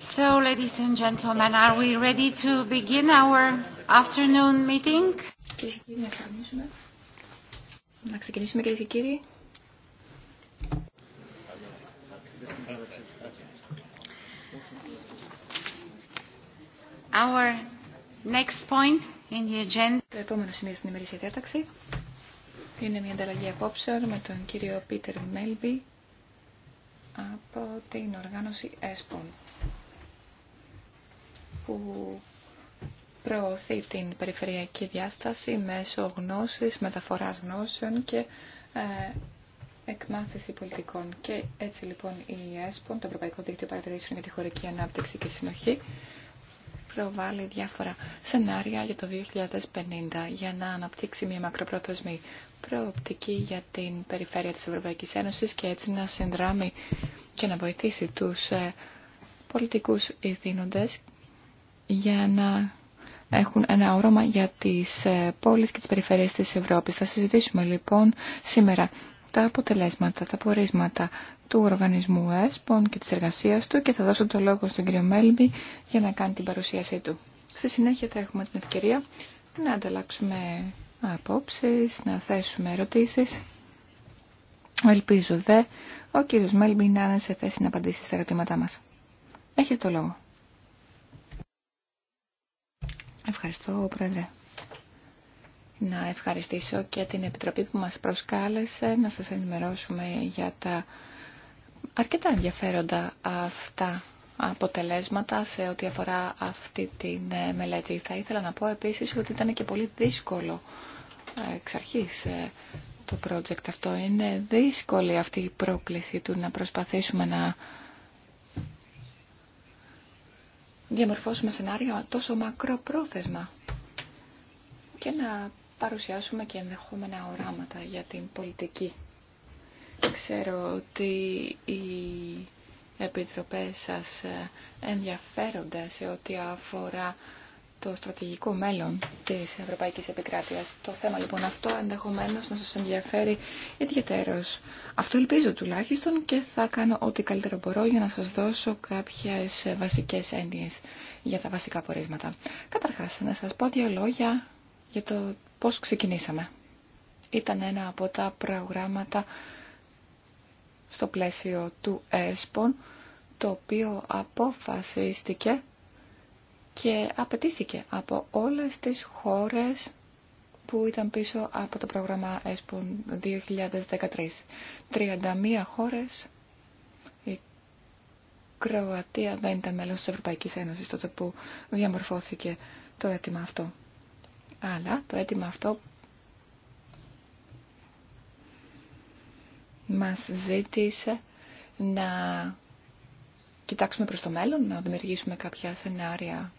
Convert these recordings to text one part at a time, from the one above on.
So, ladies and gentlemen, are we ready to begin our afternoon meeting? Να ξεκινήσουμε. ξεκινήσουμε, κύριε και κύριοι. Our next point in the agenda. Το επόμενο σημείο στην ημερήσια διάταξη είναι μια ανταλλαγή απόψεων με τον κύριο Πίτερ Μέλβι από την οργάνωση ΕΣΠΟΝ που προωθεί την περιφερειακή διάσταση μέσω γνώσης, μεταφοράς γνώσεων και ε, εκμάθηση πολιτικών. Και έτσι λοιπόν η ΕΣΠΟΝ, το Ευρωπαϊκό Δίκτυο Παρατηρήσεων για τη Χωρική Ανάπτυξη και Συνοχή, προβάλλει διάφορα σενάρια για το 2050 για να αναπτύξει μια μακροπρόθεσμη προοπτική για την περιφέρεια της Ευρωπαϊκής Ένωσης και έτσι να συνδράμει και να βοηθήσει τους ε, πολιτικούς ηθήνοντες για να έχουν ένα όρομα για τις ε, πόλεις και τις περιφερειές της Ευρώπης. Θα συζητήσουμε λοιπόν σήμερα τα αποτελέσματα, τα πορίσματα του οργανισμού ΕΣΠΟΝ και της εργασίας του και θα δώσω το λόγο στον κύριο Μέλμπι για να κάνει την παρουσίασή του. Στη συνέχεια θα έχουμε την ευκαιρία να ανταλλάξουμε απόψεις, να θέσουμε ερωτήσεις. Ελπίζω δε ο κύριος Μέλμπι να είναι σε θέση να απαντήσει στα ερωτήματά μας. Έχετε το λόγο. Ευχαριστώ, Πρόεδρε. Να ευχαριστήσω και την Επιτροπή που μας προσκάλεσε να σας ενημερώσουμε για τα αρκετά ενδιαφέροντα αυτά αποτελέσματα σε ό,τι αφορά αυτή τη ε, μελέτη. Θα ήθελα να πω επίσης ότι ήταν και πολύ δύσκολο ε, εξ αρχής ε, το project αυτό. Είναι δύσκολη αυτή η πρόκληση του να προσπαθήσουμε να διαμορφώσουμε σενάριο τόσο μακροπρόθεσμα και να παρουσιάσουμε και ενδεχόμενα οράματα για την πολιτική. Ξέρω ότι οι επιτροπές σας ενδιαφέρονται σε ό,τι αφορά το στρατηγικό μέλλον της Ευρωπαϊκής Επικράτειας. Το θέμα λοιπόν αυτό ενδεχομένω να σας ενδιαφέρει ιδιαίτερω. Αυτό ελπίζω τουλάχιστον και θα κάνω ό,τι καλύτερο μπορώ για να σας δώσω κάποιε βασικές έννοιες για τα βασικά πορίσματα. Καταρχάς, να σα πω δύο λόγια για το πώ ξεκινήσαμε. Ήταν ένα από τα προγράμματα στο πλαίσιο του ΕΣΠΟΝ, το οποίο αποφασίστηκε και απαιτήθηκε από όλες τις χώρες που ήταν πίσω από το πρόγραμμα ΕΣΠΟΝ 2013. 31 χώρες, η Κροατία δεν ήταν μέλος της Ευρωπαϊκής Ένωσης τότε που διαμορφώθηκε το αίτημα αυτό. Αλλά το αίτημα αυτό μας ζήτησε να κοιτάξουμε προς το μέλλον, να δημιουργήσουμε κάποια σενάρια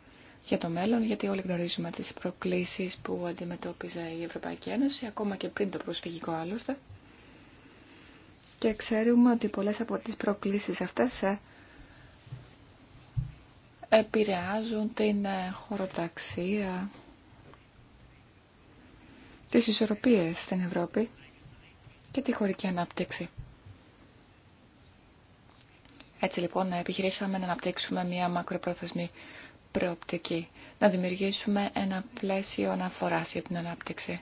για το μέλλον, γιατί όλοι γνωρίζουμε τις προκλήσεις που αντιμετώπιζε η Ευρωπαϊκή Ένωση, ακόμα και πριν το προσφυγικό άλλωστε. Και ξέρουμε ότι πολλές από τις προκλήσεις αυτές ε, επηρεάζουν την ε, χωροταξία, τις ισορροπίες στην Ευρώπη και τη χωρική ανάπτυξη. Έτσι λοιπόν επιχειρήσαμε να αναπτύξουμε μια μακροπρόθεσμη προοπτική. Να δημιουργήσουμε ένα πλαίσιο αναφορά για την ανάπτυξη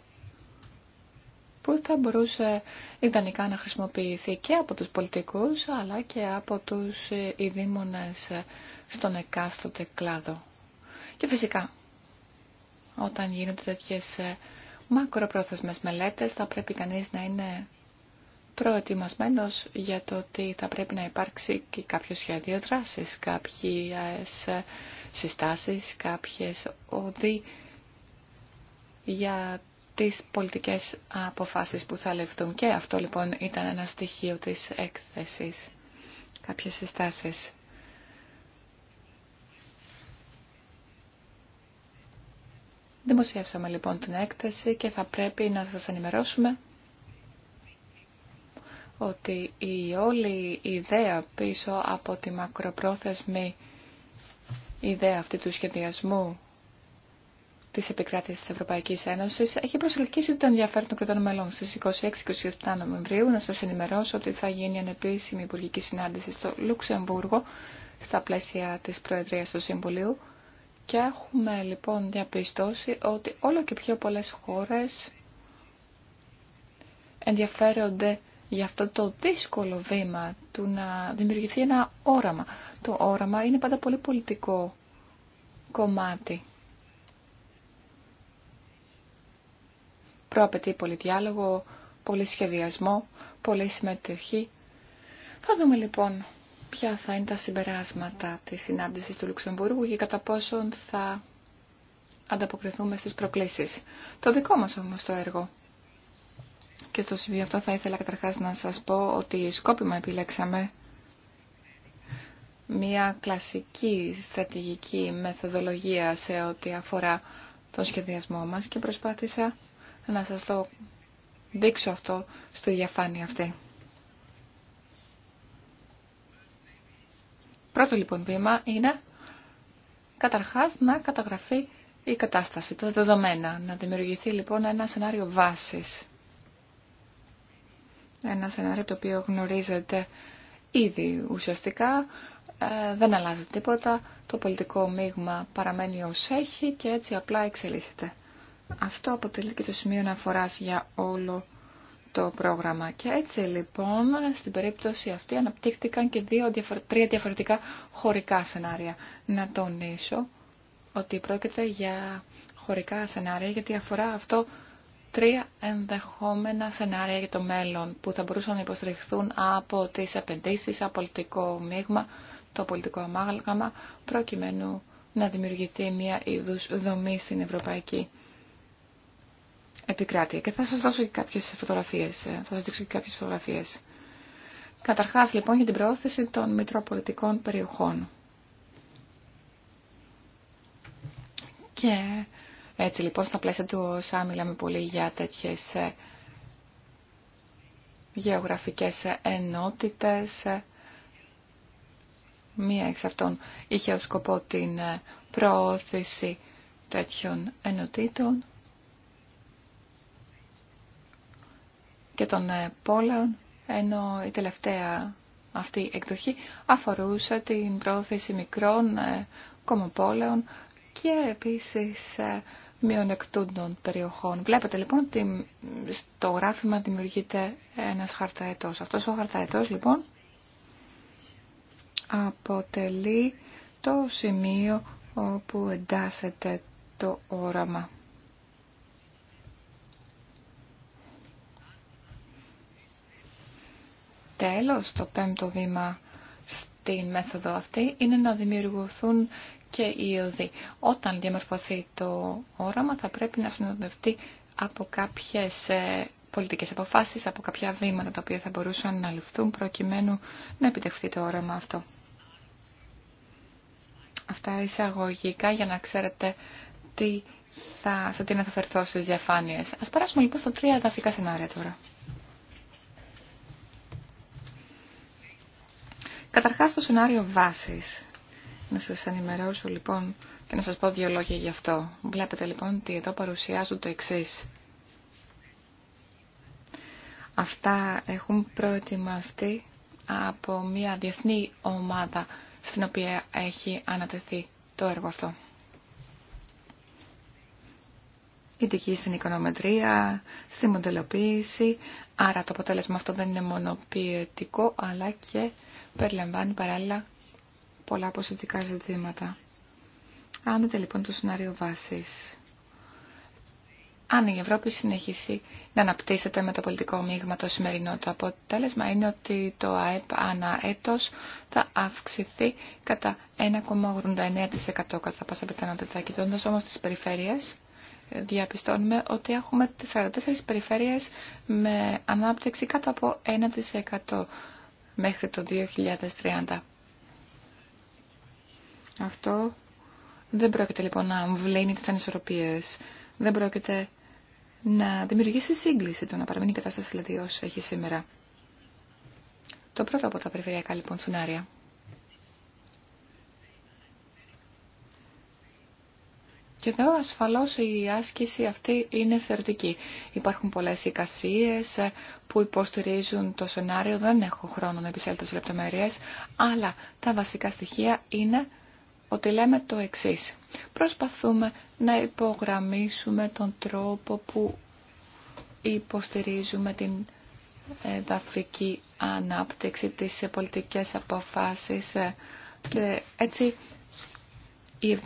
που θα μπορούσε ιδανικά να χρησιμοποιηθεί και από τους πολιτικούς αλλά και από τους ε, ειδήμονες ε, στον εκάστοτε κλάδο. Και φυσικά, όταν γίνονται τέτοιες ε, μακροπρόθεσμες μελέτες θα πρέπει κανείς να είναι προετοιμασμένος για το ότι θα πρέπει να υπάρξει και κάποιο σχέδιο δράσης, κάποιες συστάσεις, κάποιες οδοί για τις πολιτικές αποφάσεις που θα λεφθούν. Και αυτό λοιπόν ήταν ένα στοιχείο της έκθεσης, κάποιες συστάσεις. Δημοσιεύσαμε λοιπόν την έκθεση και θα πρέπει να σας ενημερώσουμε ότι η όλη ιδέα πίσω από τη μακροπρόθεσμη ιδέα αυτή του σχεδιασμού της επικράτησης της Ευρωπαϊκής Ένωσης έχει προσελκύσει το ενδιαφέρον των κρατών μελών. Στις 26-27 Νοεμβρίου να σας ενημερώσω ότι θα γίνει ανεπίσημη υπουργική συνάντηση στο Λουξεμβούργο στα πλαίσια της Προεδρίας του Συμβουλίου και έχουμε λοιπόν διαπιστώσει ότι όλο και πιο πολλές χώρες ενδιαφέρονται για αυτό το δύσκολο βήμα του να δημιουργηθεί ένα όραμα. Το όραμα είναι πάντα πολύ πολιτικό κομμάτι. Προαπαιτεί πολύ διάλογο, πολύ σχεδιασμό, πολύ συμμετοχή. Θα δούμε λοιπόν ποια θα είναι τα συμπεράσματα της συνάντησης του Λουξεμβούργου και κατά πόσον θα ανταποκριθούμε στις προκλήσεις. Το δικό μας όμως το έργο και στο σημείο αυτό θα ήθελα καταρχάς να σας πω ότι σκόπιμα επιλέξαμε μια κλασική στρατηγική μεθοδολογία σε ό,τι αφορά τον σχεδιασμό μας και προσπάθησα να σας το δείξω αυτό στη διαφάνεια αυτή. Πρώτο λοιπόν βήμα είναι καταρχάς να καταγραφεί η κατάσταση, τα δεδομένα. Να δημιουργηθεί λοιπόν ένα σενάριο βάσης. Ένα σενάριο το οποίο γνωρίζετε ήδη ουσιαστικά, ε, δεν αλλάζει τίποτα, το πολιτικό μείγμα παραμένει ως έχει και έτσι απλά εξελίσσεται. Αυτό αποτελεί και το σημείο αναφοράς για όλο το πρόγραμμα. Και έτσι λοιπόν στην περίπτωση αυτή αναπτύχθηκαν και δύο, τρία διαφορετικά χωρικά σενάρια. Να τονίσω ότι πρόκειται για χωρικά σενάρια γιατί αφορά αυτό τρία ενδεχόμενα σενάρια για το μέλλον που θα μπορούσαν να υποστηριχθούν από τις επενδύσεις, από πολιτικό μείγμα, το πολιτικό αμάγαλγαμα, προκειμένου να δημιουργηθεί μια είδους δομή στην Ευρωπαϊκή Επικράτεια. Και θα σας δώσω και κάποιες φωτογραφίες, ε, θα σας δείξω και κάποιες φωτογραφίες. Καταρχάς λοιπόν για την προώθηση των μητροπολιτικών περιοχών. Και έτσι λοιπόν στα πλαίσια του ΩΣΑ μιλάμε πολύ για τέτοιες ε, γεωγραφικές ε, ενότητες. Ε, μία εξ αυτών είχε ως σκοπό την προώθηση τέτοιων ενότητων και των πόλεων, ενώ η τελευταία αυτή εκδοχή αφορούσε την προώθηση μικρών κομμοπόλεων και επίσης μειονεκτούντων περιοχών. Βλέπετε λοιπόν ότι στο γράφημα δημιουργείται ένας χαρταετός. Αυτός ο χαρταετός λοιπόν αποτελεί το σημείο όπου εντάσσεται το όραμα. Τέλος, το πέμπτο βήμα στην μέθοδο αυτή είναι να δημιουργηθούν και η οδή. Όταν διαμορφωθεί το όραμα θα πρέπει να συνοδευτεί από κάποιες ε, πολιτικές αποφάσεις, από κάποια βήματα τα οποία θα μπορούσαν να ληφθούν προκειμένου να επιτευχθεί το όραμα αυτό. Αυτά εισαγωγικά για να ξέρετε τι θα, σε τι να θα φερθώ στις διαφάνειες. Ας περάσουμε λοιπόν στο τρία εδαφικά σενάρια τώρα. Καταρχάς το σενάριο βάσης. Να σας ενημερώσω λοιπόν και να σας πω δύο λόγια γι' αυτό. Βλέπετε λοιπόν ότι εδώ παρουσιάζουν το εξή. Αυτά έχουν προετοιμαστεί από μια διεθνή ομάδα στην οποία έχει ανατεθεί το έργο αυτό. ειδική στην οικονομετρία, στη μοντελοποίηση. Άρα το αποτέλεσμα αυτό δεν είναι μόνο αλλά και περιλαμβάνει παράλληλα πολλά αποσυντικά ζητήματα. Αν λοιπόν το σενάριο βάσης, αν η Ευρώπη συνεχίσει να αναπτύσσεται με το πολιτικό μείγμα το σημερινό, το αποτέλεσμα είναι ότι το ΑΕΠ ανά έτος θα αυξηθεί κατά 1,89% κατά πάσα πιθανότητα. Κοιτώντας όμως τις περιφέρειες, διαπιστώνουμε ότι έχουμε 44 περιφέρειες με ανάπτυξη κάτω από 1% μέχρι το 2030. Αυτό δεν πρόκειται λοιπόν να βλένει τις ανισορροπίες. Δεν πρόκειται να δημιουργήσει σύγκληση το να παραμείνει η κατάσταση δηλαδή όσο έχει σήμερα. Το πρώτο από τα περιφερειακά λοιπόν σενάρια. Και εδώ ασφαλώς η άσκηση αυτή είναι θεωρητική. Υπάρχουν πολλές εικασίες που υποστηρίζουν το σενάριο, δεν έχω χρόνο να επισέλθω σε λεπτομέρειες, αλλά τα βασικά στοιχεία είναι ότι λέμε το εξής. Προσπαθούμε να υπογραμμίσουμε τον τρόπο που υποστηρίζουμε την εδαφική ανάπτυξη της ε, πολιτικές αποφάσεις ε, και έτσι οι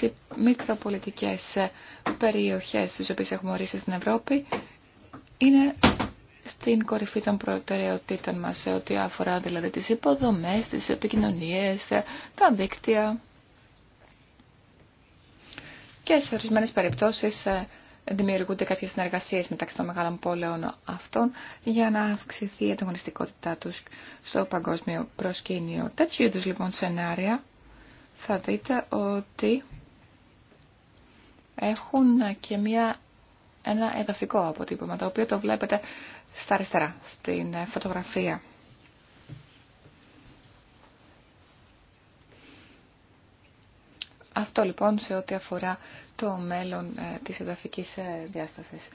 76 μικροπολιτικές ε, περιοχές στις οποίες έχουμε ορίσει στην Ευρώπη είναι στην κορυφή των προτεραιοτήτων μας σε ό,τι αφορά δηλαδή τις υποδομές, τις επικοινωνίες, τα δίκτυα και σε ορισμένες περιπτώσεις ε, δημιουργούνται κάποιες συνεργασίες μεταξύ των μεγάλων πόλεων αυτών για να αυξηθεί η ανταγωνιστικότητά τους στο παγκόσμιο προσκήνιο. Τέτοιου είδους λοιπόν σενάρια θα δείτε ότι έχουν και μια, ένα εδαφικό αποτύπωμα, το οποίο το βλέπετε στα αριστερά, στην ε, φωτογραφία. Αυτό λοιπόν σε ό,τι αφορά το μέλλον ε, της εδαφικής ε, διάστασης.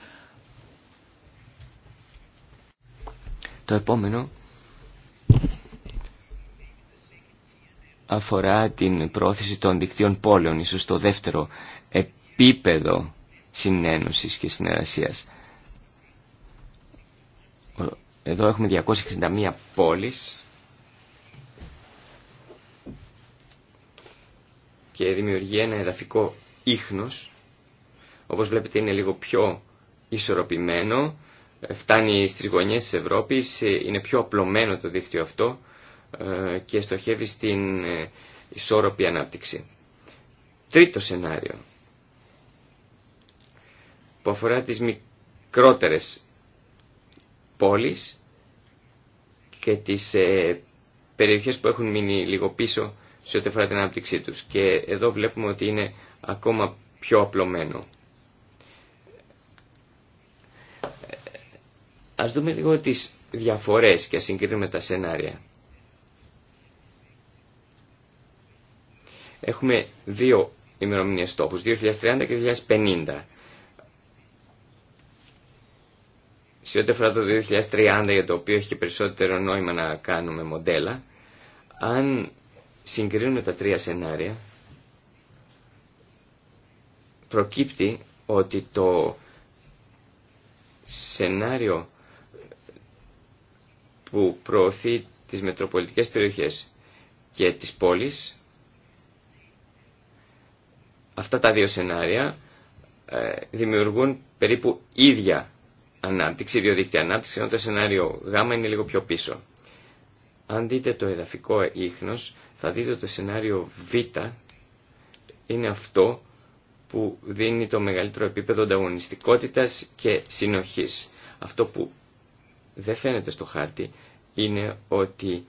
Το επόμενο αφορά την πρόθεση των δικτύων πόλεων, ίσως το δεύτερο επίπεδο συνένωσης και συνεργασίας. Εδώ έχουμε 261 πόλεις και δημιουργεί ένα εδαφικό ίχνος. Όπως βλέπετε είναι λίγο πιο ισορροπημένο, φτάνει στις γωνιές της Ευρώπης, είναι πιο απλωμένο το δίκτυο αυτό ε, και στοχεύει στην ε, ισόρροπη ανάπτυξη. Τρίτο σενάριο που αφορά τις μικρότερες πόλεις και τις ε, περιοχές που έχουν μείνει λίγο πίσω σε ό,τι αφορά την ανάπτυξή τους. Και εδώ βλέπουμε ότι είναι ακόμα πιο απλωμένο. Ας δούμε λίγο τις διαφορές και ας συγκρίνουμε τα σενάρια. Έχουμε δύο ημερομηνίε στόχου, 2030 και 2050. Σε ό,τι αφορά το 2030, για το οποίο έχει και περισσότερο νόημα να κάνουμε μοντέλα, αν συγκρίνουμε τα τρία σενάρια, προκύπτει ότι το σενάριο που προωθεί τις μετροπολιτικές περιοχές και τις πόλεις, αυτά τα δύο σενάρια ε, δημιουργούν περίπου ίδια ανάπτυξη, δύο ανάπτυξη, ενώ το σενάριο Γ είναι λίγο πιο πίσω. Αν δείτε το εδαφικό ίχνος, θα δείτε το σενάριο Β είναι αυτό που δίνει το μεγαλύτερο επίπεδο ανταγωνιστικότητας και συνοχής. Αυτό που δεν φαίνεται στο χάρτη είναι ότι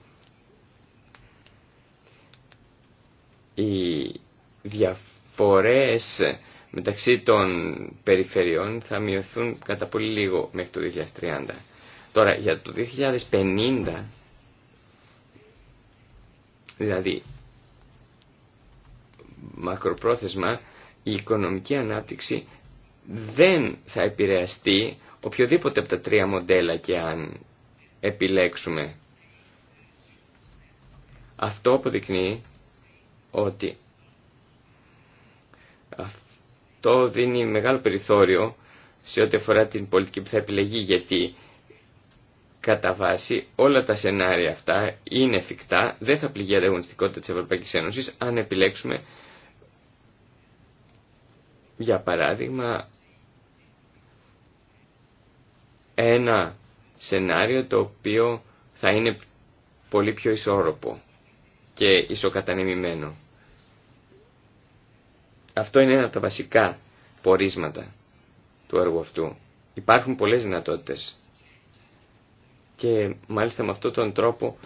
οι διαφορές μεταξύ των περιφερειών θα μειωθούν κατά πολύ λίγο μέχρι το 2030. Τώρα για το 2050 Δηλαδή, μακροπρόθεσμα, η οικονομική ανάπτυξη δεν θα επηρεαστεί οποιοδήποτε από τα τρία μοντέλα και αν επιλέξουμε. Αυτό αποδεικνύει ότι αυτό δίνει μεγάλο περιθώριο σε ό,τι αφορά την πολιτική που θα επιλεγεί γιατί κατά βάση όλα τα σενάρια αυτά είναι εφικτά, δεν θα πληγεί η ανταγωνιστικότητα της Ευρωπαϊκής Ένωσης αν επιλέξουμε για παράδειγμα ένα σενάριο το οποίο θα είναι πολύ πιο ισόρροπο και ισοκατανεμημένο. Αυτό είναι ένα από τα βασικά πορίσματα του έργου αυτού. Υπάρχουν πολλές δυνατότητες και μάλιστα με αυτόν τον τρόπο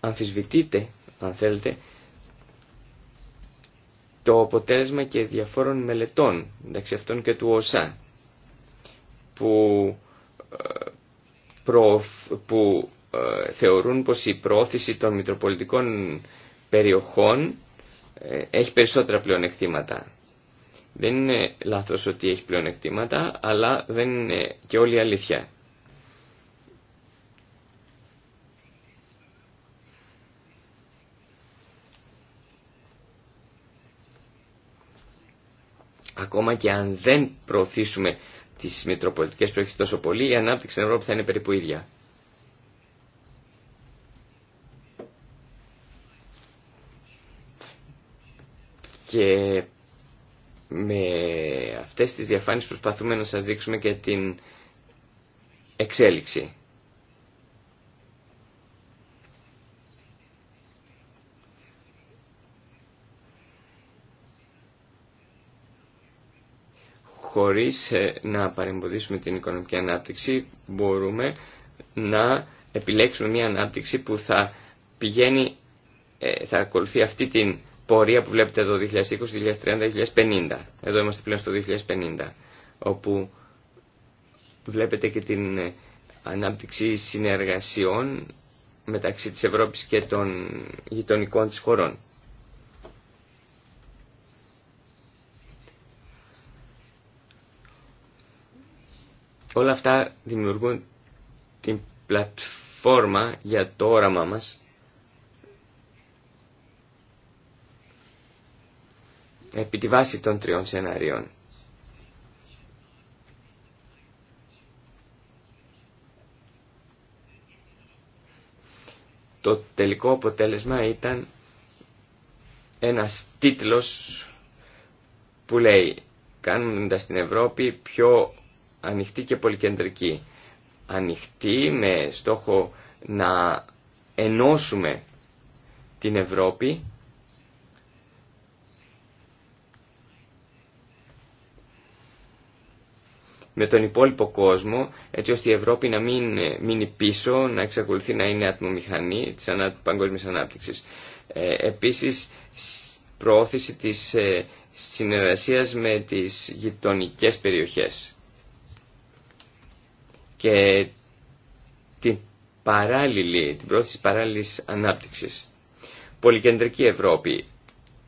αμφισβητείται, αν θέλετε, το αποτέλεσμα και διαφόρων μελετών, εντάξει αυτών και του ΟΣΑ, που, ε, που ε, θεωρούν πως η προώθηση των μητροπολιτικών περιοχών ε, έχει περισσότερα πλεονεκτήματα. Δεν είναι λάθος ότι έχει πλεονεκτήματα, αλλά δεν είναι και όλη η αλήθεια. Ακόμα και αν δεν προωθήσουμε τις μητροπολιτικές προοχέ τόσο πολύ, η ανάπτυξη στην Ευρώπη θα είναι περίπου ίδια. Και με αυτές τις διαφάνειες προσπαθούμε να σας δείξουμε και την εξέλιξη. χωρίς ε, να παρεμποδίσουμε την οικονομική ανάπτυξη μπορούμε να επιλέξουμε μια ανάπτυξη που θα πηγαίνει, ε, θα ακολουθεί αυτή την πορεία που βλέπετε εδώ 2020, 2030, 2050. Εδώ είμαστε πλέον στο 2050, όπου βλέπετε και την ε, ανάπτυξη συνεργασιών μεταξύ της Ευρώπης και των γειτονικών της χωρών. Όλα αυτά δημιουργούν την πλατφόρμα για το όραμά μας επί τη βάση των τριών σενάριων. Το τελικό αποτέλεσμα ήταν ένας τίτλος που λέει κάνοντας την Ευρώπη πιο ανοιχτή και πολυκεντρική. Ανοιχτή με στόχο να ενώσουμε την Ευρώπη με τον υπόλοιπο κόσμο, έτσι ώστε η Ευρώπη να μην μείνει πίσω, να εξακολουθεί να είναι ατμομηχανή της παγκόσμιας ανάπτυξης. Ε, επίσης, προώθηση της ε, συνεργασίας με τις γειτονικές περιοχές και την παράλληλη, την πρόθεση παράλληλης ανάπτυξης. Πολυκεντρική Ευρώπη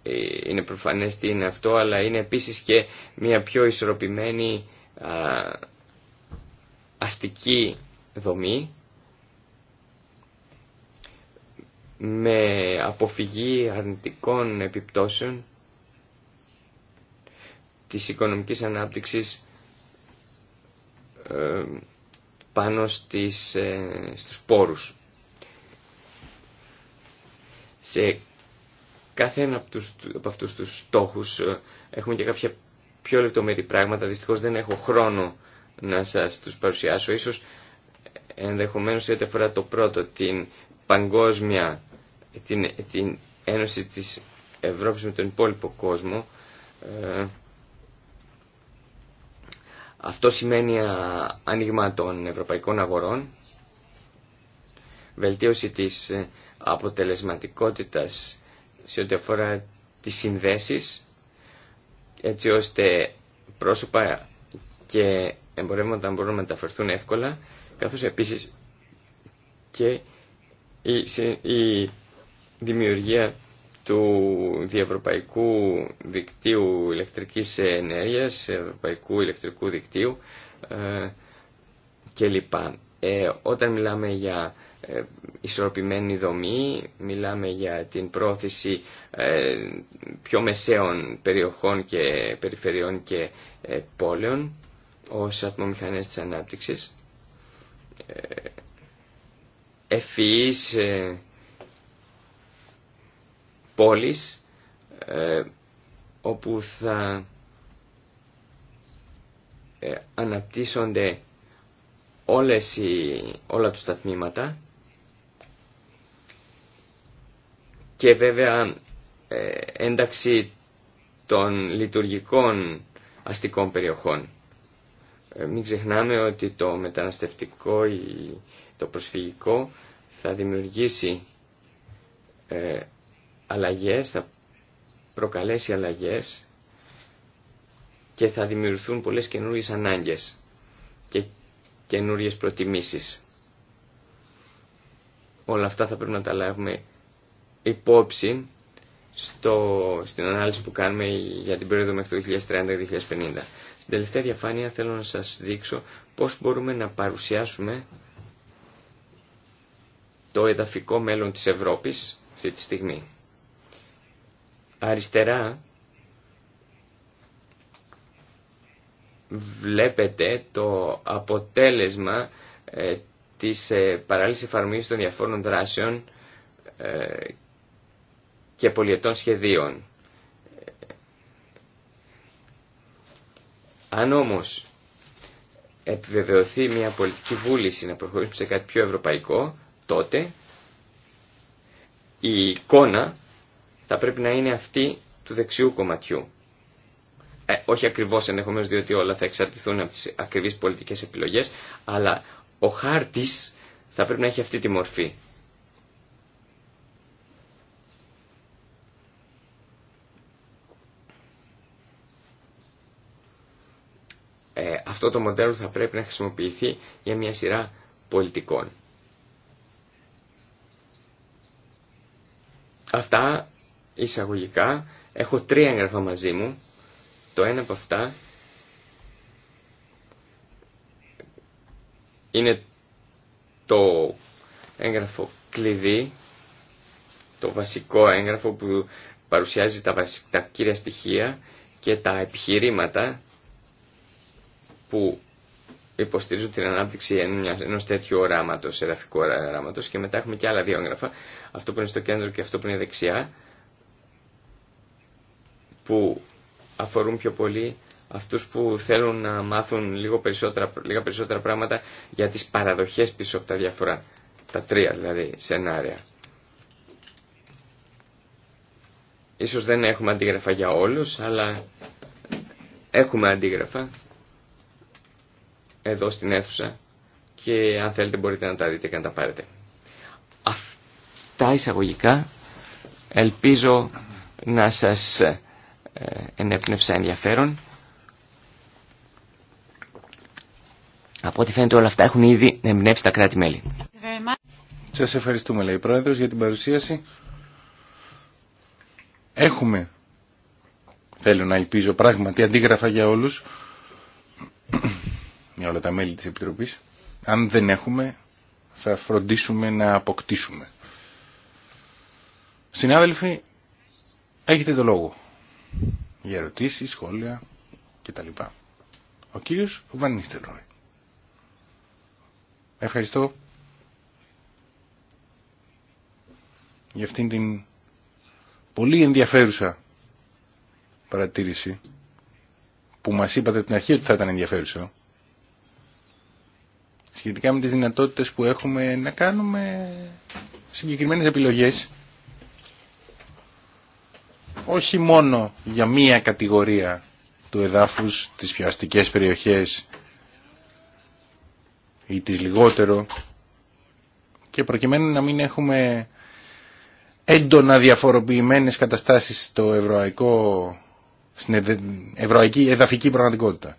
ε, είναι προφανές τι είναι αυτό, αλλά είναι επίσης και μια πιο ισορροπημένη αστική δομή με αποφυγή αρνητικών επιπτώσεων της οικονομικής ανάπτυξης ε, πάνω στις, ε, στους πόρους. Σε κάθε ένα από, τους, από αυτούς τους στόχους ε, έχουμε και κάποια πιο λεπτομερή πράγματα. Δυστυχώς δεν έχω χρόνο να σας τους παρουσιάσω. Ίσως ενδεχομένως ό,τι αφορά το πρώτο, την παγκόσμια, την, την ένωση της Ευρώπης με τον υπόλοιπο κόσμο, ε, αυτό σημαίνει άνοιγμα των ευρωπαϊκών αγορών, βελτίωση της ε, αποτελεσματικότητας σε ό,τι αφορά τις συνδέσεις, έτσι ώστε πρόσωπα και εμπορεύματα μπορούν να μεταφερθούν εύκολα, καθώς επίσης και η, η δημιουργία του Διευρωπαϊκού Δικτύου Ηλεκτρικής Ενέργειας, Ευρωπαϊκού Ηλεκτρικού Δικτύου ε, κλπ. Ε, όταν μιλάμε για ε, ισορροπημένη δομή, μιλάμε για την πρόθεση ε, πιο μεσαίων περιοχών και περιφερειών και πόλεων ως ατμομηχανές της ανάπτυξης. Ε, ε, όπου θα ε, αναπτύσσονται όλες οι, όλα τους τα τμήματα και βέβαια ε, ένταξη των λειτουργικών αστικών περιοχών. Ε, μην ξεχνάμε ότι το μεταναστευτικό ή το προσφυγικό θα δημιουργήσει αλλαγές, θα προκαλέσει αλλαγές και θα δημιουργηθούν πολλές καινούριες ανάγκες και καινούριες προτιμήσεις. Όλα αυτά θα πρέπει να τα λάβουμε υπόψη στο, στην ανάλυση που κάνουμε για την περίοδο μέχρι το 2030-2050. Στην τελευταία διαφάνεια θέλω να σας δείξω πώς μπορούμε να παρουσιάσουμε το εδαφικό μέλλον της Ευρώπης αυτή τη στιγμή αριστερά βλέπετε το αποτέλεσμα ε, της ε, παράλληλης των διαφόρων δράσεων ε, και πολιετών σχεδίων. Αν όμως επιβεβαιωθεί μια πολιτική βούληση να προχωρήσει σε κάτι πιο ευρωπαϊκό, τότε η εικόνα θα πρέπει να είναι αυτή του δεξιού κομματιού. Ε, όχι ακριβώς ενδεχομένω διότι όλα θα εξαρτηθούν από τι ακριβείς πολιτικές επιλογές, αλλά ο χάρτη θα πρέπει να έχει αυτή τη μορφή. Ε, αυτό το μοντέλο θα πρέπει να χρησιμοποιηθεί για μια σειρά πολιτικών. Αυτά εισαγωγικά έχω τρία έγγραφα μαζί μου. Το ένα από αυτά είναι το έγγραφο κλειδί, το βασικό έγγραφο που παρουσιάζει τα, βασι... κύρια στοιχεία και τα επιχειρήματα που υποστηρίζουν την ανάπτυξη ενό τέτοιου οράματο, εδαφικού οράματο. Και μετά έχουμε και άλλα δύο έγγραφα, αυτό που είναι στο κέντρο και αυτό που είναι δεξιά, που αφορούν πιο πολύ αυτούς που θέλουν να μάθουν λίγο περισσότερα, λίγα περισσότερα πράγματα για τις παραδοχές πίσω από τα διαφορά. Τα τρία δηλαδή σενάρια. Ίσως δεν έχουμε αντίγραφα για όλους, αλλά έχουμε αντίγραφα εδώ στην αίθουσα και αν θέλετε μπορείτε να τα δείτε και να τα πάρετε. Αυτά εισαγωγικά ελπίζω να σας ε, ενέπνευσα ενδιαφέρον. Από ό,τι φαίνεται όλα αυτά έχουν ήδη εμπνεύσει τα κράτη-μέλη. Σας ευχαριστούμε, λέει Πρόεδρος, για την παρουσίαση. Έχουμε, θέλω να ελπίζω πράγματι, αντίγραφα για όλους, για όλα τα μέλη της Επιτροπής. Αν δεν έχουμε, θα φροντίσουμε να αποκτήσουμε. Συνάδελφοι, έχετε το λόγο για ερωτήσεις, σχόλια κτλ. Ο κύριος Βανίστερο Ευχαριστώ για αυτήν την πολύ ενδιαφέρουσα παρατήρηση που μας είπατε την αρχή ότι θα ήταν ενδιαφέρουσα σχετικά με τις δυνατότητες που έχουμε να κάνουμε συγκεκριμένες επιλογές όχι μόνο για μία κατηγορία του εδάφους, τις πιαστικές περιοχές ή τις λιγότερο και προκειμένου να μην έχουμε έντονα διαφοροποιημένες καταστάσεις στο ευρωαϊκό, στην ευρωαϊκή εδαφική πραγματικότητα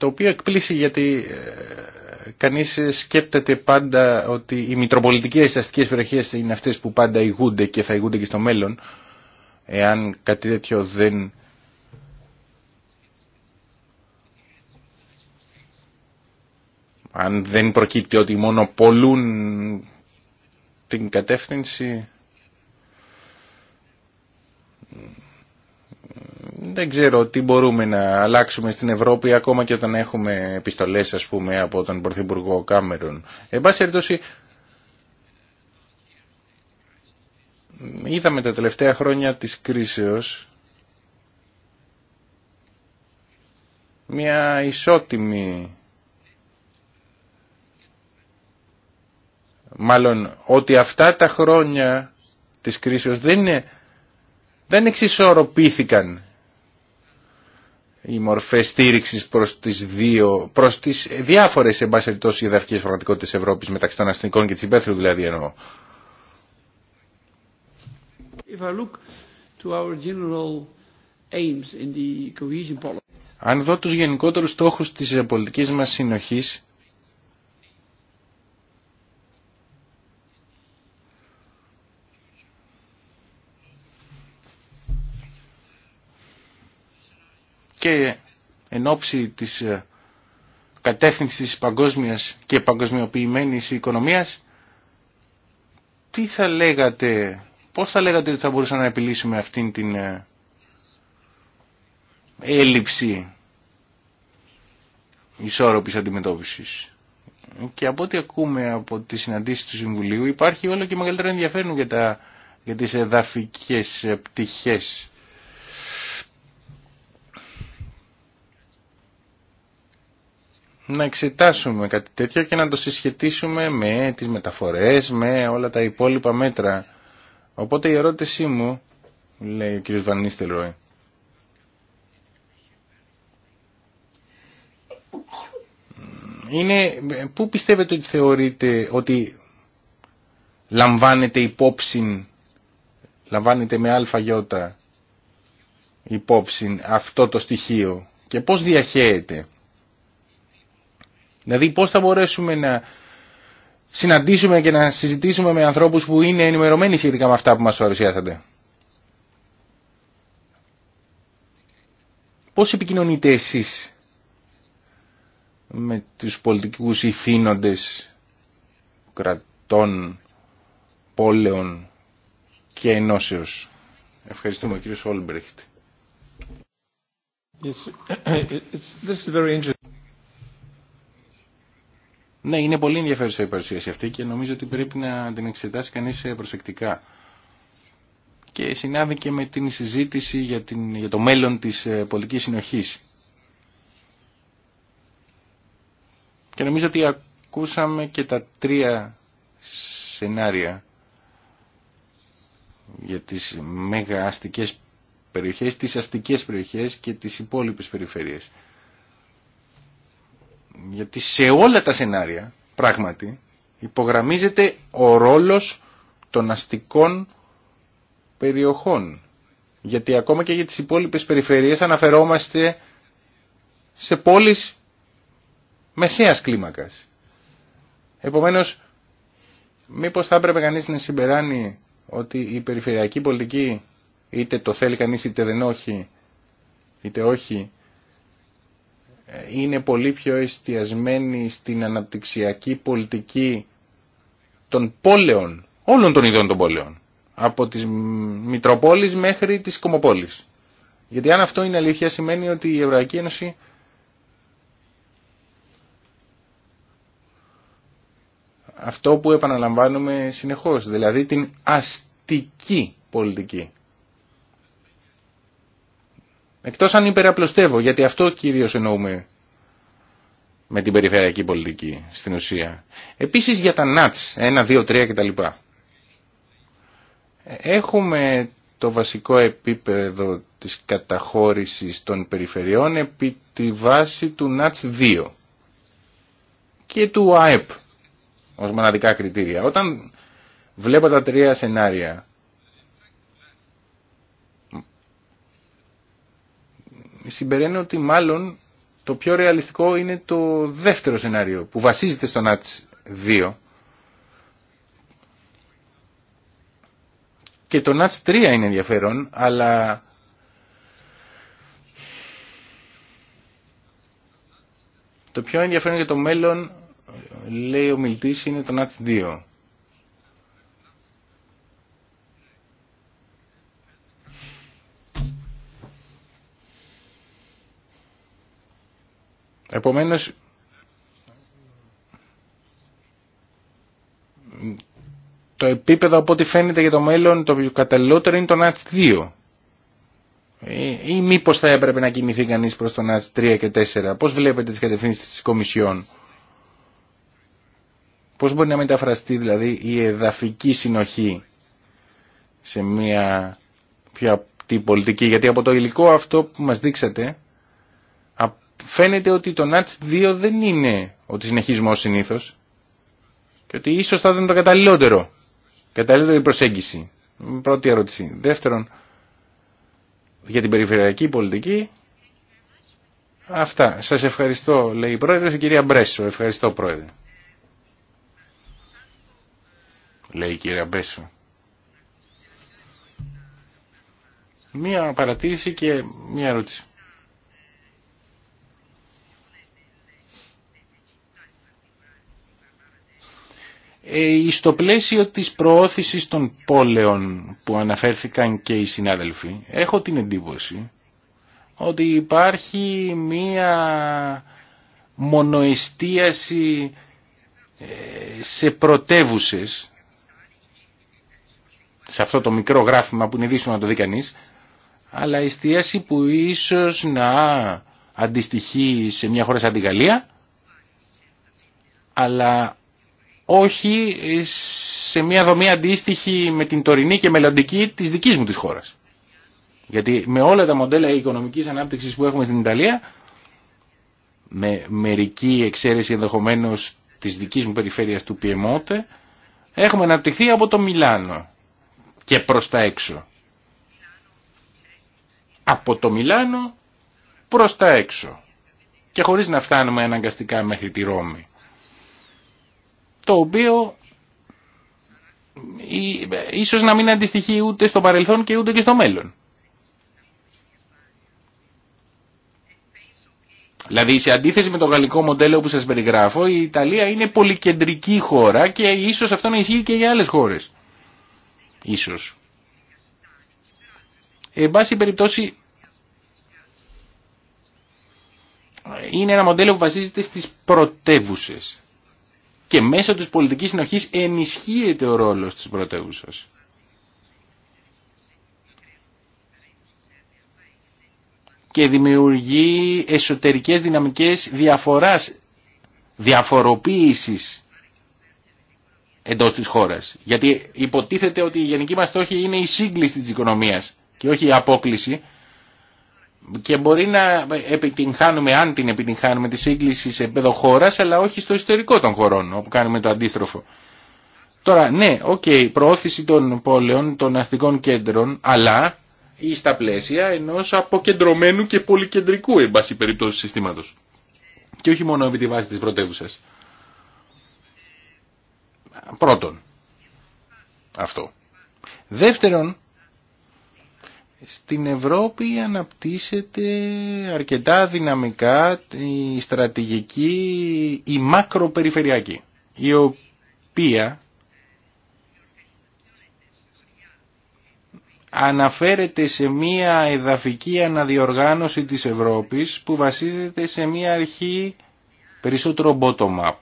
το οποίο εκπλήσει γιατί ε, κανείς σκέπτεται πάντα ότι οι μητροπολιτικές αστικές περιοχέ είναι αυτές που πάντα ηγούνται και θα ηγούνται και στο μέλλον εάν κάτι τέτοιο δεν αν δεν προκύπτει ότι μόνο πολλούν την κατεύθυνση δεν ξέρω τι μπορούμε να αλλάξουμε στην Ευρώπη ακόμα και όταν έχουμε επιστολές ας πούμε από τον Πρωθυπουργό Κάμερον. Εν πάση είδαμε τα τελευταία χρόνια της κρίσεως μια ισότιμη μάλλον ότι αυτά τα χρόνια της κρίσεως δεν είναι δεν εξισορροπήθηκαν οι μορφές στήριξης προς τις, δύο, προς τις διάφορες εμπάσχερτός ιδαυκές πραγματικότητες Ευρώπης μεταξύ των αστυνικών και της υπαίθρου δηλαδή εννοώ. If to our general aims in the cohesion... Αν δω τους γενικότερους στόχους της πολιτικής μας συνοχής και εν ώψη της ε, κατεύθυνσης της παγκόσμιας και παγκοσμιοποιημένης οικονομίας, τι θα λέγατε, πώς θα λέγατε ότι θα μπορούσαμε να επιλύσουμε αυτήν την ε, έλλειψη ισόρροπης αντιμετώπισης. Και από ό,τι ακούμε από τις συναντήσεις του Συμβουλίου υπάρχει όλο και μεγαλύτερο ενδιαφέρον για, τα, για τις εδαφικές ε, πτυχές να εξετάσουμε κάτι τέτοιο και να το συσχετίσουμε με τις μεταφορές, με όλα τα υπόλοιπα μέτρα. Οπότε η ερώτησή μου, λέει ο κ. είναι πού πιστεύετε ότι θεωρείτε ότι λαμβάνεται υπόψη, λαμβάνεται με αλφαγιώτα υπόψη αυτό το στοιχείο και πώς διαχέεται. Δηλαδή πώς θα μπορέσουμε να συναντήσουμε και να συζητήσουμε με ανθρώπους που είναι ενημερωμένοι σχετικά με αυτά που μας παρουσιάσατε. Πώς επικοινωνείτε εσείς με τους πολιτικούς ηθήνοντες κρατών, πόλεων και ενώσεως. Ευχαριστούμε κύριο Σόλμπρεχτ. this is very ναι, είναι πολύ ενδιαφέρουσα η παρουσίαση αυτή και νομίζω ότι πρέπει να την εξετάσει κανείς ε, προσεκτικά. Και συνάδει και με την συζήτηση για, την, για το μέλλον τη ε, πολιτική συνοχής. Και νομίζω ότι ακούσαμε και τα τρία σενάρια για τις μεγααστικές περιοχές, τις αστικές περιοχές και τις υπόλοιπες περιφέρειες γιατί σε όλα τα σενάρια πράγματι υπογραμμίζεται ο ρόλος των αστικών περιοχών. Γιατί ακόμα και για τις υπόλοιπες περιφερειές αναφερόμαστε σε πόλεις μεσαίας κλίμακας. Επομένως, μήπως θα έπρεπε κανείς να συμπεράνει ότι η περιφερειακή πολιτική, είτε το θέλει κανείς είτε δεν όχι, είτε όχι, είναι πολύ πιο εστιασμένη στην αναπτυξιακή πολιτική των πόλεων, όλων των ιδίων των πόλεων, από τις Μητροπόλεις μέχρι τις Κομοπόλεις. Γιατί αν αυτό είναι αλήθεια σημαίνει ότι η Ευρωπαϊκή Ένωση αυτό που επαναλαμβάνουμε συνεχώς, δηλαδή την αστική πολιτική. Εκτός αν υπεραπλωστεύω, γιατί αυτό κυρίως εννοούμε με την περιφερειακή πολιτική στην ουσία. Επίσης για τα ΝΑΤΣ, 1, 2, 3 κτλ. Έχουμε το βασικό επίπεδο της καταχώρησης των περιφερειών επί τη βάση του ΝΑΤΣ 2 και του ΑΕΠ ως μοναδικά κριτήρια. Όταν βλέπω τα τρία σενάρια συμπεραίνω ότι μάλλον το πιο ρεαλιστικό είναι το δεύτερο σενάριο που βασίζεται στο ΝΑΤΣ 2 και το ΝΑΤΣ 3 είναι ενδιαφέρον αλλά το πιο ενδιαφέρον για το μέλλον λέει ο μιλτής είναι το ΝΑΤΣ 2 Επομένως, το επίπεδο από ό,τι φαίνεται για το μέλλον το καταλληλότερο είναι το ΝΑΤΣ 2. Ε, ή, μήπως θα έπρεπε να κινηθεί κανείς προς το ΝΑΤΣ 3 και 4. Πώς βλέπετε τις κατευθύνσεις της Κομισιόν. Πώς μπορεί να μεταφραστεί δηλαδή η εδαφική συνοχή σε μια πιο απτή πολιτική. Γιατί από το υλικό αυτό που μας δείξατε φαίνεται ότι το ΝΑΤΣ 2 δεν είναι ότι συνεχίζουμε ως συνήθως και ότι ίσως θα ήταν το καταλληλότερο, καταλληλότερη προσέγγιση. Πρώτη ερώτηση. Δεύτερον, για την περιφερειακή πολιτική, αυτά. Σας ευχαριστώ, λέει η Πρόεδρος, η κυρία Μπρέσο. Ευχαριστώ, Πρόεδρε. Λέει η κυρία Μπρέσο. Μία παρατήρηση και μία ερώτηση. Ε, στο πλαίσιο της προώθησης των πόλεων που αναφέρθηκαν και οι συνάδελφοι, έχω την εντύπωση ότι υπάρχει μία μονοεστίαση ε, σε πρωτεύουσες, σε αυτό το μικρό γράφημα που είναι δύσκολο να το δει κανείς, αλλά εστίαση που ίσως να αντιστοιχεί σε μια χώρα σαν τη Γαλλία, αλλά όχι σε μια δομή αντίστοιχη με την τωρινή και μελλοντική της δικής μου της χώρας. Γιατί με όλα τα μοντέλα οικονομικής ανάπτυξης που έχουμε στην Ιταλία, με μερική εξαίρεση ενδεχομένως της δικής μου περιφέρειας του Πιεμότε, έχουμε αναπτυχθεί από το Μιλάνο και προς τα έξω. Από το Μιλάνο προς τα έξω. Και χωρίς να φτάνουμε αναγκαστικά μέχρι τη Ρώμη το οποίο ίσως να μην αντιστοιχεί ούτε στο παρελθόν και ούτε και στο μέλλον. Δηλαδή σε αντίθεση με το γαλλικό μοντέλο που σας περιγράφω η Ιταλία είναι πολυκεντρική χώρα και ίσως αυτό να ισχύει και για άλλες χώρες. Ίσως. Εν πάση περιπτώσει είναι ένα μοντέλο που βασίζεται στις πρωτεύουσες και μέσω της πολιτικής συνοχής ενισχύεται ο ρόλος της πρωτεύουσας. και δημιουργεί εσωτερικές δυναμικές διαφοράς, διαφοροποίησης εντός της χώρας. Γιατί υποτίθεται ότι η γενική μας στόχη είναι η σύγκληση της οικονομίας και όχι η απόκληση και μπορεί να επιτυγχάνουμε, αν την επιτυγχάνουμε, τη σύγκληση σε επίπεδο αλλά όχι στο ιστορικό των χωρών, όπου κάνουμε το αντίστροφο. Τώρα, ναι, οκ, okay, προώθηση των πόλεων, των αστικών κέντρων, αλλά ή στα πλαίσια ενό αποκεντρωμένου και πολυκεντρικού, εν πάση περιπτώσει, συστήματος. Και όχι μόνο επί τη βάση της πρωτεύουσα. Πρώτον, αυτό. Δεύτερον, στην Ευρώπη αναπτύσσεται αρκετά δυναμικά η στρατηγική, η μακροπεριφερειακή, η οποία αναφέρεται σε μία εδαφική αναδιοργάνωση της Ευρώπης που βασίζεται σε μία αρχή περισσότερο bottom-up.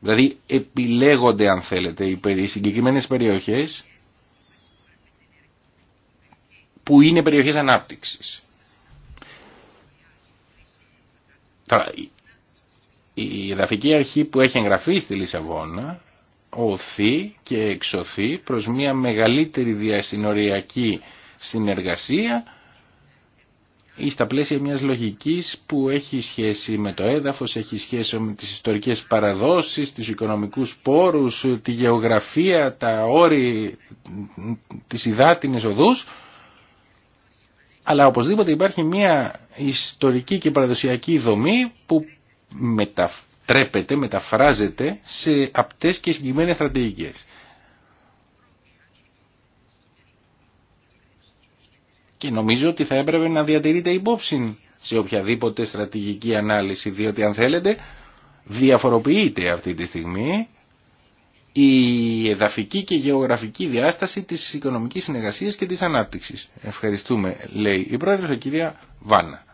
Δηλαδή επιλέγονται αν θέλετε οι συγκεκριμένες περιοχές που είναι περιοχές ανάπτυξης. η εδαφική αρχή που έχει εγγραφεί στη Λισαβόνα οθεί και εξωθεί προς μια μεγαλύτερη διασυνοριακή συνεργασία ή στα πλαίσια μιας λογικής που έχει σχέση με το έδαφος, έχει σχέση με τις ιστορικές παραδόσεις, τις οικονομικούς πόρους, τη γεωγραφία, τα όρη, της υδάτινες οδούς αλλά οπωσδήποτε υπάρχει μια ιστορική και παραδοσιακή δομή που μετατρέπεται, μεταφράζεται σε απτές και συγκεκριμένες στρατηγικές. Και νομίζω ότι θα έπρεπε να διατηρείται υπόψη σε οποιαδήποτε στρατηγική ανάλυση, διότι αν θέλετε διαφοροποιείται αυτή τη στιγμή η εδαφική και γεωγραφική διάσταση της οικονομικής συνεργασίας και της ανάπτυξης. Ευχαριστούμε, λέει η πρόεδρος, η κυρία Βάνα.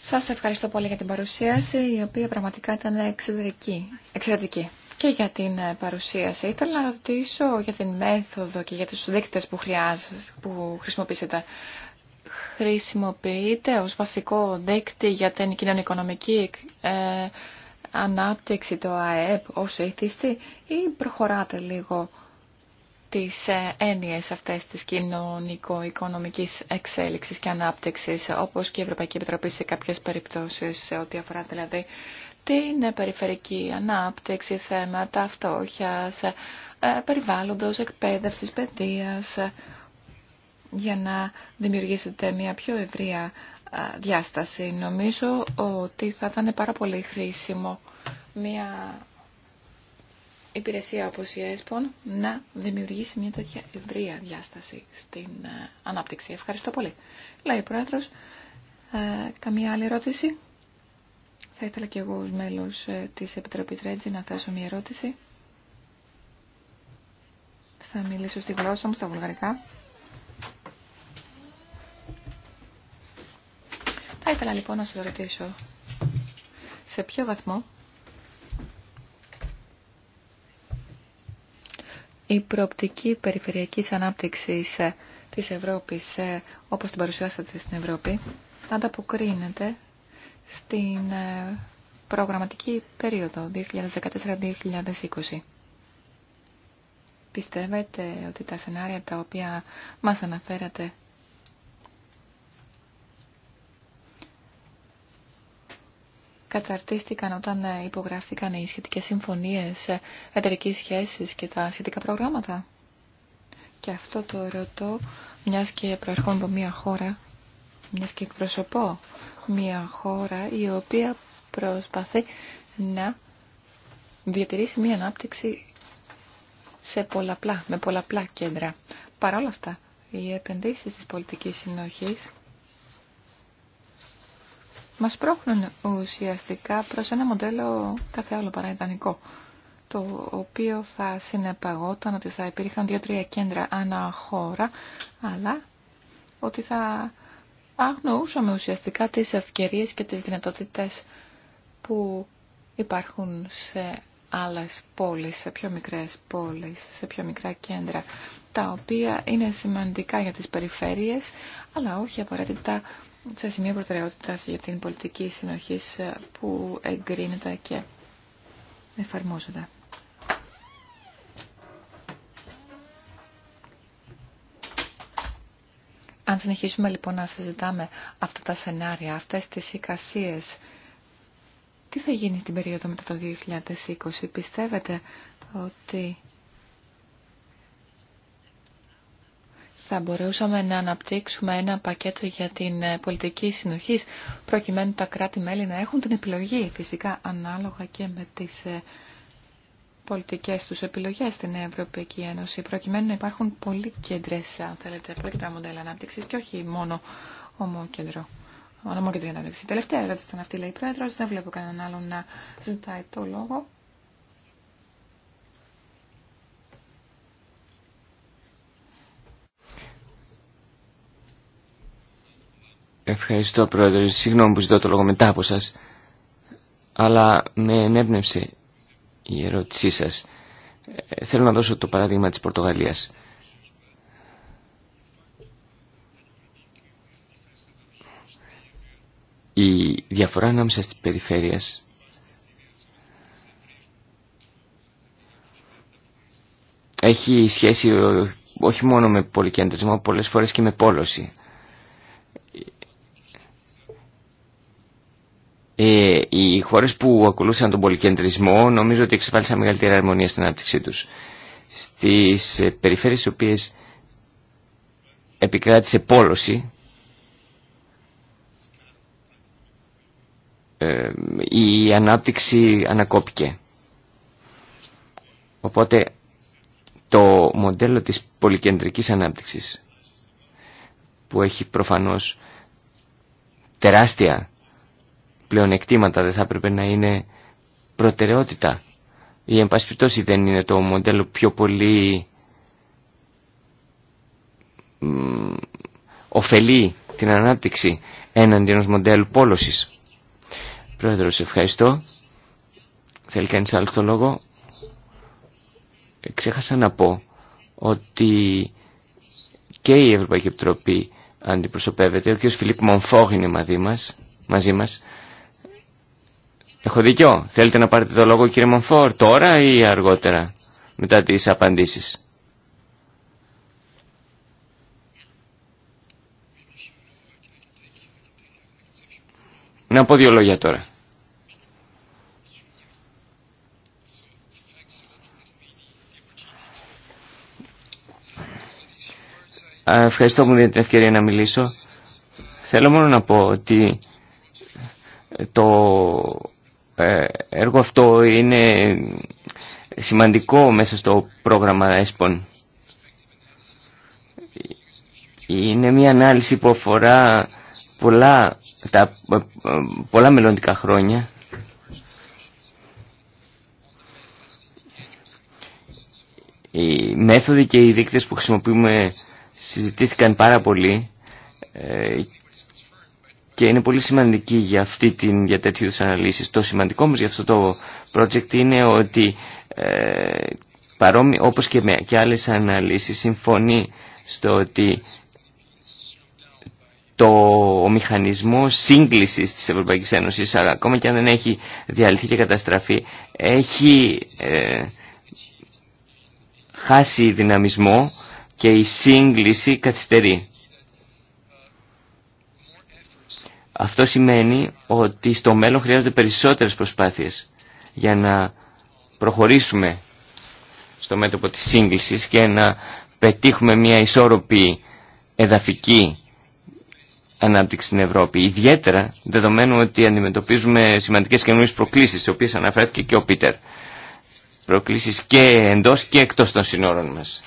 Σας ευχαριστώ πολύ για την παρουσίαση, η οποία πραγματικά ήταν εξαιρετική. εξαιρετική. Και για την ε, παρουσίαση. Ήθελα να ρωτήσω για την μέθοδο και για τους δείκτες που, που χρησιμοποιήσετε. Χρησιμοποιείτε ως βασικό δείκτη για την κοινωνικονομική ε, ανάπτυξη το ΑΕΠ ως ήθιστη ή προχωράτε λίγο τις ε, έννοιες αυτές της κοινωνικο-οικονομικής εξέλιξης και ανάπτυξης, όπως και η Ευρωπαϊκή Επιτροπή σε κάποιες περιπτώσεις, σε ό,τι αφορά δηλαδή την ε, περιφερική ανάπτυξη, θέματα φτώχειας, ε, περιβάλλοντος, εκπαίδευσης, παιδείας, για να δημιουργήσετε μια πιο ευρεία διάσταση. Νομίζω ότι θα ήταν πάρα πολύ χρήσιμο μια υπηρεσία όπως η ΕΣΠΟΝ να δημιουργήσει μια τέτοια ευρεία διάσταση στην ε, ανάπτυξη. Ευχαριστώ πολύ. Λέει ο Πρόεδρος, ε, καμία άλλη ερώτηση. Θα ήθελα και εγώ ως μέλος ε, της Επιτροπής Ρέτζη να θέσω μια ερώτηση. Θα μιλήσω στη γλώσσα μου, στα βουλγαρικά. Θα ήθελα λοιπόν να σας ρωτήσω σε ποιο βαθμό η προοπτική περιφερειακής ανάπτυξης ε, της Ευρώπης, ε, όπως την παρουσιάσατε στην Ευρώπη, ανταποκρίνεται στην ε, προγραμματική περίοδο 2014-2020. Πιστεύετε ότι τα σενάρια τα οποία μας αναφέρατε καταρτίστηκαν όταν ε, υπογράφτηκαν οι σχετικές συμφωνίες ε, εταιρικές σχέσεις και τα σχετικά προγράμματα. Και αυτό το ρωτώ, μιας και προερχόμαι από μια χώρα, μιας και εκπροσωπώ μια χώρα η οποία προσπαθεί να διατηρήσει μια ανάπτυξη σε πολλαπλά, με πολλαπλά κέντρα. Παρ' όλα αυτά, οι επενδύσεις της πολιτικής συνοχής μας πρόχνουν ουσιαστικά προς ένα μοντέλο κάθε άλλο παρά το οποίο θα συνεπαγόταν ότι θα υπήρχαν δύο-τρία κέντρα ανά χώρα, αλλά ότι θα αγνοούσαμε ουσιαστικά τις ευκαιρίες και τις δυνατότητες που υπάρχουν σε άλλες πόλεις, σε πιο μικρές πόλεις, σε πιο μικρά κέντρα, τα οποία είναι σημαντικά για τις περιφέρειες, αλλά όχι απαραίτητα σε σημείο προτεραιότητά για την πολιτική συνοχή που εγκρίνεται και εφαρμόζεται. Αν συνεχίσουμε λοιπόν να συζητάμε αυτά τα σενάρια, αυτές τις εικασίες, τι θα γίνει την περίοδο μετά το 2020, πιστεύετε ότι θα μπορούσαμε να αναπτύξουμε ένα πακέτο για την ε, πολιτική συνοχή προκειμένου τα κράτη-μέλη να έχουν την επιλογή φυσικά ανάλογα και με τι ε, πολιτικές τους επιλογές στην Ευρωπαϊκή Ένωση προκειμένου να υπάρχουν πολλοί κέντρες, αν θέλετε, τα μοντέλα ανάπτυξη και όχι μόνο ομόκεντρο. ανάπτυξη. Τελευταία ερώτηση ήταν αυτή, λέει η Πρόεδρος. Δεν βλέπω κανέναν άλλον να ζητάει το λόγο. Ευχαριστώ πρόεδρε, συγγνώμη που ζητώ το λόγο μετά από σας, αλλά με ενέπνευσε η ερώτησή σας. Ε, θέλω να δώσω το παράδειγμα της Πορτογαλίας. Η διαφορά ανάμεσα στις περιφέρειες έχει σχέση ε, όχι μόνο με πολυκέντρισμα, πολλές φορές και με πόλωση. Ε, οι χώρες που ακολούθησαν τον πολυκεντρισμό νομίζω ότι εξεφάλισαν μεγαλύτερη αρμονία στην ανάπτυξή τους. Στις ε, περιφέρειες στις οποίες επικράτησε πόλωση, ε, η ανάπτυξη ανακόπηκε. Οπότε το μοντέλο της πολυκεντρικής ανάπτυξης που έχει προφανώς τεράστια πλεονεκτήματα δεν θα έπρεπε να είναι προτεραιότητα. Ή εν δεν είναι το μοντέλο πιο πολύ ωφελεί την ανάπτυξη έναντι ενός μοντέλου πόλωσης. Πρόεδρος, ευχαριστώ. Θέλει κανείς άλλο το λόγο. Ε, ξέχασα να πω ότι και η Ευρωπαϊκή Επιτροπή αντιπροσωπεύεται. Ο κ. Φιλίπ Μονφόγ είναι μαζί μαζί μας Έχω δίκιο. Θέλετε να πάρετε το λόγο κύριε Μονφόρ τώρα ή αργότερα μετά τις απαντήσεις. Να πω δύο λόγια τώρα. Ευχαριστώ που μου δίνετε την ευκαιρία να μιλήσω. Θέλω μόνο να πω ότι το ε, έργο αυτό είναι σημαντικό μέσα στο πρόγραμμα ΕΣΠΟΝ. Είναι μια ανάλυση που αφορά πολλά, τα, ε, πολλά μελλοντικά χρόνια. Οι μέθοδοι και οι δείκτες που χρησιμοποιούμε συζητήθηκαν πάρα πολύ ε, και είναι πολύ σημαντική για, αυτή την, για τέτοιου αναλύσεις. Το σημαντικό μας για αυτό το project είναι ότι ε, παρόμοι, όπως και, με, και άλλες αναλύσεις συμφωνεί στο ότι το, ο μηχανισμός σύγκλησης της Ευρωπαϊκής Ένωσης αλλά ακόμα και αν δεν έχει διαλυθεί και καταστραφεί έχει ε, χάσει δυναμισμό και η σύγκληση καθυστερεί. Αυτό σημαίνει ότι στο μέλλον χρειάζονται περισσότερες προσπάθειες για να προχωρήσουμε στο μέτωπο της σύγκλησης και να πετύχουμε μια ισόρροπη εδαφική ανάπτυξη στην Ευρώπη. Ιδιαίτερα δεδομένου ότι αντιμετωπίζουμε σημαντικές καινούριες προκλήσεις, σε οποίες αναφέρθηκε και ο Πίτερ. Προκλήσεις και εντός και εκτός των συνόρων μας.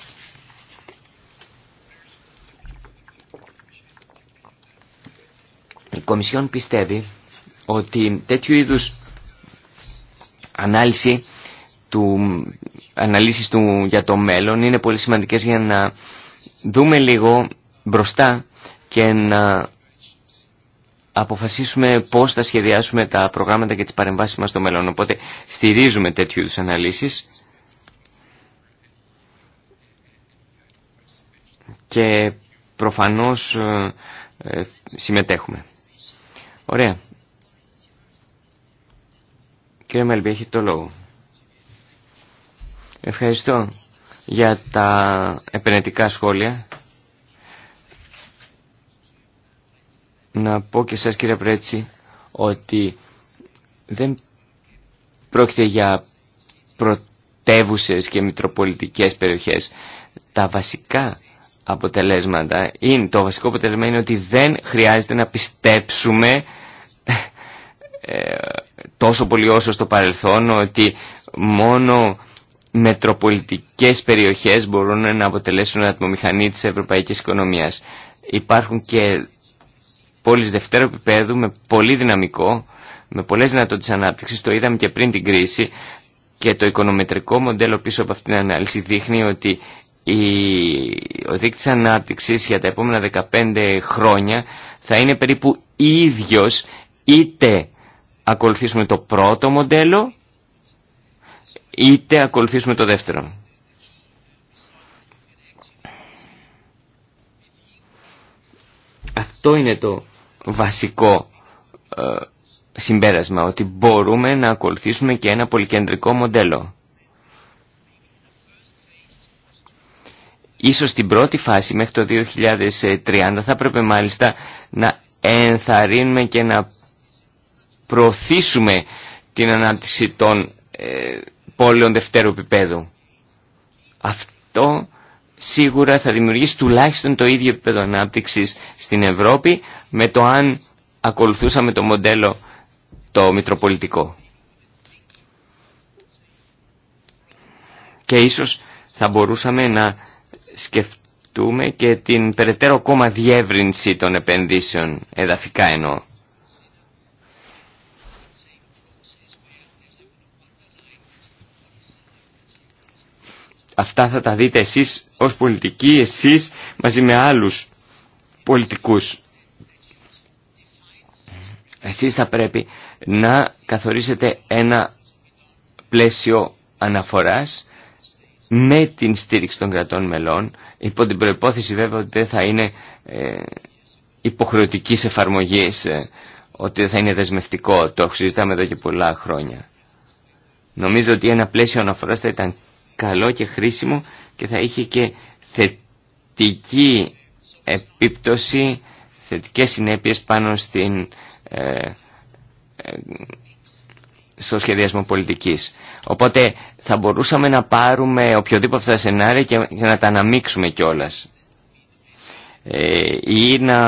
Κομισιόν πιστεύει ότι τέτοιου είδους ανάλυση του, αναλύσεις του για το μέλλον είναι πολύ σημαντικές για να δούμε λίγο μπροστά και να αποφασίσουμε πώς θα σχεδιάσουμε τα προγράμματα και τις παρεμβάσεις μας στο μέλλον. Οπότε στηρίζουμε τέτοιου είδους αναλύσεις και προφανώς ε, συμμετέχουμε. Ωραία. Κύριε Μέλμπη, έχει το λόγο. Ευχαριστώ για τα επενετικά σχόλια. Να πω και σας κύριε Πρέτσι ότι δεν πρόκειται για πρωτεύουσες και μητροπολιτικές περιοχές. Τα βασικά αποτελέσματα είναι, το βασικό αποτελέσμα είναι ότι δεν χρειάζεται να πιστέψουμε ε, τόσο πολύ όσο στο παρελθόν ότι μόνο μετροπολιτικές περιοχές μπορούν να αποτελέσουν ατμομηχανή της ευρωπαϊκής οικονομίας. Υπάρχουν και πόλεις δευτέρου επίπεδου με πολύ δυναμικό, με πολλές δυνατότητες ανάπτυξης, το είδαμε και πριν την κρίση και το οικονομετρικό μοντέλο πίσω από αυτήν την ανάλυση δείχνει ότι ο δείκτη ανάπτυξη, για τα επόμενα 15 χρόνια θα είναι περίπου ίδιος είτε ακολουθήσουμε το πρώτο μοντέλο είτε ακολουθήσουμε το δεύτερο. Αυτό είναι το βασικό ε, συμπέρασμα, ότι μπορούμε να ακολουθήσουμε και ένα πολυκεντρικό μοντέλο. Ίσως στην πρώτη φάση μέχρι το 2030 θα πρέπει μάλιστα να ενθαρρύνουμε και να προωθήσουμε την ανάπτυξη των ε, πόλεων δευτέρου επίπεδου. Αυτό σίγουρα θα δημιουργήσει τουλάχιστον το ίδιο επίπεδο ανάπτυξης στην Ευρώπη με το αν ακολουθούσαμε το μοντέλο το μητροπολιτικό. Και ίσως θα μπορούσαμε να σκεφτούμε και την περαιτέρω ακόμα διεύρυνση των επενδύσεων, εδαφικά εννοώ. Αυτά θα τα δείτε εσείς ως πολιτικοί, εσείς μαζί με άλλους πολιτικούς. Εσείς θα πρέπει να καθορίσετε ένα πλαίσιο αναφοράς με την στήριξη των κρατών μελών, υπό την προϋπόθεση βέβαια ότι δεν θα είναι ε, υποχρεωτικής εφαρμογής, ε, ότι δεν θα είναι δεσμευτικό, το συζητάμε εδώ και πολλά χρόνια. Νομίζω ότι ένα πλαίσιο αναφοράς θα ήταν καλό και χρήσιμο και θα είχε και θετική επίπτωση, θετικές συνέπειες πάνω στην ε, ε, στο σχεδιασμό πολιτικής. Οπότε θα μπορούσαμε να πάρουμε οποιοδήποτε αυτά σενάρια και να τα αναμίξουμε κιόλα. Ε, ή να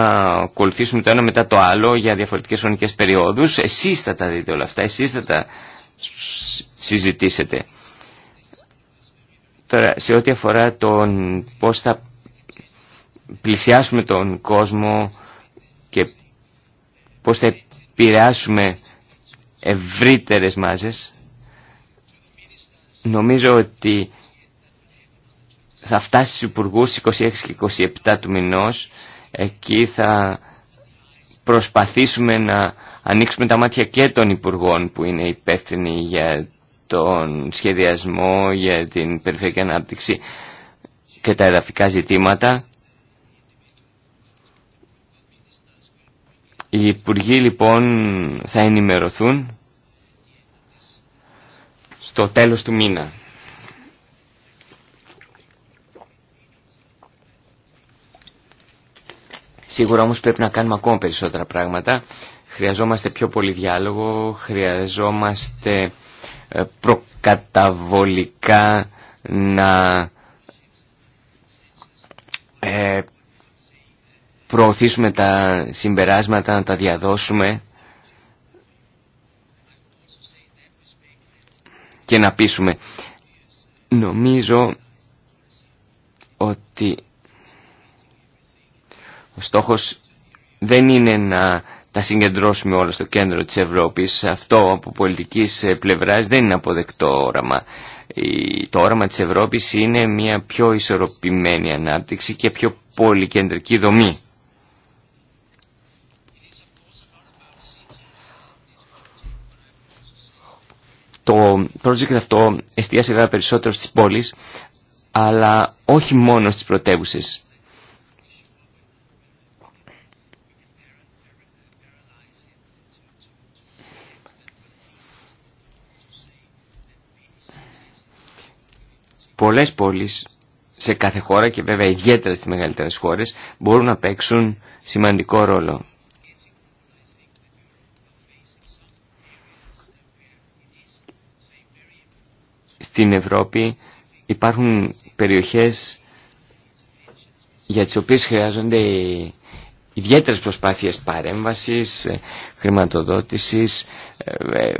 ακολουθήσουμε το ένα μετά το άλλο για διαφορετικές χρονικές περιόδους. Εσείς θα τα δείτε όλα αυτά, εσείς θα τα συζητήσετε. Τώρα, σε ό,τι αφορά τον πώς θα πλησιάσουμε τον κόσμο και πώς θα επηρεάσουμε ευρύτερες μάζες νομίζω ότι θα φτάσει στους υπουργού 26 και 27 του μηνός εκεί θα προσπαθήσουμε να ανοίξουμε τα μάτια και των υπουργών που είναι υπεύθυνοι για τον σχεδιασμό, για την περιφερειακή ανάπτυξη και τα εδαφικά ζητήματα Οι υπουργοί λοιπόν θα ενημερωθούν στο τέλος του μήνα. Σίγουρα όμως πρέπει να κάνουμε ακόμα περισσότερα πράγματα. Χρειαζόμαστε πιο πολύ διάλογο, χρειαζόμαστε ε, προκαταβολικά να ε, προωθήσουμε τα συμπεράσματα, να τα διαδώσουμε και να πείσουμε. Νομίζω ότι ο στόχος δεν είναι να τα συγκεντρώσουμε όλα στο κέντρο της Ευρώπης. Αυτό από πολιτικής πλευράς δεν είναι αποδεκτό όραμα. Το όραμα της Ευρώπης είναι μια πιο ισορροπημένη ανάπτυξη και πιο πολυκεντρική δομή. Το project αυτό εστίασε βέβαια περισσότερο στις πόλεις, αλλά όχι μόνο στις πρωτεύουσε. Πολλές πόλεις σε κάθε χώρα και βέβαια ιδιαίτερα στις μεγαλύτερες χώρες μπορούν να παίξουν σημαντικό ρόλο. στην Ευρώπη υπάρχουν περιοχές για τις οποίες χρειάζονται ιδιαίτερες προσπάθειες παρέμβασης, χρηματοδότησης, ε, ε,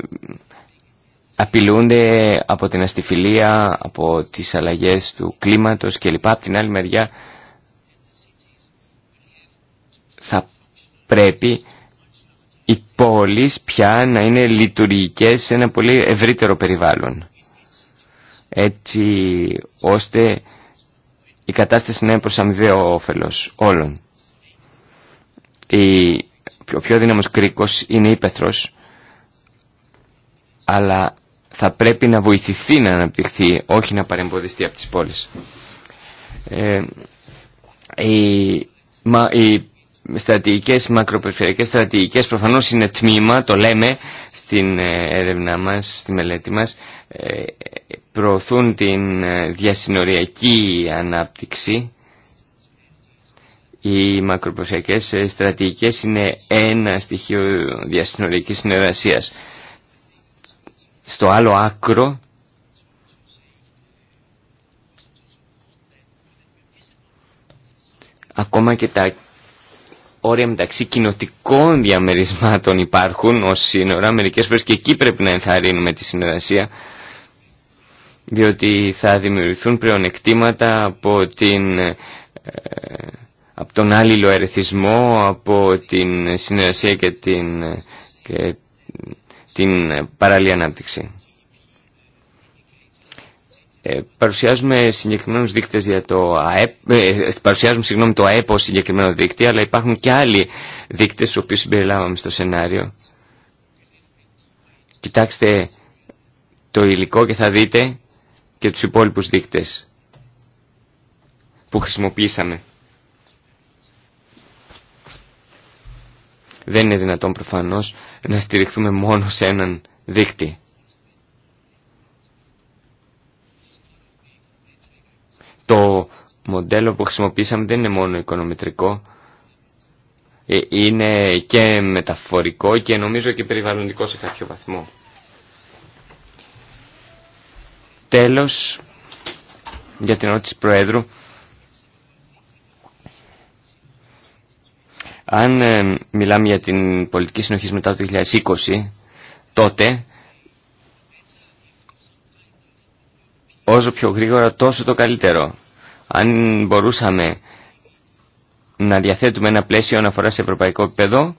απειλούνται από την αστιφιλία, από τις αλλαγές του κλίματος κλπ. Από την άλλη μεριά θα πρέπει οι πόλεις πια να είναι λειτουργικές σε ένα πολύ ευρύτερο περιβάλλον έτσι ώστε η κατάσταση να είναι προς αμοιβαίο όφελος όλων. Η, ο πιο δύναμος κρίκος είναι ύπεθρος, αλλά θα πρέπει να βοηθηθεί να αναπτυχθεί, όχι να παρεμποδιστεί από τις πόλεις. Ε, οι, μα, οι στρατηγικές, μακροπεριφερειακές στρατηγικές προφανώς είναι τμήμα, το λέμε στην ε, έρευνά μας, στη μελέτη μας, ε, προωθούν την ε, διασυνοριακή ανάπτυξη. Οι μακροπροσιακές ε, στρατηγικές είναι ένα στοιχείο διασυνοριακής συνεργασίας. Στο άλλο άκρο ακόμα και τα όρια μεταξύ κοινοτικών διαμερισμάτων υπάρχουν ως σύνορα. Μερικές φορές και εκεί πρέπει να ενθαρρύνουμε τη συνεργασία διότι θα δημιουργηθούν πλεονεκτήματα από, την, ε, από τον άλληλο ερεθισμό, από την συνεργασία και την, και την ανάπτυξη. Ε, παρουσιάζουμε συγκεκριμένους δείκτες για το ΑΕΠ, ε, παρουσιάζουμε συγγνώμη το ΑΕΠ ως συγκεκριμένο δείκτη, αλλά υπάρχουν και άλλοι δείκτες στους οποίους συμπεριλάβαμε στο σενάριο. Κοιτάξτε το υλικό και θα δείτε και τους υπόλοιπους δείκτες που χρησιμοποιήσαμε. Δεν είναι δυνατόν προφανώς να στηριχθούμε μόνο σε έναν δείκτη. Το μοντέλο που χρησιμοποίησαμε δεν είναι μόνο οικονομετρικό, ε, είναι και μεταφορικό και νομίζω και περιβαλλοντικό σε κάποιο βαθμό. Τέλος, για την ερώτηση Προέδρου, αν ε, μιλάμε για την πολιτική συνοχή μετά το 2020, τότε όσο πιο γρήγορα τόσο το καλύτερο. Αν μπορούσαμε να διαθέτουμε ένα πλαίσιο αναφορά σε ευρωπαϊκό επίπεδο,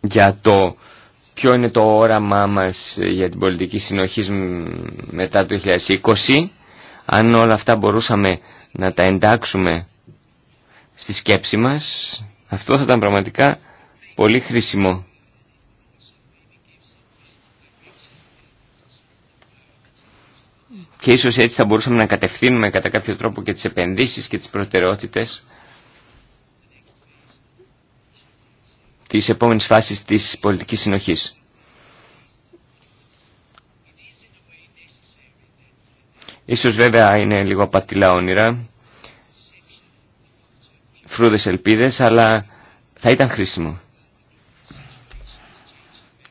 για το ποιο είναι το όραμά μας για την πολιτική συνοχή μετά το 2020, αν όλα αυτά μπορούσαμε να τα εντάξουμε στη σκέψη μας, αυτό θα ήταν πραγματικά πολύ χρήσιμο. Και ίσως έτσι θα μπορούσαμε να κατευθύνουμε κατά κάποιο τρόπο και τις επενδύσεις και τις προτεραιότητες της επόμενης φάσης της πολιτικής συνοχής. Ίσως βέβαια είναι λίγο απατηλά όνειρα, φρούδες ελπίδες, αλλά θα ήταν χρήσιμο.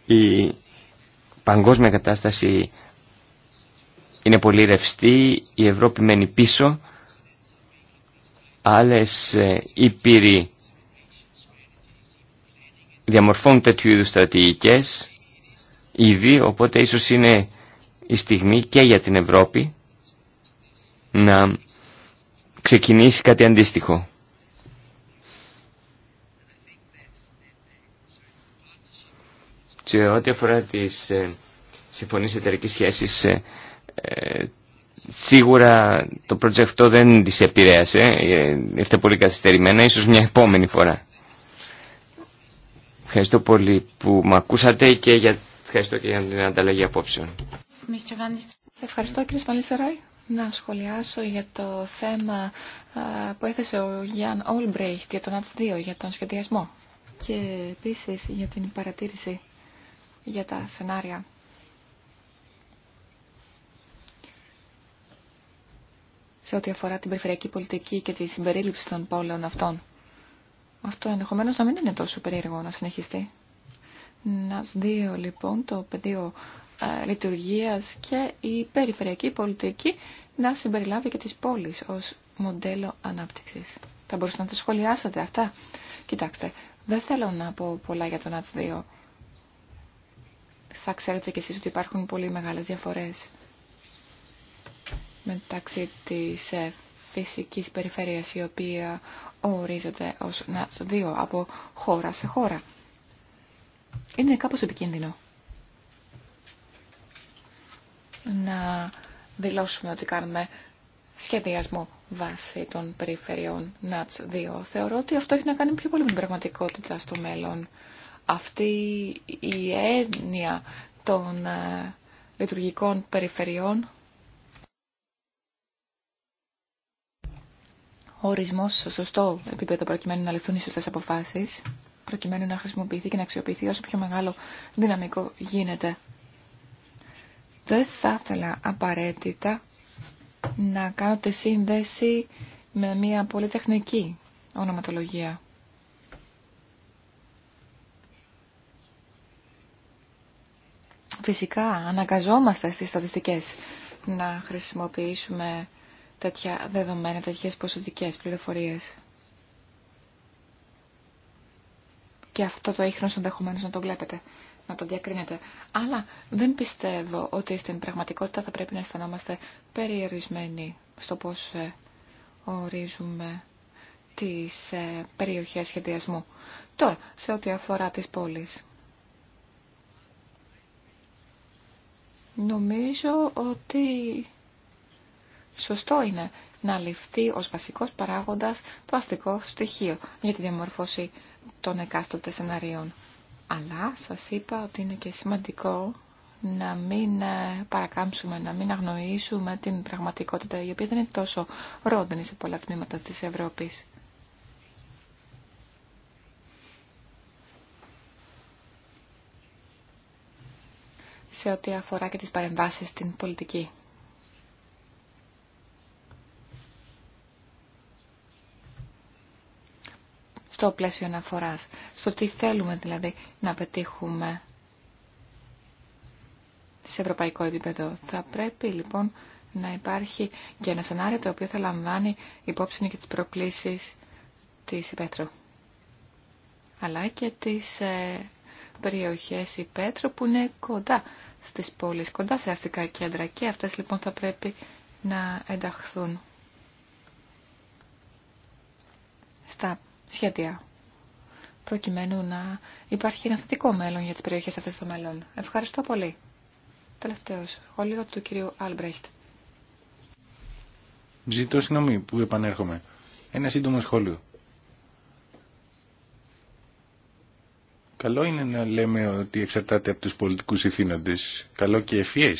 Η παγκόσμια κατάσταση είναι πολύ ρευστή, η Ευρώπη μένει πίσω, άλλες ε, ήπειροι διαμορφώνουν τέτοιου είδους στρατηγικές ήδη, οπότε ίσως είναι η στιγμή και για την Ευρώπη να ξεκινήσει κάτι αντίστοιχο. Σε ό,τι αφορά τις ε, συμφωνίες εταιρικής σχέσης, ε, ε, σίγουρα το project αυτό δεν τις επηρέασε, ε, ήρθε πολύ καθυστερημένα, ίσως μια επόμενη φορά. Ευχαριστώ πολύ που με ακούσατε και για, ευχαριστώ και για την ανταλλαγή απόψεων. Σε ευχαριστώ κύριε Σφαλίσσεράη. Να σχολιάσω για το θέμα που έθεσε ο Γιάνν Ολμπρέιχτ για τον ΑΤΣ 2, για τον σχεδιασμό. Και επίση για την παρατήρηση για τα σενάρια. σε ό,τι αφορά την περιφερειακή πολιτική και τη συμπερίληψη των πόλεων αυτών. Αυτό ενδεχομένως να μην είναι τόσο περίεργο να συνεχιστεί. Να δύο λοιπόν το πεδίο ε, λειτουργίας και η περιφερειακή πολιτική να συμπεριλάβει και τις πόλεις ως μοντέλο ανάπτυξης. Θα μπορούσατε να τα σχολιάσετε αυτά. Κοιτάξτε, δεν θέλω να πω πολλά για το ΝΑΤΣ 2. Θα ξέρετε κι εσείς ότι υπάρχουν πολύ μεγάλες διαφορές μεταξύ της ε, φυσικής περιφέρειας η οποία ορίζεται ως ΝΑΤΣ 2 από χώρα σε χώρα. Είναι κάπως επικίνδυνο να δηλώσουμε ότι κάνουμε σχεδιασμό βάσει των περιφερειών ΝΑΤΣ 2. Θεωρώ ότι αυτό έχει να κάνει πιο πολύ με την πραγματικότητα στο μέλλον. Αυτή η έννοια των ε, λειτουργικών περιφερειών ορισμός στο σωστό επίπεδο προκειμένου να ληφθούν οι σωστέ αποφάσεις, προκειμένου να χρησιμοποιηθεί και να αξιοποιηθεί όσο πιο μεγάλο δυναμικό γίνεται. Δεν θα ήθελα απαραίτητα να κάνω τη σύνδεση με μια πολυτεχνική ονοματολογία. Φυσικά αναγκαζόμαστε στις στατιστικές να χρησιμοποιήσουμε τέτοια δεδομένα, τέτοιες ποσοτικές πληροφορίες. Και αυτό το ίχνος ενδεχομένω να το βλέπετε, να το διακρίνετε. Αλλά δεν πιστεύω ότι στην πραγματικότητα θα πρέπει να αισθανόμαστε περιορισμένοι στο πώς ε, ορίζουμε τις ε, περιοχές σχεδιασμού. Τώρα, σε ό,τι αφορά τις πόλεις. Νομίζω ότι σωστό είναι να ληφθεί ως βασικός παράγοντας το αστικό στοιχείο για τη διαμορφώση των εκάστοτε σενάριων. Αλλά σας είπα ότι είναι και σημαντικό να μην ε, παρακάμψουμε, να μην αγνοήσουμε την πραγματικότητα η οποία δεν είναι τόσο ρόδινη σε πολλά τμήματα της Ευρώπης. σε ό,τι αφορά και τις παρεμβάσεις στην πολιτική στο πλαίσιο αναφοράς, στο τι θέλουμε δηλαδή να πετύχουμε σε ευρωπαϊκό επίπεδο. Θα πρέπει λοιπόν να υπάρχει και ένα σενάριο το οποίο θα λαμβάνει υπόψη και τις προκλήσεις της υπέτρου. Αλλά και τις ε, περιοχές υπέτρου που είναι κοντά στις πόλεις, κοντά σε αστικά κέντρα και αυτές λοιπόν θα πρέπει να ενταχθούν στα σχέδια προκειμένου να υπάρχει ένα θετικό μέλλον για τις περιοχές αυτές στο μέλλον. Ευχαριστώ πολύ. Τελευταίο σχόλιο του κυρίου Άλμπρεχτ. Ζητώ συγγνώμη που επανέρχομαι. Ένα σύντομο σχόλιο. Καλό είναι να λέμε ότι εξαρτάται από τους πολιτικούς ηθήνοντες. Καλό και ευφυέ.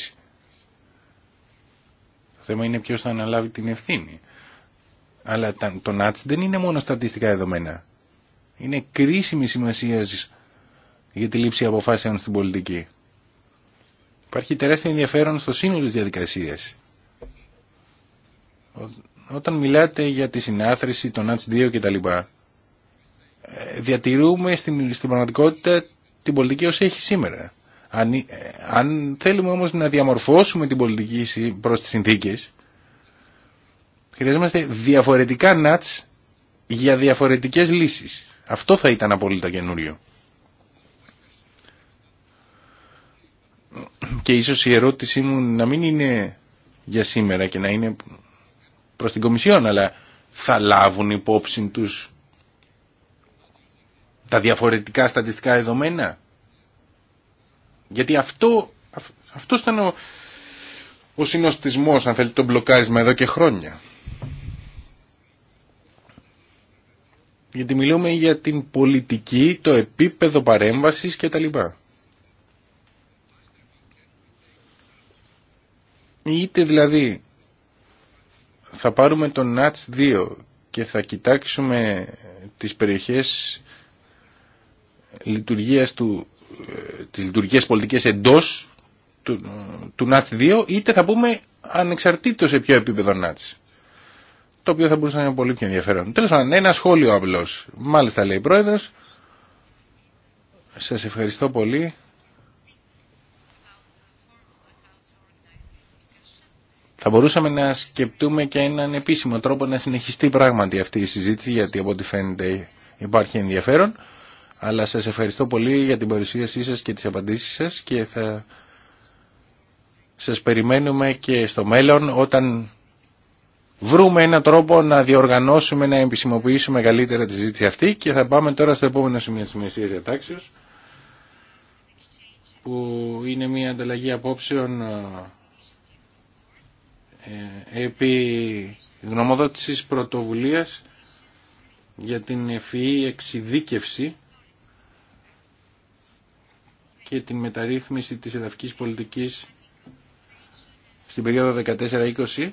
Το θέμα είναι ποιο θα αναλάβει την ευθύνη. Αλλά το ΝΑΤΣ δεν είναι μόνο στατιστικά δεδομένα. Είναι κρίσιμη σημασία για τη λήψη αποφάσεων στην πολιτική. Υπάρχει τεράστιο ενδιαφέρον στο σύνολο της διαδικασίας. Όταν μιλάτε για τη συνάθρηση, των ΝΑΤΣ 2 κτλ. Διατηρούμε στην, στην πραγματικότητα την πολιτική όσο έχει σήμερα. Αν, ε, αν θέλουμε όμως να διαμορφώσουμε την πολιτική προς τις συνθήκες, Χρειαζόμαστε διαφορετικά νατς για διαφορετικές λύσεις. Αυτό θα ήταν απόλυτα καινούριο. Και ίσως η ερώτησή μου να μην είναι για σήμερα και να είναι προς την Κομισιόν, αλλά θα λάβουν υπόψη τους τα διαφορετικά στατιστικά δεδομένα. Γιατί αυτό, αυτό ήταν ο, ο συνοστισμός, αν θέλετε, το μπλοκάρισμα εδώ και χρόνια. γιατί μιλούμε για την πολιτική, το επίπεδο παρέμβασης και τα λοιπά. Είτε δηλαδή θα πάρουμε τον ΝΑΤΣ 2 και θα κοιτάξουμε τις περιοχές λειτουργίας του, ε, τις λειτουργίες πολιτικές εντός του, του ΝΑΤΣ 2 είτε θα πούμε ανεξαρτήτως σε ποιο επίπεδο ΝΑΤΣ το οποίο θα μπορούσε να είναι πολύ πιο ενδιαφέρον. Τέλος πάντων, ένα σχόλιο απλώς. Μάλιστα λέει η Πρόεδρος. Σας ευχαριστώ πολύ. Θα μπορούσαμε να σκεπτούμε και έναν επίσημο τρόπο να συνεχιστεί πράγματι αυτή η συζήτηση γιατί από ό,τι φαίνεται υπάρχει ενδιαφέρον. Αλλά σας ευχαριστώ πολύ για την παρουσίασή σας και τις απαντήσεις σας και θα σας περιμένουμε και στο μέλλον όταν βρούμε έναν τρόπο να διοργανώσουμε, να επισημοποιήσουμε καλύτερα τη ζήτηση αυτή και θα πάμε τώρα στο επόμενο σημείο της Μεσσίας Διατάξεως που είναι μια ανταλλαγή απόψεων ε, ε, επί γνωμοδότησης πρωτοβουλίας για την ευφυή εξειδίκευση και την μεταρρύθμιση της εδαφικής πολιτικής στην περίοδο 14-20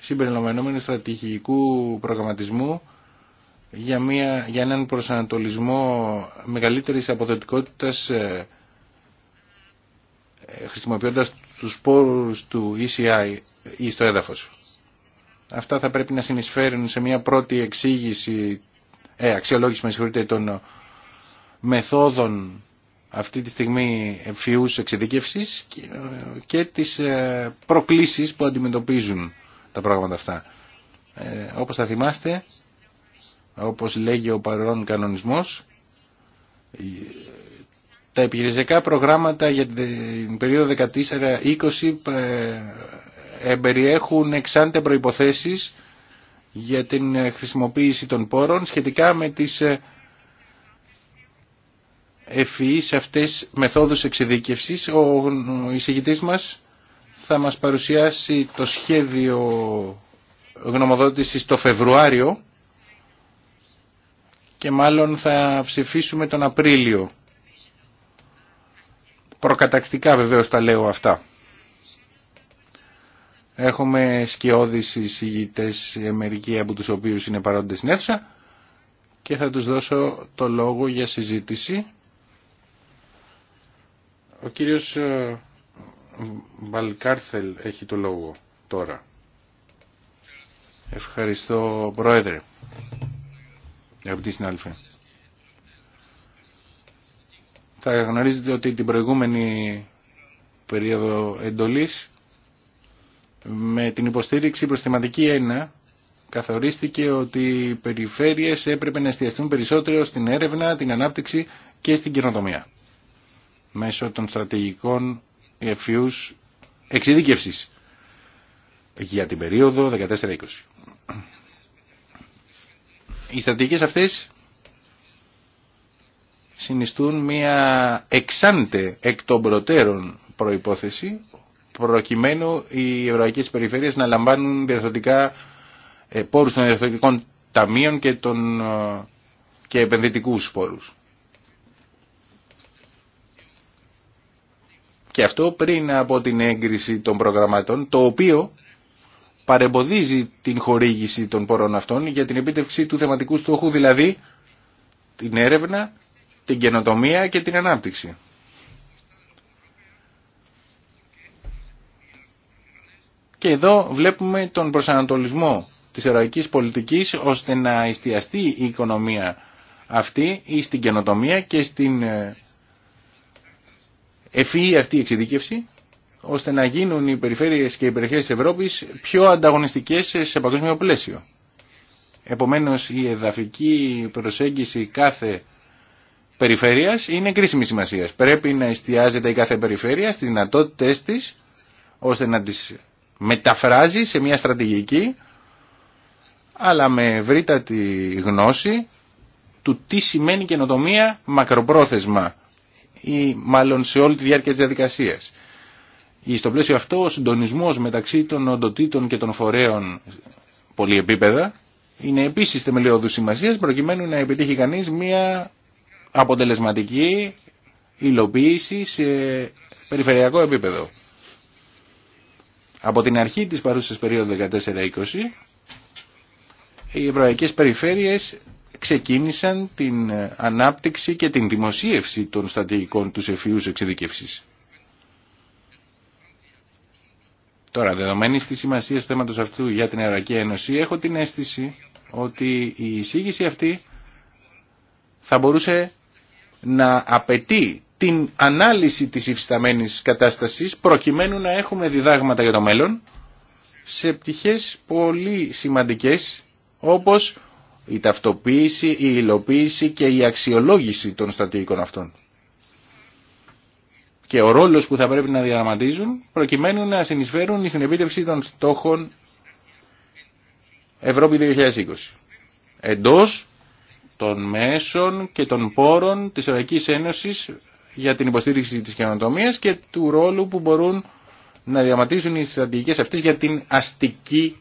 συμπεριλαμβανόμενου στρατηγικού προγραμματισμού για, μια, για έναν προσανατολισμό μεγαλύτερης αποδοτικότητας ε, ε, χρησιμοποιώντας τους πόρους του ECI ή στο έδαφος. Αυτά θα πρέπει να συνεισφέρουν σε μια πρώτη εξήγηση, ε, αξιολόγηση με συγχωρείτε, των μεθόδων αυτή τη στιγμή ευφυούς εξειδικεύσης και, και τις προκλήσεις που αντιμετωπίζουν τα πράγματα αυτά. Ε, όπως θα θυμάστε, όπως λέγει ο παρόν κανονισμός, ε, τα επιχειρησιακά προγράμματα για την περίοδο 14-20 ε, εμπεριέχουν εξάντε προϋποθέσεις για την χρησιμοποίηση των πόρων σχετικά με τις ε, ευφυείς αυτές μεθόδους εξειδίκευσης. Ο εισηγητής μας θα μας παρουσιάσει το σχέδιο γνωμοδότησης το Φεβρουάριο και μάλλον θα ψηφίσουμε τον Απρίλιο. Προκατακτικά βεβαίως τα λέω αυτά. Έχουμε σκιώδεις εισηγητές ε, μερικοί από τους οποίους είναι παρόντες στην αίθουσα και θα τους δώσω το λόγο για συζήτηση. Ο κύριος ε, Βαλκάρθελ έχει το λόγο τώρα. Ευχαριστώ Πρόεδρε. στην συνάδελφοι. Θα γνωρίζετε ότι την προηγούμενη περίοδο εντολής με την υποστήριξη προς θεματική 1 καθορίστηκε ότι οι περιφέρειες έπρεπε να εστιαστούν περισσότερο στην έρευνα, την ανάπτυξη και στην κοινοτομία μέσω των στρατηγικών εφιούς εξειδίκευσης για την περίοδο 14-20. Οι στρατηγικές αυτές συνιστούν μια εξάντε εκ των προτέρων προϋπόθεση προκειμένου οι ευρωπαϊκές περιφέρειες να λαμβάνουν διαρθωτικά ε, πόρους των διαρθωτικών ταμείων και, των, ε, και επενδυτικούς πόρους. και αυτό πριν από την έγκριση των προγραμμάτων, το οποίο παρεμποδίζει την χορήγηση των πόρων αυτών για την επίτευξη του θεματικού στόχου, δηλαδή την έρευνα, την καινοτομία και την ανάπτυξη. Και εδώ βλέπουμε τον προσανατολισμό της ευρωπαϊκής πολιτικής ώστε να εστιαστεί η οικονομία αυτή ή στην καινοτομία και στην ε, Ευφύει αυτή η εξειδίκευση ώστε να γίνουν οι περιφέρειες και οι περιοχές της Ευρώπης πιο ανταγωνιστικές σε παγκόσμιο πλαίσιο. Επομένως η εδαφική προσέγγιση κάθε περιφέρειας είναι κρίσιμη σημασία. Πρέπει να εστιάζεται η κάθε περιφέρεια στις δυνατότητες της ώστε να τις μεταφράζει σε μια στρατηγική αλλά με ευρύτατη γνώση του τι σημαίνει καινοτομία μακροπρόθεσμα ή μάλλον σε όλη τη διάρκεια της διαδικασίας. Στο πλαίσιο αυτό ο συντονισμός μεταξύ των οντοτήτων και των φορέων πολυεπίπεδα είναι επίσης θεμελιώδους σημασία προκειμένου να επιτύχει κανείς μια αποτελεσματική υλοποίηση σε περιφερειακό επίπεδο. Από την αρχή της παρούσας περίοδου 14-20 οι ευρωπαϊκές περιφέρειες ξεκίνησαν την ανάπτυξη και την δημοσίευση των στρατηγικών του εφίους εξειδικεύσης. Τώρα, δεδομένη της σημασία του θέματος αυτού για την Ευρωπαϊκή Ένωση, έχω την αίσθηση ότι η εισήγηση αυτή θα μπορούσε να απαιτεί την ανάλυση της υφισταμένης κατάστασης προκειμένου να έχουμε διδάγματα για το μέλλον σε πτυχές πολύ σημαντικές όπως η ταυτοποίηση, η υλοποίηση και η αξιολόγηση των στρατηγικών αυτών. Και ο ρόλος που θα πρέπει να διαγραμματίζουν προκειμένου να συνεισφέρουν στην επίτευξη των στόχων Ευρώπη 2020. Εντός των μέσων και των πόρων της Ευρωπαϊκής Ένωσης για την υποστήριξη της καινοτομίας και του ρόλου που μπορούν να διαματίζουν οι στρατηγικές αυτές για την αστική,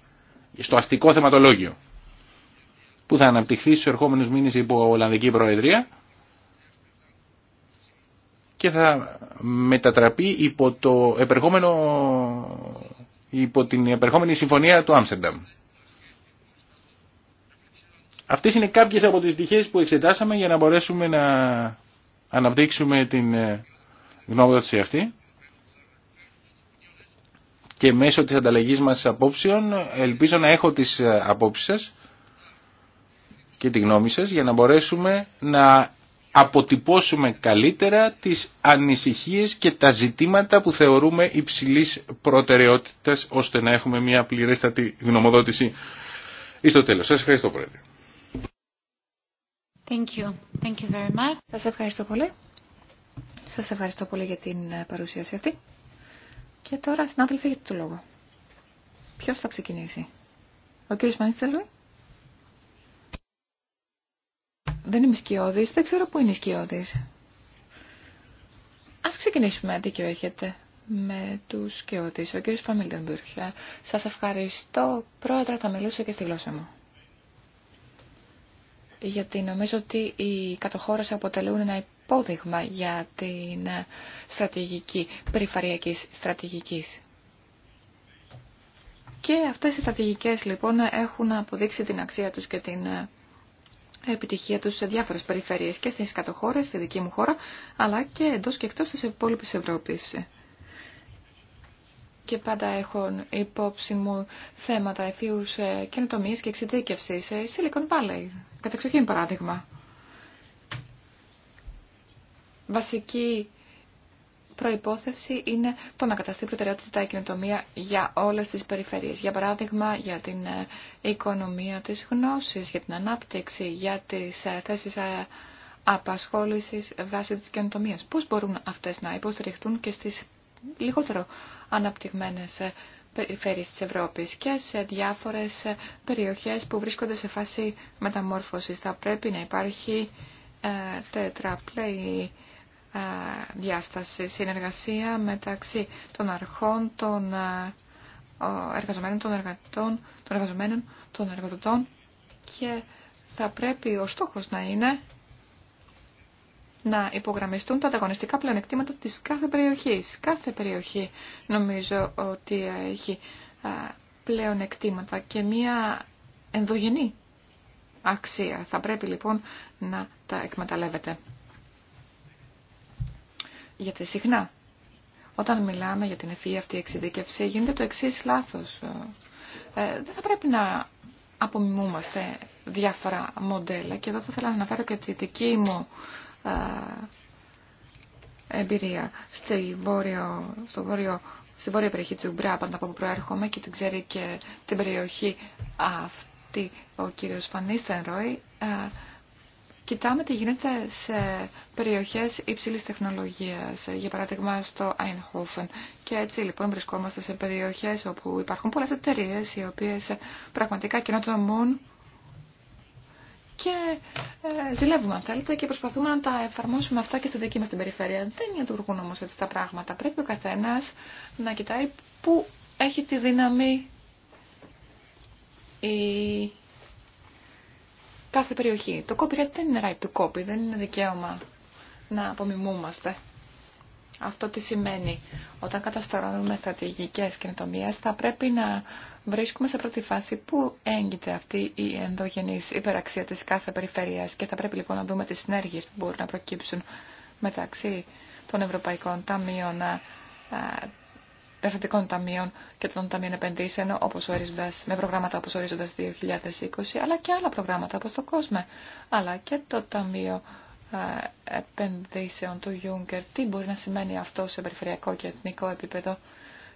στο αστικό θεματολόγιο που θα αναπτυχθεί στου ερχόμενους μήνες υπό Ολλανδική Προεδρία και θα μετατραπεί υπό, το επερχόμενο, υπό την επερχόμενη συμφωνία του Άμστερνταμ. Αυτές είναι κάποιες από τις πτυχές που εξετάσαμε για να μπορέσουμε να αναπτύξουμε την ε, γνώμη αυτή και μέσω της ανταλλαγής μας απόψεων ελπίζω να έχω τις ε, απόψεις σας και τη γνώμη σας για να μπορέσουμε να αποτυπώσουμε καλύτερα τις ανησυχίες και τα ζητήματα που θεωρούμε υψηλής προτεραιότητας ώστε να έχουμε μια πληρέστατη γνωμοδότηση εις το τέλος. Σας ευχαριστώ Πρόεδρε. Thank you. Thank you very much. Σας ευχαριστώ πολύ. Σας ευχαριστώ πολύ για την ε, παρουσίαση αυτή. Και τώρα, συνάδελφοι, για το λόγο. Ποιος θα ξεκινήσει. Ο κύριος Δεν είμαι σκιώδη. δεν ξέρω πού είναι σκιώδη. Α ξεκινήσουμε, δίκιο έχετε, με του σκιώδη. Ο κύριο Φαμίλτεμπουργκ, Σα ευχαριστώ. Πρόεδρα, θα μιλήσω και στη γλώσσα μου. Γιατί νομίζω ότι οι κατοχώρες αποτελούν ένα υπόδειγμα για την στρατηγική, περιφαριακή στρατηγική. Και αυτές οι στρατηγικές λοιπόν έχουν αποδείξει την αξία τους και την επιτυχία τους σε διάφορες περιφέρειες και στις κατοχώρες, στη δική μου χώρα, αλλά και εντός και εκτός της υπόλοιπη Ευρώπης. Και πάντα έχω υπόψη μου θέματα εφίους ε, καινοτομία και εξειδίκευση. σε Silicon Valley, κατεξοχήν παράδειγμα. Βασική προϋπόθεση είναι το να καταστεί προτεραιότητα η κοινοτομία για όλες τις περιφέρειες. Για παράδειγμα, για την ε, οικονομία της γνώσης, για την ανάπτυξη, για τις ε, θέσεις ε, απασχόλησης βάσει της κοινοτομίας. Πώς μπορούν αυτές να υποστηριχτούν και στις λιγότερο αναπτυγμένες περιφέρειες της Ευρώπης και σε διάφορες περιοχές που βρίσκονται σε φάση μεταμόρφωσης. Θα πρέπει να υπάρχει τετραπλέη ε, διάσταση, συνεργασία μεταξύ των αρχών, των ε, εργαζομένων, των εργατών, των εργαζομένων, των εργοδοτών και θα πρέπει ο στόχος να είναι να υπογραμμιστούν τα ανταγωνιστικά πλεονεκτήματα της κάθε περιοχής. Κάθε περιοχή νομίζω ότι έχει ε, πλεονεκτήματα και μία ενδογενή αξία. Θα πρέπει λοιπόν να τα εκμεταλλεύεται. Γιατί συχνά, όταν μιλάμε για την ευφυή αυτή εξειδίκευση, γίνεται το εξή λάθος. Ε, δεν θα πρέπει να απομιμούμαστε διάφορα μοντέλα και εδώ θα ήθελα να αναφέρω και τη δική μου ε, εμπειρία στη βόρειο, στο βόρειο, στην βόρεια περιοχή του Μπράπαντα από όπου προέρχομαι και την ξέρει και την περιοχή αυτή ο κύριος Φανίστεν Ρόι ε, κοιτάμε τι γίνεται σε περιοχές υψηλής τεχνολογίας, για παράδειγμα στο Eindhoven. Και έτσι λοιπόν βρισκόμαστε σε περιοχές όπου υπάρχουν πολλές εταιρείε οι οποίες πραγματικά καινοτομούν και ε, ζηλεύουμε αν θέλετε και προσπαθούμε να τα εφαρμόσουμε αυτά και στη δική μας την περιφέρεια. Δεν λειτουργούν όμως έτσι τα πράγματα. Πρέπει ο καθένας να κοιτάει πού έχει τη δύναμη η κάθε περιοχή. Το copyright δεν είναι right to copy, δεν είναι δικαίωμα να απομιμούμαστε. Αυτό τι σημαίνει. Όταν καταστρώνουμε στρατηγικές καινοτομίε, θα πρέπει να βρίσκουμε σε πρώτη φάση πού έγκυται αυτή η ενδογενής υπεραξία της κάθε περιφέρειας και θα πρέπει λοιπόν να δούμε τι συνέργειες που μπορούν να προκύψουν μεταξύ των Ευρωπαϊκών Ταμείων ε, Εθνικών Ταμείων και των Ταμείων Επενδύσεων όπως ορίζοντας, με προγράμματα όπως ορίζοντας 2020 αλλά και άλλα προγράμματα όπως το κόσμο αλλά και το Ταμείο ε, Επενδύσεων του Juncker. Τι μπορεί να σημαίνει αυτό σε περιφερειακό και εθνικό επίπεδο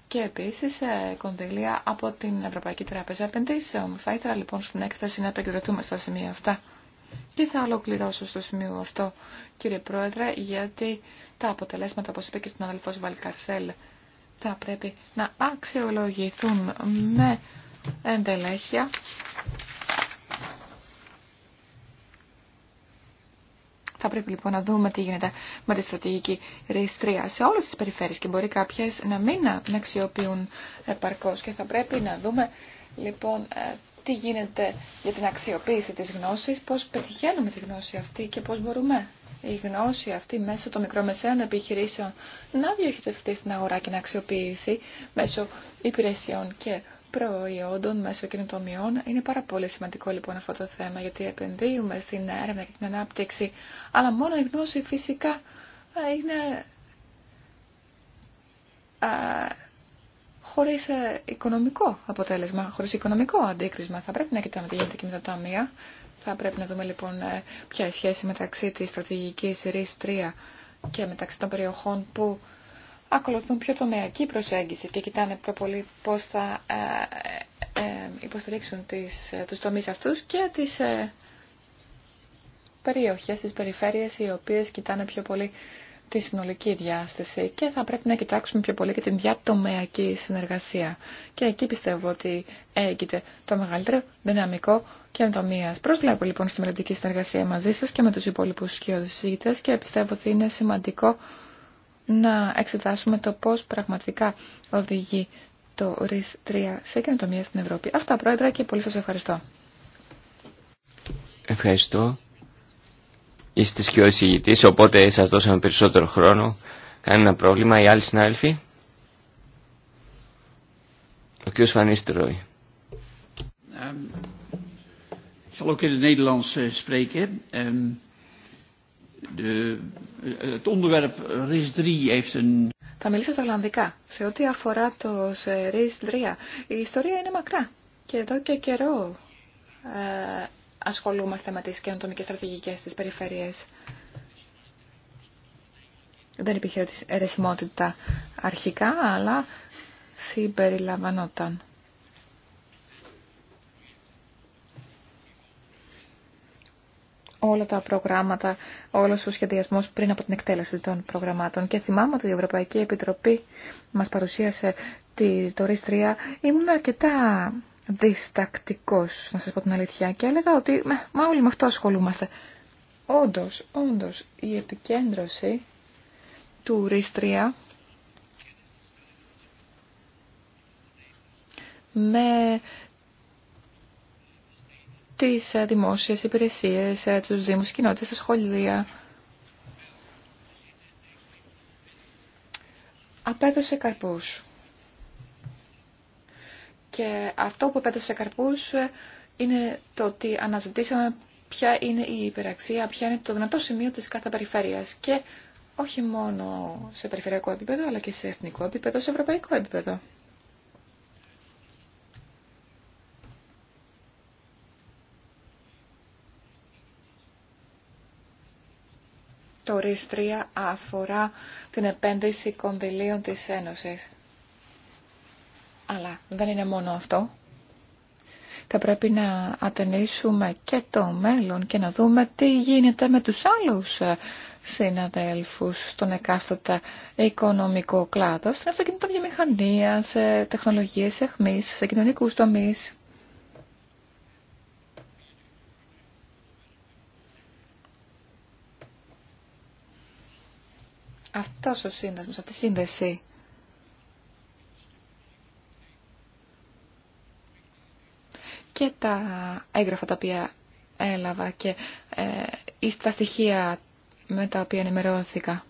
και επίσης ε, κονδυλία από την Ευρωπαϊκή Τράπεζα Επενδύσεων. Θα ήθελα λοιπόν στην έκθεση να επικεντρωθούμε στα σημεία αυτά. Και θα ολοκληρώσω στο σημείο αυτό, κύριε Πρόεδρε, γιατί τα αποτελέσματα, όπως είπε και στον αδελφός Βαλκαρσέλ, θα πρέπει να αξιολογηθούν με εντελέχεια Θα πρέπει λοιπόν να δούμε τι γίνεται με τη στρατηγική ρηστρία σε όλες τις περιφέρειες και μπορεί κάποιες να μην αξιοποιούν επαρκώς και θα πρέπει να δούμε λοιπόν ε, τι γίνεται για την αξιοποίηση της γνώσης, πώς πετυχαίνουμε τη γνώση αυτή και πώς μπορούμε η γνώση αυτή μέσω των μικρομεσαίων επιχειρήσεων να διοχετευτεί στην αγορά και να αξιοποιηθεί μέσω υπηρεσιών και προϊόντων, μέσω κινητομιών. Είναι πάρα πολύ σημαντικό λοιπόν αυτό το θέμα γιατί επενδύουμε στην έρευνα και την ανάπτυξη, αλλά μόνο η γνώση φυσικά ε, είναι χωρίς ε, οικονομικό αποτέλεσμα, χωρίς οικονομικό αντίκρισμα. Θα πρέπει να κοιτάμε τι γίνεται και με τα ταμεία. Θα πρέπει να δούμε λοιπόν ε, ποια η σχέση μεταξύ της στρατηγικής ΡΙΣ 3 και μεταξύ των περιοχών που ακολουθούν πιο τομεακή προσέγγιση και κοιτάνε πιο πολύ πώς θα ε, υποστηρίξουν τις, τους τομείς αυτούς και τις περιοχές, τις περιφέρειες οι οποίες κοιτάνε πιο πολύ τη συνολική διάσταση και θα πρέπει να κοιτάξουμε πιο πολύ και την διατομεακή συνεργασία. Και εκεί πιστεύω ότι έγινε το μεγαλύτερο δυναμικό καινοτομία. Προσβλέπω λοιπόν στη μελλοντική συνεργασία μαζί σα και με του υπόλοιπου σκιοδησίτε και πιστεύω ότι είναι σημαντικό να εξετάσουμε το πώ πραγματικά οδηγεί το RIS 3 σε καινοτομία στην Ευρώπη. Αυτά, πρόεδρα και πολύ σα ευχαριστώ. Ευχαριστώ. Είστε σκιώδης οπότε σας δώσαμε περισσότερο χρόνο. Κανένα πρόβλημα. Οι άλλοι συνάδελφοι. Ο κ. Φανίστροι. Θα ehm, ook in het Nederlands eh, spreken. Ehm, de, eh, het RIS 3 heeft Θα μιλήσω στα Ολλανδικά. Σε ό,τι αφορά το RIS 3, η ιστορία είναι μακρά. Και εδώ και καιρό ε, ασχολούμαστε με τις καινοτομικές στρατηγικές της περιφέρειας. Δεν υπήρχε ερεσιμότητα αρχικά, αλλά συμπεριλαμβανόταν. όλα τα προγράμματα, όλο ο σχεδιασμό πριν από την εκτέλεση των προγραμμάτων. Και θυμάμαι ότι η Ευρωπαϊκή Επιτροπή μα παρουσίασε τη, το 3. Ήμουν αρκετά διστακτικός, να σας πω την αλήθεια. Και έλεγα ότι μα όλοι με αυτό ασχολούμαστε. Όντως, όντως, η επικέντρωση του Ρίστρια με τις ε, δημόσιες υπηρεσίες, ε, τους δήμους, κοινότητες, τα σχολεία. Απέδωσε καρπούς. Και αυτό που επέτρεψε σε καρπούς είναι το ότι αναζητήσαμε ποια είναι η υπεραξία, ποια είναι το δυνατό σημείο της κάθε περιφέρειας. Και όχι μόνο σε περιφερειακό επίπεδο, αλλά και σε εθνικό επίπεδο, σε ευρωπαϊκό επίπεδο. Το ΡΙΣ αφορά την επένδυση κονδυλίων της Ένωσης. Αλλά δεν είναι μόνο αυτό. Θα πρέπει να ατενίσουμε και το μέλλον και να δούμε τι γίνεται με τους άλλους ε, συναδέλφους στον εκάστοτε οικονομικό κλάδο, στην αυτοκινητοβιομηχανία, σε τεχνολογίες εχμής, σε κοινωνικούς τομείς. Αυτός ο σύνδεσμος, αυτή η σύνδεση και τα έγγραφα τα οποία έλαβα και ε, τα στοιχεία με τα οποία ενημερώθηκα.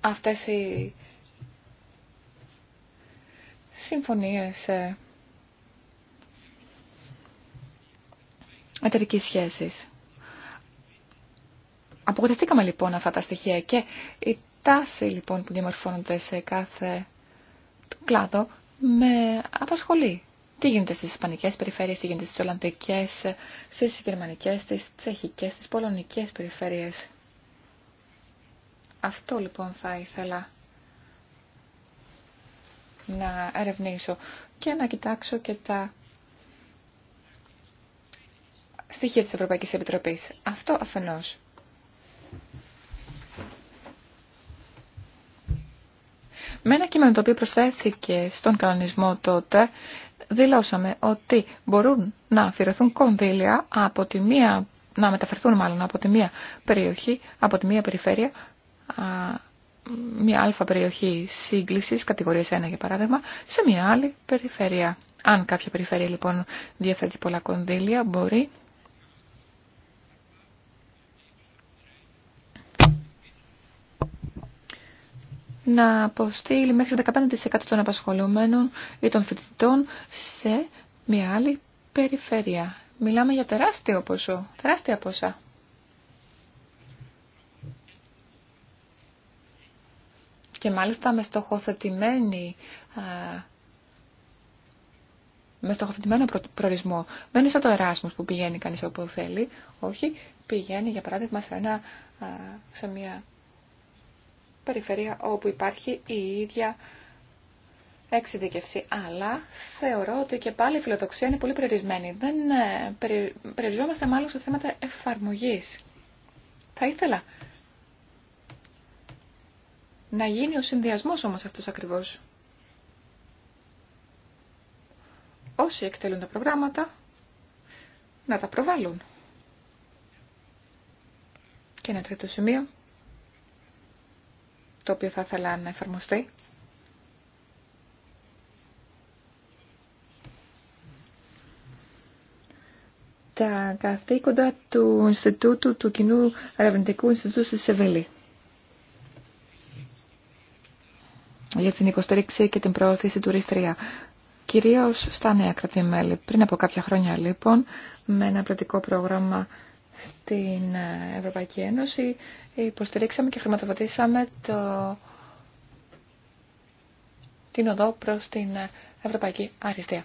Αυτές οι συμφωνίες ε, εταιρικής σχέσης. Απογοητευτήκαμε λοιπόν αυτά τα στοιχεία και η τάση λοιπόν που διαμορφώνονται σε κάθε κλάδο με απασχολεί. Τι γίνεται στις ισπανικές περιφέρειες, τι γίνεται στις ολλανδικές, στις γερμανικές, στις τσεχικές, στις πολωνικές περιφέρειες. Αυτό λοιπόν θα ήθελα να ερευνήσω και να κοιτάξω και τα στοιχεία της Ευρωπαϊκής Επιτροπής. Αυτό αφενός. Με ένα κείμενο το οποίο προσθέθηκε στον κανονισμό τότε, δηλώσαμε ότι μπορούν να αφιερωθούν κονδύλια από τη μία, να μεταφερθούν μάλλον από τη μία περιοχή, από τη μία περιφέρεια, μια αλφα περιοχή σύγκλησης, κατηγορίας 1 για παράδειγμα, σε μια άλλη περιφέρεια. Αν κάποια περιφέρεια λοιπόν διαθέτει πολλά κονδύλια, μπορεί να αποστείλει μέχρι 15% των απασχολούμενων ή των φοιτητών σε μια άλλη περιφέρεια. Μιλάμε για τεράστιο ποσό, τεράστια ποσά. Και μάλιστα με στοχοθετημένη με στοχοθετημένο προορισμό. Δεν είναι σαν το Εράσμος που πηγαίνει κανείς όπου θέλει. Όχι, πηγαίνει για παράδειγμα σε, ένα, σε μια περιφέρεια όπου υπάρχει η ίδια εξειδικευσή. Αλλά θεωρώ ότι και πάλι η φιλοδοξία είναι πολύ περιορισμένη. Δεν ε, περιοριζόμαστε μάλλον σε θέματα εφαρμογής. Θα ήθελα να γίνει ο συνδυασμός όμως αυτός ακριβώς. Όσοι εκτελούν τα προγράμματα, να τα προβάλλουν. Και ένα τρίτο σημείο το οποίο θα ήθελα να εφαρμοστεί. τα καθήκοντα του Ινστιτούτου, του Κοινού Ερευνητικού Ινστιτούτου στη Σεβελή. Για την υποστήριξη και την προώθηση του ΡΙΣΤΡΙΑ. Κυρίως στα νέα κρατή-μέλη. Πριν από κάποια χρόνια λοιπόν, με ένα πρωτικό πρόγραμμα στην ε, Ευρωπαϊκή Ένωση υποστηρίξαμε και χρηματοδοτήσαμε το... την οδό προς την ε, Ευρωπαϊκή Αριστεία.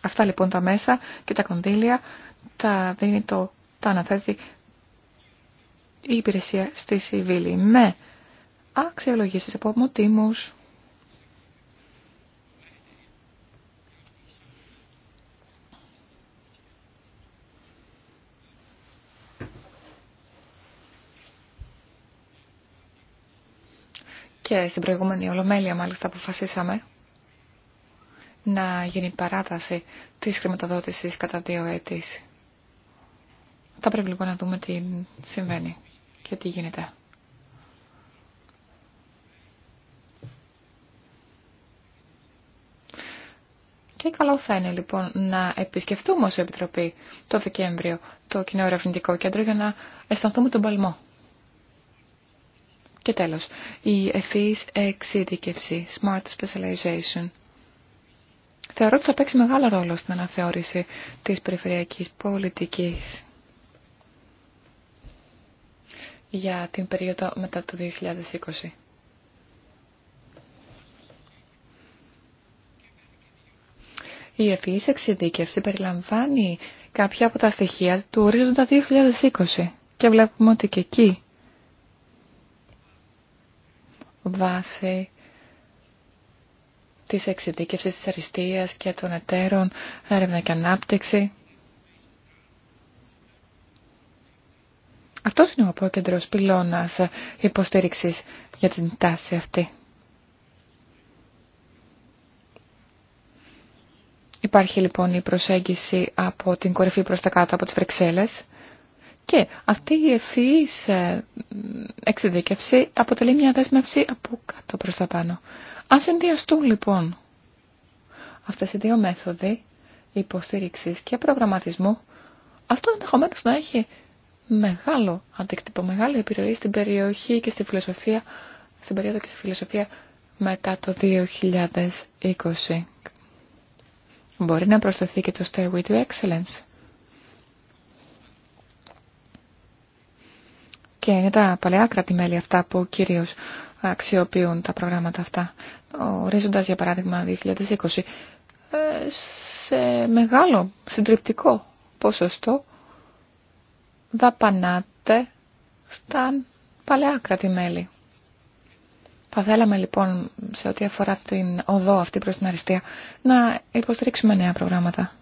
Αυτά λοιπόν τα μέσα και τα κονδύλια τα δίνει το, τα αναθέτει η υπηρεσία στη Σιβήλη με αξιολογήσεις από μοτίμους, και στην προηγούμενη Ολομέλεια μάλιστα αποφασίσαμε να γίνει παράταση της χρηματοδότησης κατά δύο έτης. Θα πρέπει λοιπόν να δούμε τι συμβαίνει και τι γίνεται. Και καλό θα είναι λοιπόν να επισκεφτούμε ως Επιτροπή το Δεκέμβριο το Κοινό Ερευνητικό Κέντρο για να αισθανθούμε τον παλμό και τέλος, η ευθύης εξειδικευσή, smart specialization. Θεωρώ ότι θα παίξει μεγάλο ρόλο στην αναθεώρηση της περιφερειακής πολιτικής για την περίοδο μετά το 2020. Η ευφυής εξειδίκευση περιλαμβάνει κάποια από τα στοιχεία του ορίζοντα 2020 και βλέπουμε ότι και εκεί βάσει της εξειδίκευσης της αριστείας και των εταίρων έρευνα και ανάπτυξη. Αυτό είναι ο απόκεντρος πυλώνας υποστήριξης για την τάση αυτή. Υπάρχει λοιπόν η προσέγγιση από την κορυφή προς τα κάτω από τις Βρυξέλλες και αυτή η ευφυή ε, εξειδικεύση αποτελεί μια δέσμευση από κάτω προς τα πάνω. Αν συνδυαστούν λοιπόν αυτές οι δύο μέθοδοι υποστήριξης και προγραμματισμού, αυτό ενδεχομένω να έχει μεγάλο αντίκτυπο, μεγάλη επιρροή στην περιοχή και στη φιλοσοφία, στην περίοδο και στη φιλοσοφία μετά το 2020. Μπορεί να προσθεθεί και το Stairway to Excellence Και είναι τα παλαιά κρατημέλη αυτά που κυρίως αξιοποιούν τα προγράμματα αυτά. Ορίζοντας για παράδειγμα 2020 ε, σε μεγάλο συντριπτικό ποσοστό δαπανάται στα παλαιά κρατημέλη. Θα θέλαμε λοιπόν σε ό,τι αφορά την οδό αυτή προς την αριστεία να υποστηρίξουμε νέα προγράμματα.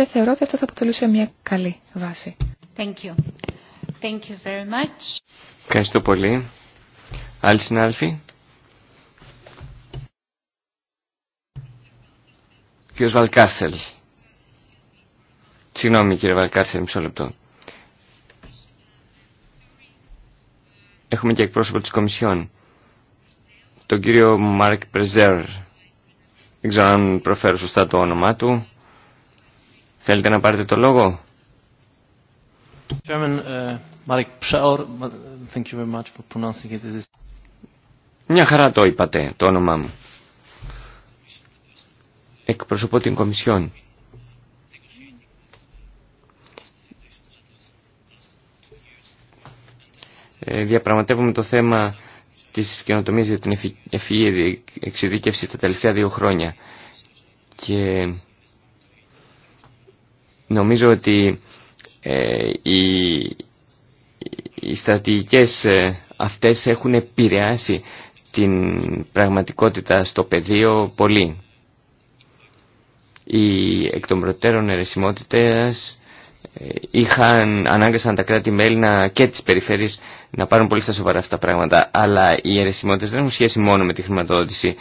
και θεωρώ ότι αυτό θα αποτελούσε μια καλή βάση. Ευχαριστώ πολύ. Άλλοι συνάδελφοι. Κύριος Βαλκάρσελ. Συγγνώμη κύριε Βαλκάρσελ, μισό λεπτό. Έχουμε και εκπρόσωπο της Κομισιόν. Τον κύριο Μάρκ Πρεζέρ. Δεν ξέρω αν προφέρω σωστά το όνομά του. Θέλετε να πάρετε το λόγο. Μια χαρά το είπατε το όνομά μου. Εκπροσωπώ την Κομισιόν. Ε, διαπραγματεύουμε το θέμα της καινοτομίας για την ευφυή εξειδίκευση τα τελευταία δύο χρόνια. Και Νομίζω ότι ε, οι, οι στρατηγικές ε, αυτές έχουν επηρεάσει την πραγματικότητα στο πεδίο πολύ. Οι εκ των προτέρων αιρεσιμότητες ε, είχαν, ανάγκασαν τα κράτη-μέλη και τις περιφέρειες να πάρουν πολύ στα σοβαρά αυτά τα πράγματα. Αλλά οι αιρεσιμότητες δεν έχουν σχέση μόνο με τη χρηματοδότηση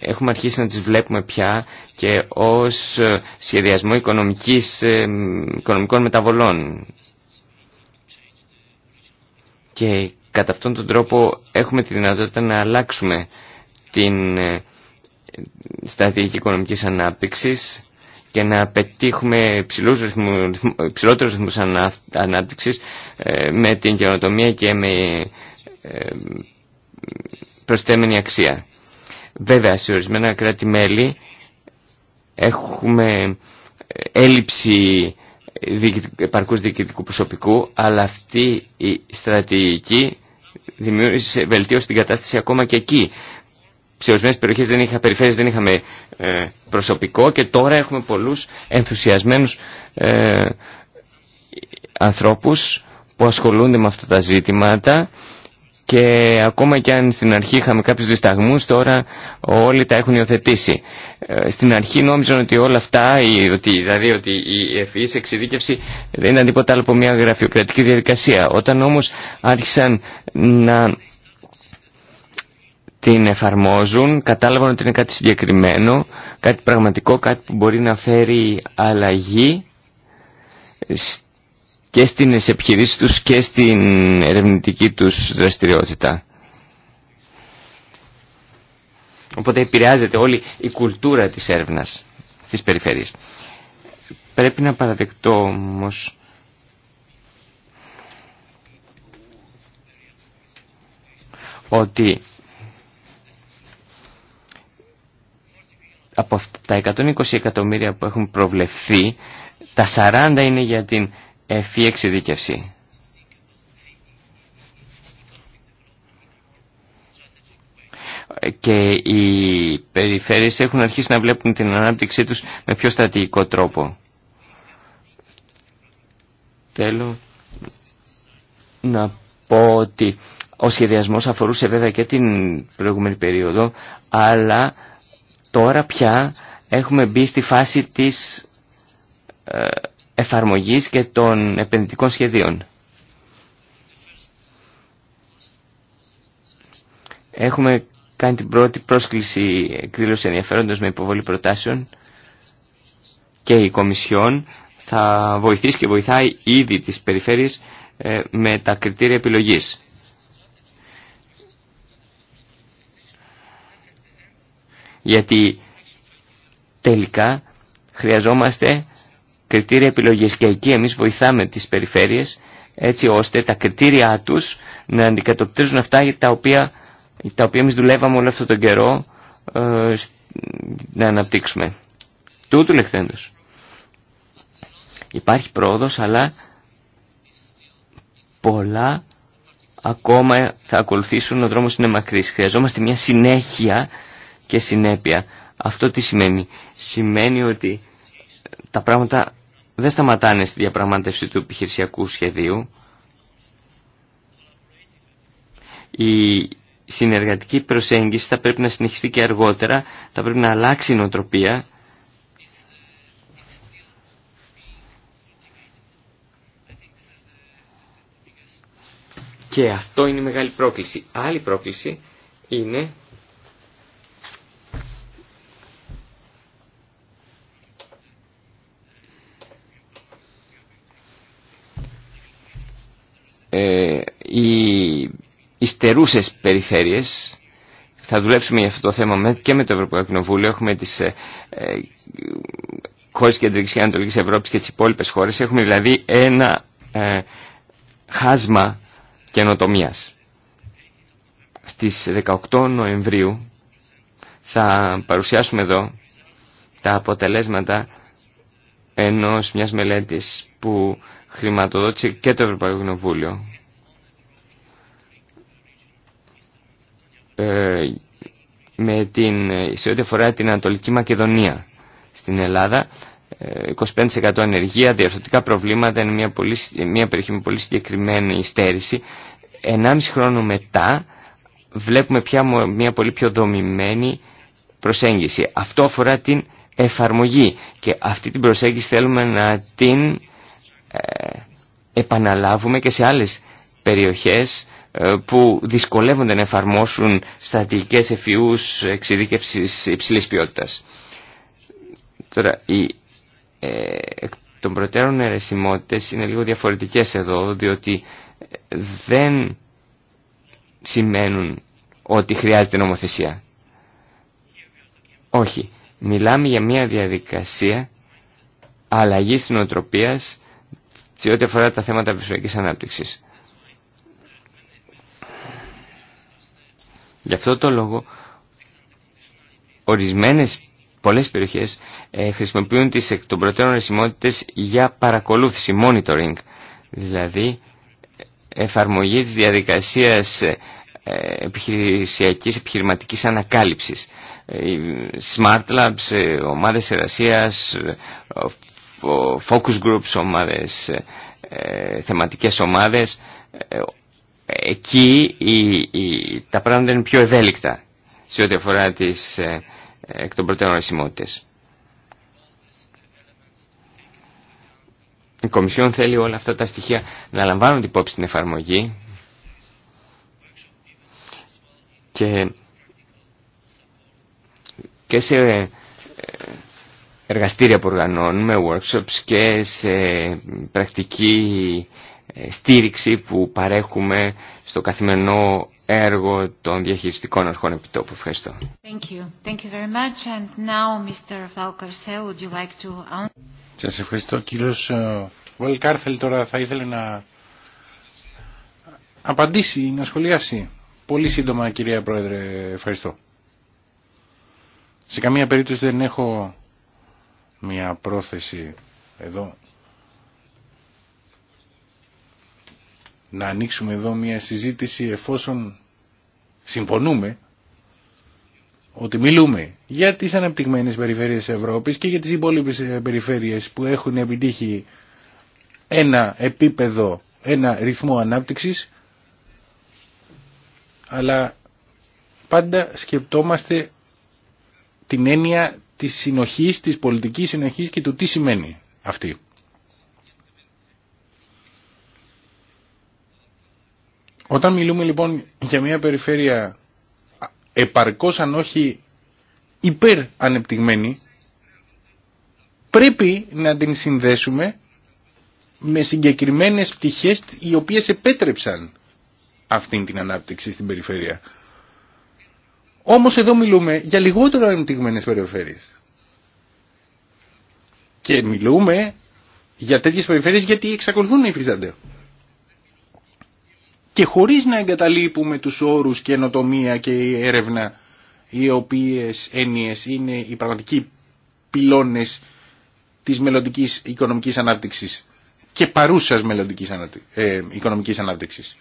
έχουμε αρχίσει να τις βλέπουμε πια και ως ε, σχεδιασμό οικονομικής, ε, οικονομικών μεταβολών. Και κατά αυτόν τον τρόπο έχουμε τη δυνατότητα να αλλάξουμε την ε, στρατηγική οικονομικής ανάπτυξης και να πετύχουμε ρυθμού, ψηλότερους ρυθμούς ανάπτυξης με την καινοτομία και με προσθέμενη αξία. Βέβαια, σε ορισμένα κράτη-μέλη έχουμε έλλειψη επαρκούς διοικητικού προσωπικού, αλλά αυτή η στρατηγική δημιούργησε βελτίωση στην κατάσταση ακόμα και εκεί. Σε ορισμένε περιοχές δεν είχα περιφέρειες, δεν είχαμε ε, προσωπικό και τώρα έχουμε πολλούς ενθουσιασμένους ε, ανθρώπου που ασχολούνται με αυτά τα ζήτηματα και ακόμα και αν στην αρχή είχαμε κάποιους δισταγμούς, τώρα όλοι τα έχουν υιοθετήσει. Ε, στην αρχή νόμιζαν ότι όλα αυτά, ότι, δηλαδή ότι η ευφυή εξειδίκευση δεν ήταν τίποτα άλλο από μια γραφειοκρατική διαδικασία. Όταν όμως άρχισαν να την εφαρμόζουν, κατάλαβαν ότι είναι κάτι συγκεκριμένο, κάτι πραγματικό, κάτι που μπορεί να φέρει αλλαγή και στις επιχειρήσεις τους και στην ερευνητική τους δραστηριότητα. Οπότε επηρεάζεται όλη η κουλτούρα της έρευνας της περιφέρειας. Πρέπει να παραδεκτώ όμως ότι από τα 120 εκατομμύρια που έχουν προβλεφθεί, τα 40 είναι για την Εφή εξειδίκευση. Και οι περιφέρειες έχουν αρχίσει να βλέπουν την ανάπτυξή τους με πιο στρατηγικό τρόπο. Θέλω να πω ότι ο σχεδιασμός αφορούσε βέβαια και την προηγούμενη περίοδο, αλλά τώρα πια έχουμε μπει στη φάση της ε, εφαρμογής και των επενδυτικών σχεδίων. Έχουμε κάνει την πρώτη πρόσκληση εκδήλωση ενδιαφέροντος με υποβολή προτάσεων και η Κομισιόν θα βοηθήσει και βοηθάει ήδη τις περιφέρειες ε, με τα κριτήρια επιλογής. Γιατί τελικά χρειαζόμαστε κριτήρια επιλογής και εκεί εμείς βοηθάμε τις περιφέρειες έτσι ώστε τα κριτήρια τους να αντικατοπτρίζουν αυτά τα οποία, τα οποία εμείς δουλεύαμε όλο αυτόν τον καιρό ε, να αναπτύξουμε. Τούτου λεχθέντος. Υπάρχει πρόοδος αλλά πολλά ακόμα θα ακολουθήσουν, ο δρόμος είναι μακρύς. Χρειαζόμαστε μια συνέχεια και συνέπεια. Αυτό τι σημαίνει. Σημαίνει ότι τα πράγματα δεν σταματάνε στη διαπραγμάτευση του επιχειρησιακού σχεδίου. Η συνεργατική προσέγγιση θα πρέπει να συνεχιστεί και αργότερα, θα πρέπει να αλλάξει η νοοτροπία. Και αυτό είναι η μεγάλη πρόκληση. Άλλη πρόκληση είναι ε, οι ιστερούσες περιφέρειες θα δουλέψουμε για αυτό το θέμα και με το Ευρωπαϊκό Κοινοβούλιο. Έχουμε τις ε, ε, χώρες Κεντρικής και Ανατολικής Ευρώπης και τις υπόλοιπε χώρες. Έχουμε δηλαδή ένα ε, χάσμα καινοτομία. Στις 18 Νοεμβρίου θα παρουσιάσουμε εδώ τα αποτελέσματα ενός μιας μελέτης που χρηματοδότησε και το Ευρωπαϊκό Κοινοβούλιο. Ε, με την, σε ό,τι αφορά την Ανατολική Μακεδονία στην Ελλάδα, 25% ε, ανεργία, διαφορετικά προβλήματα, είναι μια, πολύ, μια περιοχή με πολύ συγκεκριμένη στέρηση. ενάμιση χρόνο μετά βλέπουμε πια μια πολύ πιο δομημένη προσέγγιση. Αυτό αφορά την εφαρμογή και αυτή την προσέγγιση θέλουμε να την ε, επαναλάβουμε και σε άλλες περιοχές ε, που δυσκολεύονται να εφαρμόσουν στρατηγικές εφιούς εξειδίκευσης υψηλής ποιότητας. Τώρα, οι ε, εκ των προτέρων αιρεσιμότητες είναι λίγο διαφορετικές εδώ, διότι δεν σημαίνουν ότι χρειάζεται νομοθεσία. Όχι. Μιλάμε για μια διαδικασία αλλαγής νοοτροπίας σε ό,τι αφορά τα θέματα περιφερειακής ανάπτυξης. Γι' αυτό το λόγο ορισμένες πολλές περιοχές ε, χρησιμοποιούν τις εκ των προτέρων ρεσιμότητες για παρακολούθηση, monitoring, δηλαδή εφαρμογή της διαδικασίας ε, επιχειρησιακής, επιχειρηματικής ανακάλυψης. Ε, smart Labs, ομάδες εργασίας, focus groups, ομάδες, ε, θεματικές ομάδες, ε, εκεί η, τα πράγματα είναι πιο ευέλικτα σε ό,τι αφορά τις ε, εκ των προτέρων Η Κομισιόν θέλει όλα αυτά τα στοιχεία να λαμβάνουν την υπόψη στην εφαρμογή και, και σε ε, εργαστήρια που οργανώνουμε, workshops και σε πρακτική ε, στήριξη που παρέχουμε στο καθημερινό έργο των διαχειριστικών αρχών επιτόπου. Ευχαριστώ. Thank Σας ευχαριστώ. Κύριος ε, Βαλκάρθελ τώρα θα ήθελε να απαντήσει, να σχολιάσει. Πολύ σύντομα, κυρία Πρόεδρε. Ευχαριστώ. Σε καμία περίπτωση δεν έχω μια πρόθεση εδώ να ανοίξουμε εδώ μια συζήτηση εφόσον συμφωνούμε ότι μιλούμε για τις αναπτυγμένες περιφέρειες Ευρώπης και για τις υπόλοιπες ε, περιφέρειες που έχουν επιτύχει ένα επίπεδο, ένα ρυθμό ανάπτυξης αλλά πάντα σκεπτόμαστε την έννοια της συνοχής, της πολιτικής συνοχής και του τι σημαίνει αυτή. Όταν μιλούμε λοιπόν για μια περιφέρεια επαρκώς αν όχι υπερ-ανεπτυγμένη, πρέπει να την συνδέσουμε με συγκεκριμένες πτυχές οι οποίες επέτρεψαν αυτήν την ανάπτυξη στην περιφέρεια. Όμως εδώ μιλούμε για λιγότερο ανεπτυγμένες περιφέρειες. Και μιλούμε για τέτοιες περιφέρειες γιατί εξακολουθούν να υφιστάνται. Και χωρίς να εγκαταλείπουμε τους όρους καινοτομία και έρευνα οι οποίες έννοιες είναι οι πραγματικοί πυλώνες της μελλοντική οικονομικής ανάπτυξης και παρούσας μελλοντικής ε, οικονομικής ανάπτυξης.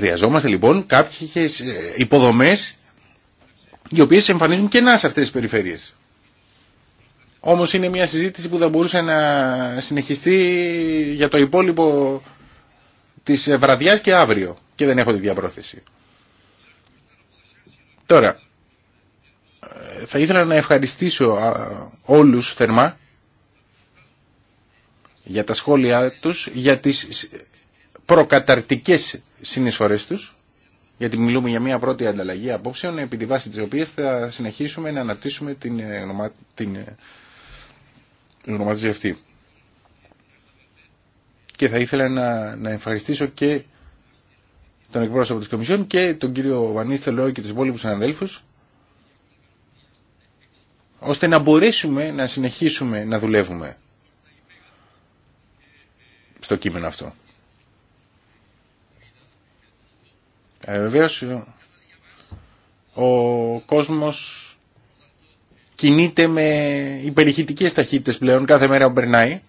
Χρειαζόμαστε λοιπόν κάποιες ε, υποδομές οι οποίες εμφανίζουν κενά σε αυτές τις περιφέρειες. Όμως είναι μια συζήτηση που θα μπορούσε να συνεχιστεί για το υπόλοιπο της βραδιάς και αύριο και δεν έχω τη διαπρόθεση. Τώρα, ε, θα ήθελα να ευχαριστήσω όλους θερμά για τα σχόλιά τους, για τις προκαταρτικές συνεισφορές τους, γιατί μιλούμε για μια πρώτη ανταλλαγή απόψεων, επί τη βάση της οποίας θα συνεχίσουμε να αναπτύσσουμε την, γνωμα... Ε, την... Ε, αυτή. Και θα ήθελα να, να ευχαριστήσω και τον εκπρόσωπο της Κομισιόν και τον κύριο Βανίστελο και τους υπόλοιπους συναδέλφους, ώστε να μπορέσουμε να συνεχίσουμε να δουλεύουμε στο κείμενο αυτό. Ε, ο κόσμος κινείται με υπερηχητικές ταχύτητες πλέον κάθε μέρα που περνάει.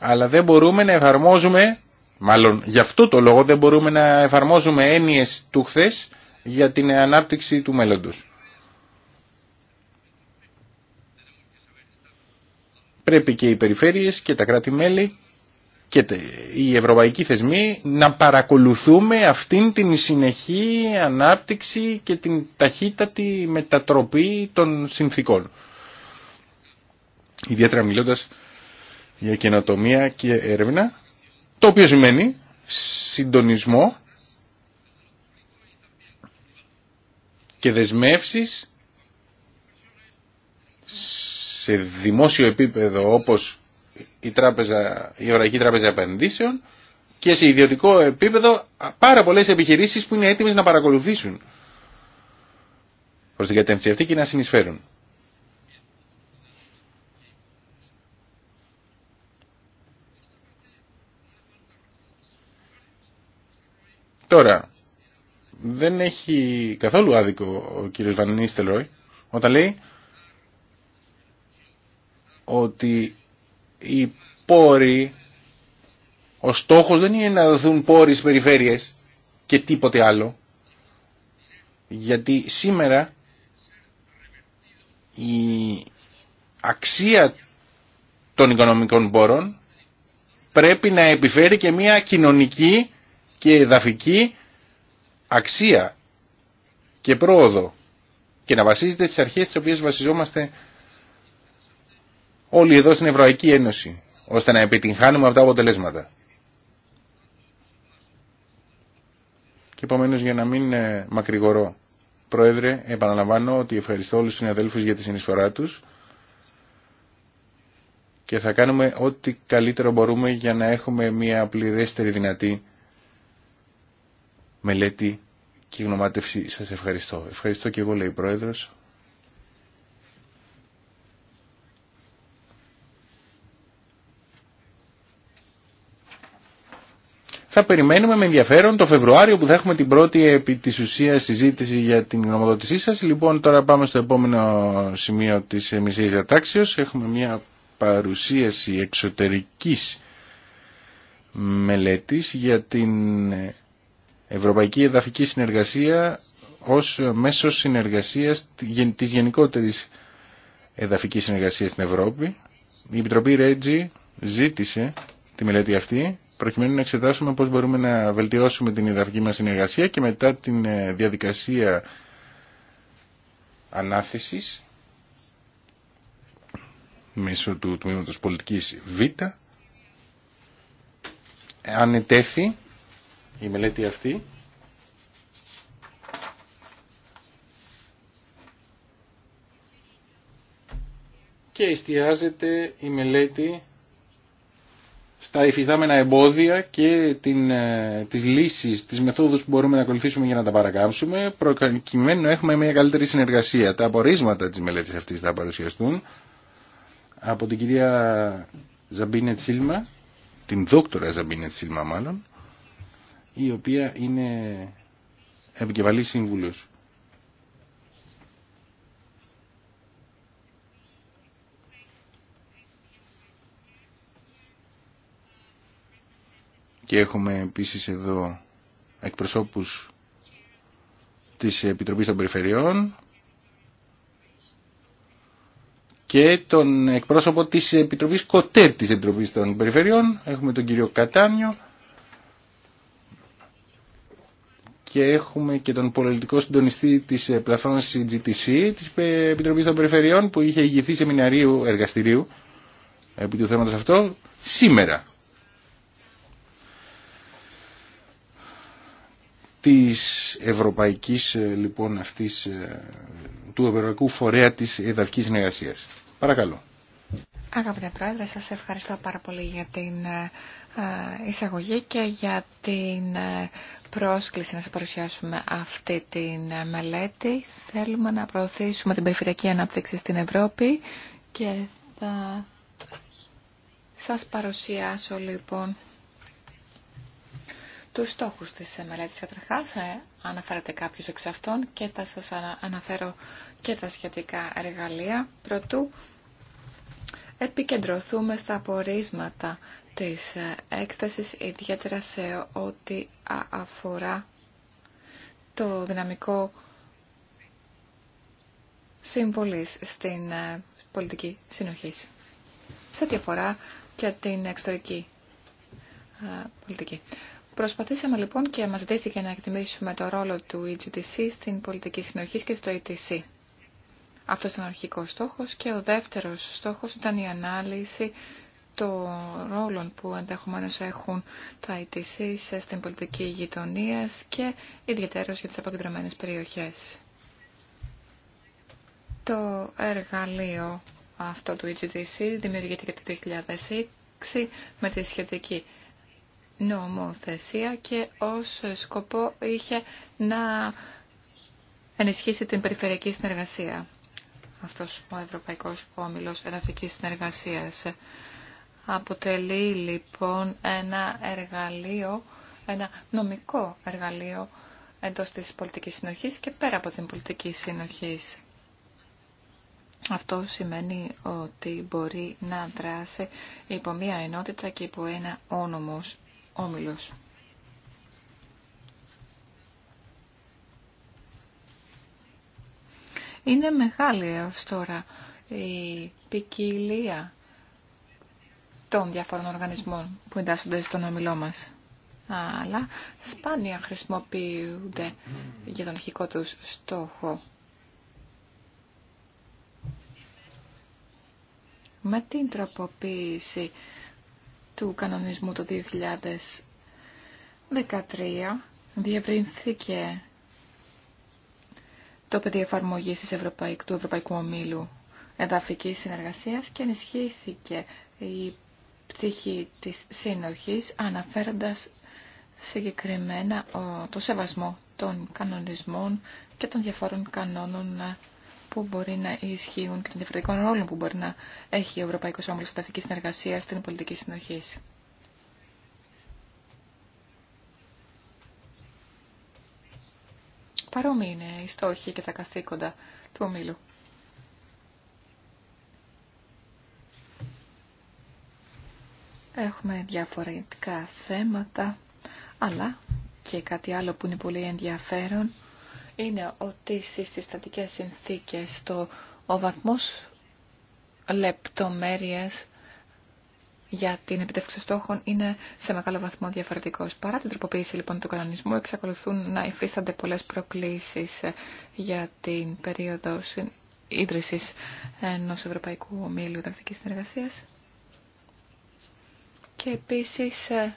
Αλλά δεν μπορούμε να εφαρμόζουμε, μάλλον γι' αυτό το λόγο δεν μπορούμε να εφαρμόζουμε έννοιες του χθε για την ανάπτυξη του μέλλοντος. Πρέπει και οι περιφέρειες και τα κράτη-μέλη και οι ευρωπαϊκοί θεσμοί να παρακολουθούμε αυτήν την συνεχή ανάπτυξη και την ταχύτατη μετατροπή των συνθήκων. Ιδιαίτερα μιλώντας για καινοτομία και έρευνα, το οποίο σημαίνει συντονισμό και δεσμεύσεις σε δημόσιο επίπεδο όπως η, τράπεζα, η Τράπεζα Επενδύσεων και σε ιδιωτικό επίπεδο πάρα πολλές επιχειρήσεις που είναι έτοιμες να παρακολουθήσουν προς την κατεύθυνση αυτή και να συνεισφέρουν. Τώρα, δεν έχει καθόλου άδικο ο κύριος Βανινίστελροι όταν λέει ότι οι πόροι, ο στόχος δεν είναι να δοθούν πόροι στις περιφέρειες και τίποτε άλλο. Γιατί σήμερα η αξία των οικονομικών πόρων πρέπει να επιφέρει και μια κοινωνική και εδαφική αξία και πρόοδο και να βασίζεται στις αρχές στις οποίες βασιζόμαστε όλοι εδώ στην Ευρωπαϊκή Ένωση, ώστε να επιτυγχάνουμε αυτά τα αποτελέσματα. Και επομένως για να μην ε, μακρηγορώ, Πρόεδρε, επαναλαμβάνω ότι ευχαριστώ όλους τους συναδέλφους για τη συνεισφορά τους και θα κάνουμε ό,τι καλύτερο μπορούμε για να έχουμε μια πληρέστερη δυνατή μελέτη και γνωμάτευση. Σας ευχαριστώ. Ευχαριστώ και εγώ, λέει Πρόεδρος. θα περιμένουμε με ενδιαφέρον το Φεβρουάριο που θα έχουμε την πρώτη επί της ουσίας συζήτηση για την γνωμοδότησή σας. Λοιπόν, τώρα πάμε στο επόμενο σημείο της μισής διατάξεως. Έχουμε μια παρουσίαση εξωτερικής μελέτης για την Ευρωπαϊκή Εδαφική Συνεργασία ως μέσο συνεργασίας της γενικότερης εδαφικής συνεργασίας στην Ευρώπη. Η Επιτροπή Ρέτζι ζήτησε τη μελέτη αυτή προκειμένου να εξετάσουμε πώς μπορούμε να βελτιώσουμε την ιδαυγή μας συνεργασία και μετά την ε, διαδικασία ανάθεσης μέσω του Τμήματος Πολιτικής Β ανετέθη η μελέτη αυτή και εστιάζεται η μελέτη στα υφιστάμενα εμπόδια και την, ε, τις λύσεις, τις μεθόδους που μπορούμε να ακολουθήσουμε για να τα παρακάμψουμε, προκειμένου έχουμε μια καλύτερη συνεργασία. Τα απορίσματα της μελέτης αυτής θα παρουσιαστούν από την κυρία Ζαμπίνε Τσίλμα, την δόκτωρα Ζαμπίνε Τσίλμα μάλλον, η οποία είναι επικεφαλής σύμβουλος και έχουμε επίσης εδώ εκπροσώπους της Επιτροπής των Περιφερειών και τον εκπρόσωπο της Επιτροπής Κοτέρ της Επιτροπής των Περιφερειών. Έχουμε τον κύριο Κατάνιο και έχουμε και τον πολιτικό συντονιστή της πλαθών CGTC της Επιτροπής των Περιφερειών που είχε ηγηθεί σεμιναρίου εργαστηρίου επί του θέματος αυτό σήμερα. της ευρωπαϊκής ε, λοιπόν αυτής ε, του ευρωπαϊκού φορέα της εδαφικής συνεργασίας. Παρακαλώ. Αγαπητέ Πρόεδρε, σας ευχαριστώ πάρα πολύ για την ε, εισαγωγή και για την πρόσκληση να σας παρουσιάσουμε αυτή τη μελέτη. Θέλουμε να προωθήσουμε την περιφερειακή ανάπτυξη στην Ευρώπη και θα σας παρουσιάσω λοιπόν τους στόχους της μελέτης καταρχάς, ε, αναφέρατε κάποιους εξ αυτών και θα σας αναφέρω και τα σχετικά εργαλεία προτού επικεντρωθούμε στα απορίσματα της ε, έκθεσης, ιδιαίτερα σε ό,τι αφορά το δυναμικό συμβολής στην ε, πολιτική συνοχή. Σε ό,τι αφορά και την εξωτερική ε, πολιτική. Προσπαθήσαμε λοιπόν και μας δίθηκε να εκτιμήσουμε το ρόλο του EGTC στην πολιτική συνοχή και στο ETC. Αυτός ήταν ο αρχικός στόχος και ο δεύτερος στόχος ήταν η ανάλυση των ρόλων που ενδεχομένω έχουν τα ETC στην πολιτική γειτονία και ιδιαίτερω για τι αποκεντρωμένε περιοχές. Το εργαλείο αυτό του EGTC δημιουργήθηκε το 2006 με τη σχετική νομοθεσία και ως σκοπό είχε να ενισχύσει την περιφερειακή συνεργασία. Αυτός ο Ευρωπαϊκός Όμιλος Εδαφικής Συνεργασίας αποτελεί λοιπόν ένα εργαλείο, ένα νομικό εργαλείο εντός της πολιτικής συνοχής και πέρα από την πολιτική συνοχής. Αυτό σημαίνει ότι μπορεί να δράσει υπό μία ενότητα και υπό ένα όνομος όμιλος. Είναι μεγάλη έως τώρα η ποικιλία των διαφόρων οργανισμών που εντάσσονται στον όμιλό μας. Αλλά σπάνια χρησιμοποιούνται για τον αρχικό τους στόχο. Με την τροποποίηση του κανονισμού το 2013 διευρύνθηκε το πεδίο εφαρμογή του Ευρωπαϊκού Ομίλου Εδαφική Συνεργασία και ενισχύθηκε η πτυχή της σύνοχή, αναφέροντα συγκεκριμένα το σεβασμό των κανονισμών και των διαφόρων κανόνων που μπορεί να ισχύουν και των διαφορετικών ρόλων που μπορεί να έχει ο Ευρωπαϊκό Όμιλο Συνταφική Συνεργασία στην πολιτική συνοχή. Παρόμοιοι είναι οι στόχοι και τα καθήκοντα του ομίλου. Έχουμε διαφορετικά θέματα, αλλά και κάτι άλλο που είναι πολύ ενδιαφέρον είναι ότι στις συστατικές συνθήκες το, ο βαθμός λεπτομέρειες για την επιτεύξη στόχων είναι σε μεγάλο βαθμό διαφορετικό. Παρά την τροποποίηση λοιπόν του κανονισμού εξακολουθούν να υφίστανται πολλές προκλήσεις για την περίοδο ιδρύση ενό Ευρωπαϊκού Ομίλου Δακτική Συνεργασίας. Και επίσης ε,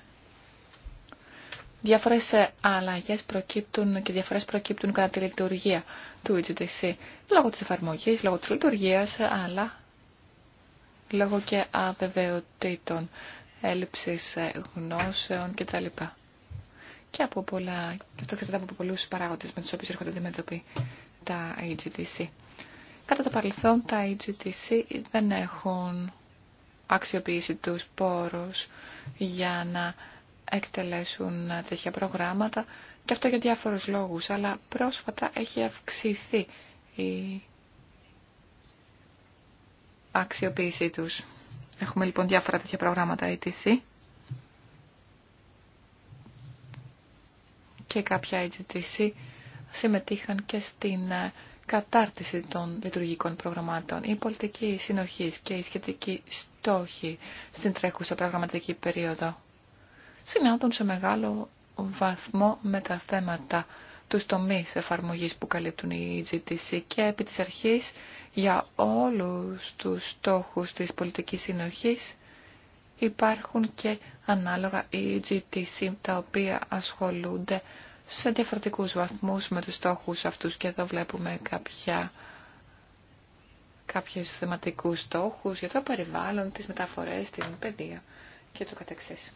Διάφορες ε, αλλαγές προκύπτουν και διαφορές προκύπτουν κατά τη λειτουργία του EGTC. Λόγω της εφαρμογής, λόγω της λειτουργίας, ε, αλλά λόγω και αβεβαιοτήτων, έλλειψης ε, γνώσεων κτλ. Και από πολλά, και αυτό ξέρετε από πολλούς παράγοντες με τους οποίους έρχονται αντιμέτωποι τα EGTC. Κατά το παρελθόν τα EGTC δεν έχουν αξιοποιήσει τους πόρους για να εκτελέσουν ε, τέτοια προγράμματα και αυτό για διάφορους λόγους, αλλά πρόσφατα έχει αυξηθεί η αξιοποίησή τους. Έχουμε λοιπόν διάφορα τέτοια προγράμματα ETC ε και κάποια EGTC ε συμμετείχαν και στην κατάρτιση των λειτουργικών προγραμμάτων. Η πολιτική συνοχής και η σχετική στόχη στην τρέχουσα προγραμματική περίοδο συνάδουν σε μεγάλο βαθμό με τα θέματα τους τομείς εφαρμογής που καλύπτουν οι EGTC και επί της αρχής για όλους τους στόχους της πολιτικής συνοχής υπάρχουν και ανάλογα EGTC τα οποία ασχολούνται σε διαφορετικούς βαθμούς με τους στόχους αυτούς και εδώ βλέπουμε κάποια κάποιες θεματικούς στόχους για το περιβάλλον, τις μεταφορές, την παιδεία και το καθεξής.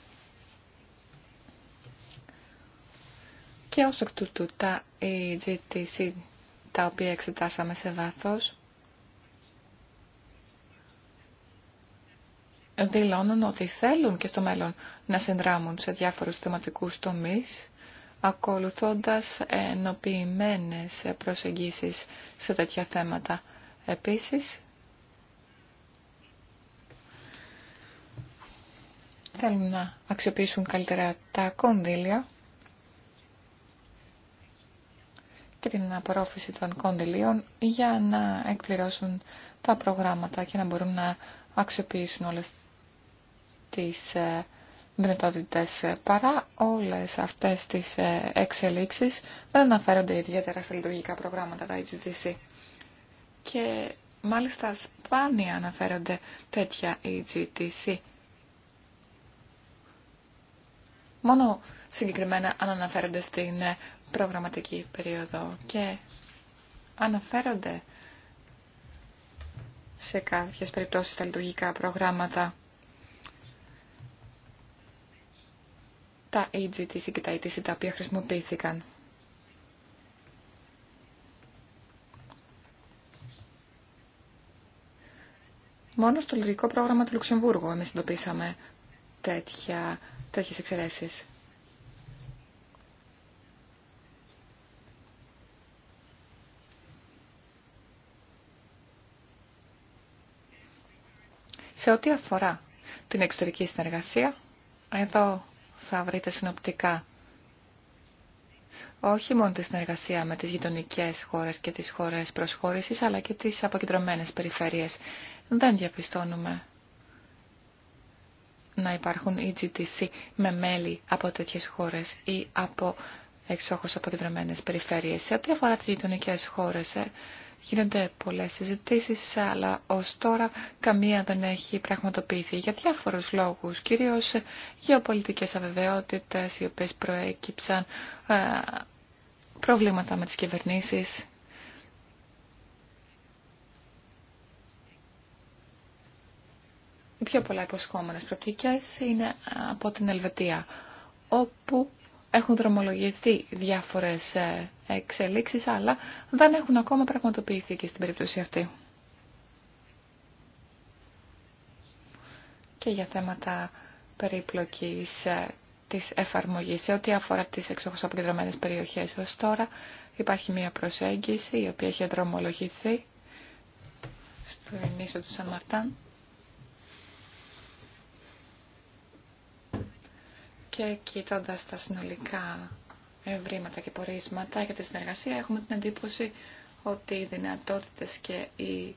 Και ως εκ τούτου τα EGTC τα οποία εξετάσαμε σε βάθος δηλώνουν ότι θέλουν και στο μέλλον να συνδράμουν σε διάφορους θεματικούς τομείς ακολουθώντας ενοποιημένες προσεγγίσεις σε τέτοια θέματα. Επίσης, θέλουν να αξιοποιήσουν καλύτερα τα κονδύλια και την απορρόφηση των κονδυλίων για να εκπληρώσουν τα προγράμματα και να μπορούν να αξιοποιήσουν όλες τις ε, δυνατότητες. Παρά όλες αυτές τις ε, εξελίξεις δεν αναφέρονται ιδιαίτερα στα λειτουργικά προγράμματα τα HDC. Και μάλιστα σπάνια αναφέρονται τέτοια HDC. Μόνο συγκεκριμένα αν αναφέρονται στην ε, προγραμματική περίοδο και αναφέρονται σε κάποιες περιπτώσεις τα λειτουργικά προγράμματα τα EGTC και τα ETC τα οποία χρησιμοποιήθηκαν. Μόνο στο λειτουργικό πρόγραμμα του Λουξεμβούργου εμείς εντοπίσαμε τέτοια, τέτοιες εξαιρέσεις. Σε ό,τι αφορά την εξωτερική συνεργασία, εδώ θα βρείτε συνοπτικά όχι μόνο τη συνεργασία με τις γειτονικέ χώρες και τις χώρες προσχώρησης, αλλά και τις αποκεντρωμένες περιφέρειες. Δεν διαπιστώνουμε να υπάρχουν EGTC με μέλη από τέτοιες χώρες ή από εξόχως αποκεντρωμένες περιφέρειες. Σε ό,τι αφορά τις γειτονικέ χώρες, ε, Γίνονται πολλές συζητήσεις, αλλά ως τώρα καμία δεν έχει πραγματοποιηθεί για διάφορους λόγους, κυρίως γεωπολιτικές αβεβαιότητες, οι οποίες προέκυψαν ε, προβλήματα με τις κυβερνήσεις. Οι πιο πολλά υποσχόμενες προπτικές είναι από την Ελβετία, όπου έχουν δρομολογηθεί διάφορες ε, εξελίξεις, αλλά δεν έχουν ακόμα πραγματοποιηθεί και στην περίπτωση αυτή. Και για θέματα περίπλοκης ε, της εφαρμογής σε ό,τι αφορά τις εξόχως περιοχές ως τώρα υπάρχει μια προσέγγιση η οποία έχει δρομολογηθεί στο ενίσο του Σαν Μαρτάν και κοιτώντας τα συνολικά ευρήματα και πορίσματα για τη συνεργασία. Έχουμε την εντύπωση ότι οι δυνατότητες και οι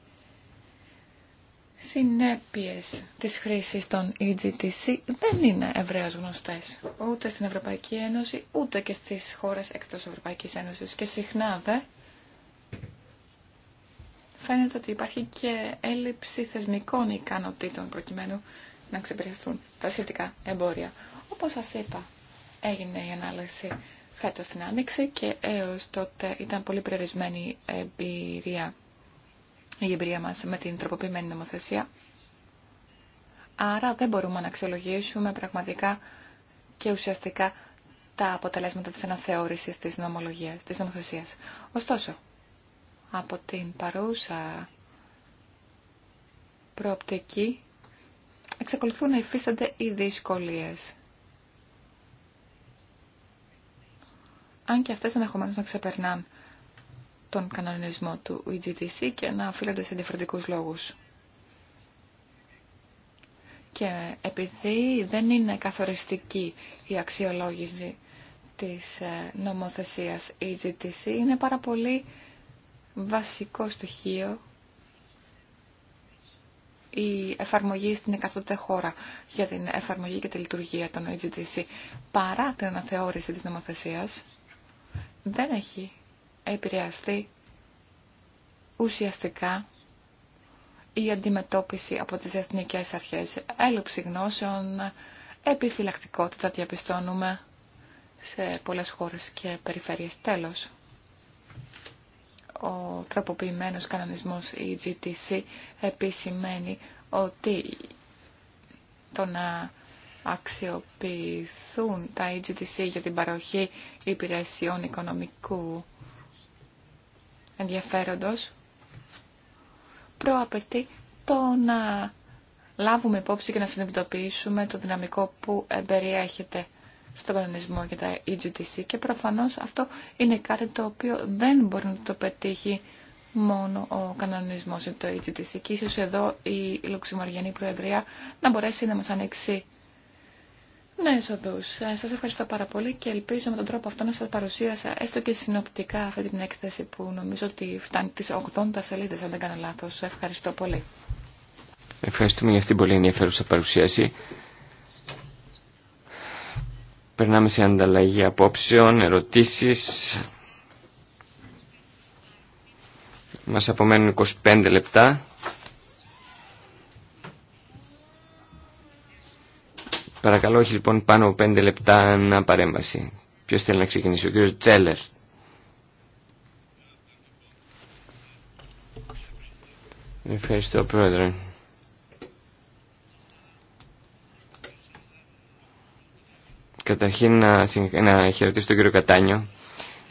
συνέπειες της χρήσης των EGTC δεν είναι ευρέως γνωστές ούτε στην Ευρωπαϊκή Ένωση ούτε και στις χώρες εκτός Ευρωπαϊκής Ένωσης και συχνά δε φαίνεται ότι υπάρχει και έλλειψη θεσμικών ικανοτήτων προκειμένου να ξεπεριστούν τα σχετικά εμπόρια. Όπως σας είπα έγινε η ανάλυση φέτος την Άνοιξη και έως τότε ήταν πολύ περιορισμένη εμπειρία, η εμπειρία μας με την τροποποιημένη νομοθεσία. Άρα δεν μπορούμε να αξιολογήσουμε πραγματικά και ουσιαστικά τα αποτελέσματα της αναθεώρησης της, νομολογίας, της νομοθεσίας. Ωστόσο, από την παρούσα προοπτική εξακολουθούν να υφίστανται οι δυσκολίες αν και αυτές ενδεχομένω να ξεπερνάν τον κανονισμό του EGTC και να οφείλονται σε διαφορετικούς λόγους. Και επειδή δεν είναι καθοριστική η αξιολόγηση της ε, νομοθεσίας EGTC, είναι πάρα πολύ βασικό στοιχείο η εφαρμογή στην εκατότητα χώρα για την εφαρμογή και τη λειτουργία των EGTC παρά την αναθεώρηση της νομοθεσίας δεν έχει επηρεαστεί ουσιαστικά η αντιμετώπιση από τις εθνικές αρχές. Έλλειψη γνώσεων, επιφυλακτικότητα διαπιστώνουμε σε πολλές χώρες και περιφέρειες. Τέλος, ο τροποποιημένος κανονισμός EGTC επισημαίνει ότι το να αξιοποιηθούν τα EGTC για την παροχή υπηρεσιών οικονομικού ενδιαφέροντος προαπαιτεί το να λάβουμε υπόψη και να συνειδητοποιήσουμε το δυναμικό που περιέχεται στον κανονισμό για τα EGTC και προφανώς αυτό είναι κάτι το οποίο δεν μπορεί να το πετύχει μόνο ο κανονισμός για το EGTC και ίσως εδώ η Λουξιμοργιανή Προεδρία να μπορέσει να μας ανοίξει ναι, οδούς. Ε, σας ευχαριστώ πάρα πολύ και ελπίζω με τον τρόπο αυτό να σας παρουσίασα έστω και συνοπτικά αυτή την έκθεση που νομίζω ότι φτάνει τις 80 σελίδε αν δεν κάνω λάθος. Ευχαριστώ πολύ. Ευχαριστούμε για αυτήν πολύ ενδιαφέρουσα παρουσίαση. Περνάμε σε ανταλλαγή απόψεων, ερωτήσει. Μας απομένουν 25 λεπτά. Παρακαλώ, έχει λοιπόν πάνω από πέντε λεπτά να παρέμβαση. Ποιος θέλει να ξεκινήσει, ο κύριος Τσέλερ. Ευχαριστώ, πρόεδρε. Καταρχήν να, να χαιρετήσω τον κύριο Κατάνιο.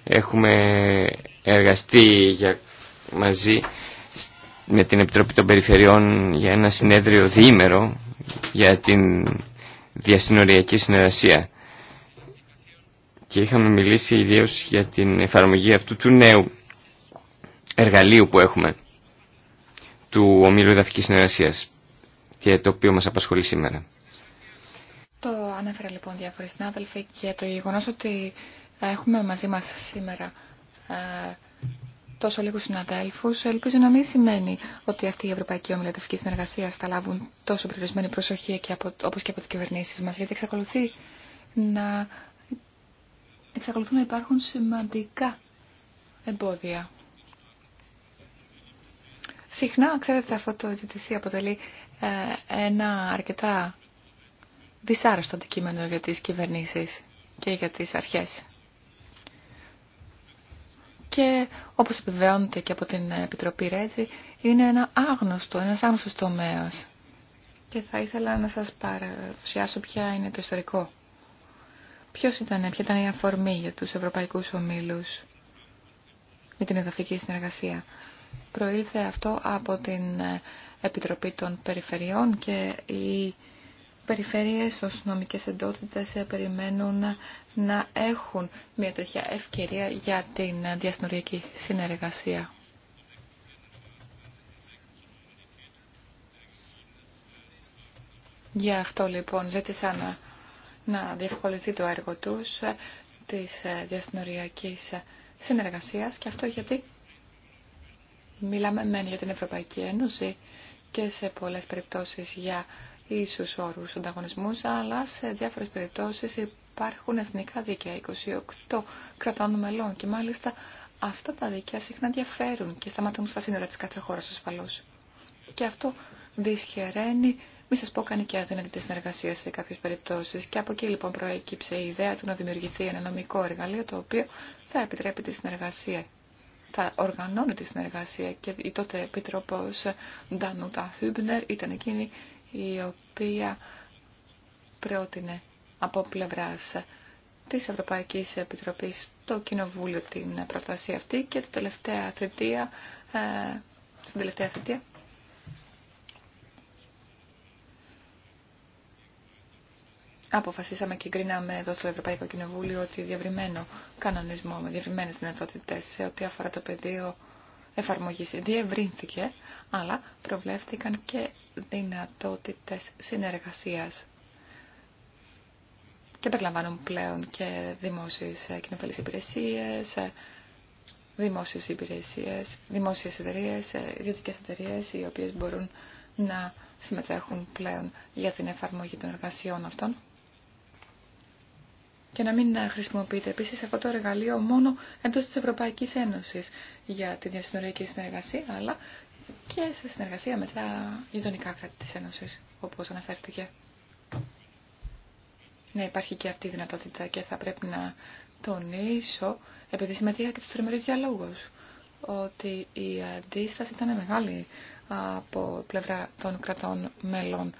Έχουμε εργαστεί για, μαζί με την Επιτροπή των Περιφερειών για ένα συνέδριο διήμερο για την διασυνοριακή συνεργασία. Και είχαμε μιλήσει ιδίως για την εφαρμογή αυτού του νέου εργαλείου που έχουμε του Ομίλου Εδαφικής Συνεργασίας και το οποίο μας απασχολεί σήμερα. Το ανέφερα λοιπόν διάφοροι συνάδελφοι και το γεγονό ότι έχουμε μαζί μας σήμερα ε, τόσο λίγου συναδέλφου, ελπίζω να μην σημαίνει ότι αυτή η Ευρωπαϊκή Ομιλητευτική Συνεργασία θα λάβουν τόσο περιορισμένη προσοχή όπω και από τι κυβερνήσει μα, γιατί εξακολουθεί να, εξακολουθούν να υπάρχουν σημαντικά εμπόδια. Συχνά, ξέρετε, αυτό το GTC αποτελεί ε, ένα αρκετά δυσάρεστο αντικείμενο για τις κυβερνήσεις και για τις αρχές και όπως επιβεβαιώνεται και από την Επιτροπή Ρέτζη, είναι ένα άγνωστο, ένας άγνωστος τομέας. Και θα ήθελα να σας παρουσιάσω ποια είναι το ιστορικό. Ποιος ήταν, ποια ήταν η αφορμή για τους ευρωπαϊκούς ομίλους με την εδαφική συνεργασία. Προήλθε αυτό από την Επιτροπή των Περιφερειών και η περιφέρειες ως νομικές εντότητες ε, περιμένουν να έχουν μια τέτοια ευκαιρία για την διασυνοριακή συνεργασία. Γι' αυτό λοιπόν ζήτησα να, να διευκολυνθεί το έργο τους ε, της ε, διασυνοριακής συνεργασίας και αυτό γιατί μιλάμε μεν για την Ευρωπαϊκή Ένωση και σε πολλές περιπτώσεις για ίσους όρους ανταγωνισμού, αλλά σε διάφορες περιπτώσεις υπάρχουν εθνικά δίκαια 28 κρατών μελών και μάλιστα αυτά τα δίκαια συχνά διαφέρουν και σταματούν στα σύνορα της κάθε χώρας ασφαλώς. Και αυτό δυσχεραίνει, μη σας πω κάνει και αδύνατη συνεργασία σε κάποιες περιπτώσεις. Και από εκεί λοιπόν προέκυψε η ιδέα του να δημιουργηθεί ένα νομικό εργαλείο το οποίο θα επιτρέπει τη συνεργασία θα οργανώνει τη συνεργασία και η τότε επίτροπος Ντανούτα Χούμπνερ ήταν εκείνη η οποία πρότεινε από πλευρά τη Ευρωπαϊκή Επιτροπή το Κοινοβούλιο την πρόταση αυτή και το τελευταία θητεία, ε, στην τελευταία θητεία αποφασίσαμε και κρίναμε εδώ στο Ευρωπαϊκό Κοινοβούλιο ότι διαβριμενο κανονισμό με διαβριμένες δυνατότητες σε ό,τι αφορά το πεδίο εφαρμογής διευρύνθηκε, αλλά προβλέφθηκαν και δυνατότητες συνεργασίας και περιλαμβάνουν πλέον και δημόσιες κοινοφελείς υπηρεσίες, δημόσιες υπηρεσίες, δημόσιες εταιρείες, ιδιωτικές εταιρείες οι οποίες μπορούν να συμμετέχουν πλέον για την εφαρμογή των εργασιών αυτών και να μην ε, χρησιμοποιείται επίσης αυτό το εργαλείο μόνο εντός της Ευρωπαϊκής Ένωσης για τη διασυνοριακή συνεργασία, αλλά και σε συνεργασία με τα γειτονικά κράτη της Ένωσης, όπως αναφέρθηκε. Ναι, υπάρχει και αυτή η δυνατότητα και θα πρέπει να τονίσω, επειδή συμμετείχα και στους τριμερεί διαλόγου, ότι η αντίσταση ήταν μεγάλη από πλευρά των κρατών μέλων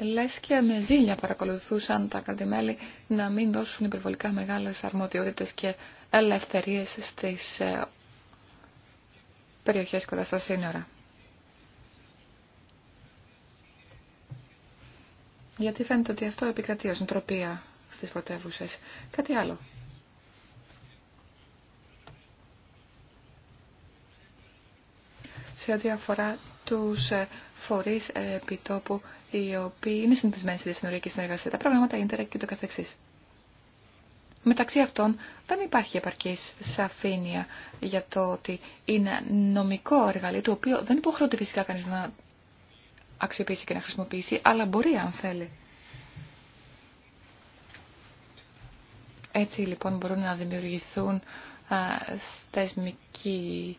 λες και με ζήλια παρακολουθούσαν τα κρατημέλη να μην δώσουν υπερβολικά μεγάλες αρμοδιότητες και ελευθερίες στις ε, περιοχές κοντά στα σύνορα. Γιατί φαίνεται ότι αυτό επικρατεί ως ντροπία στις πρωτεύουσες. Κάτι άλλο. Σε ό,τι αφορά τους ε, φορείς ε, επιτόπου οι οποίοι είναι συνηθισμένοι στη συνοριακή συνεργασία, τα προγράμματα ίντερνετ και το καθεξής. Μεταξύ αυτών δεν υπάρχει επαρκής σαφήνεια για το ότι είναι νομικό εργαλείο, το οποίο δεν υποχρεώται φυσικά κανείς να αξιοποιήσει και να χρησιμοποιήσει, αλλά μπορεί αν θέλει. Έτσι λοιπόν μπορούν να δημιουργηθούν α, ε, θεσμικοί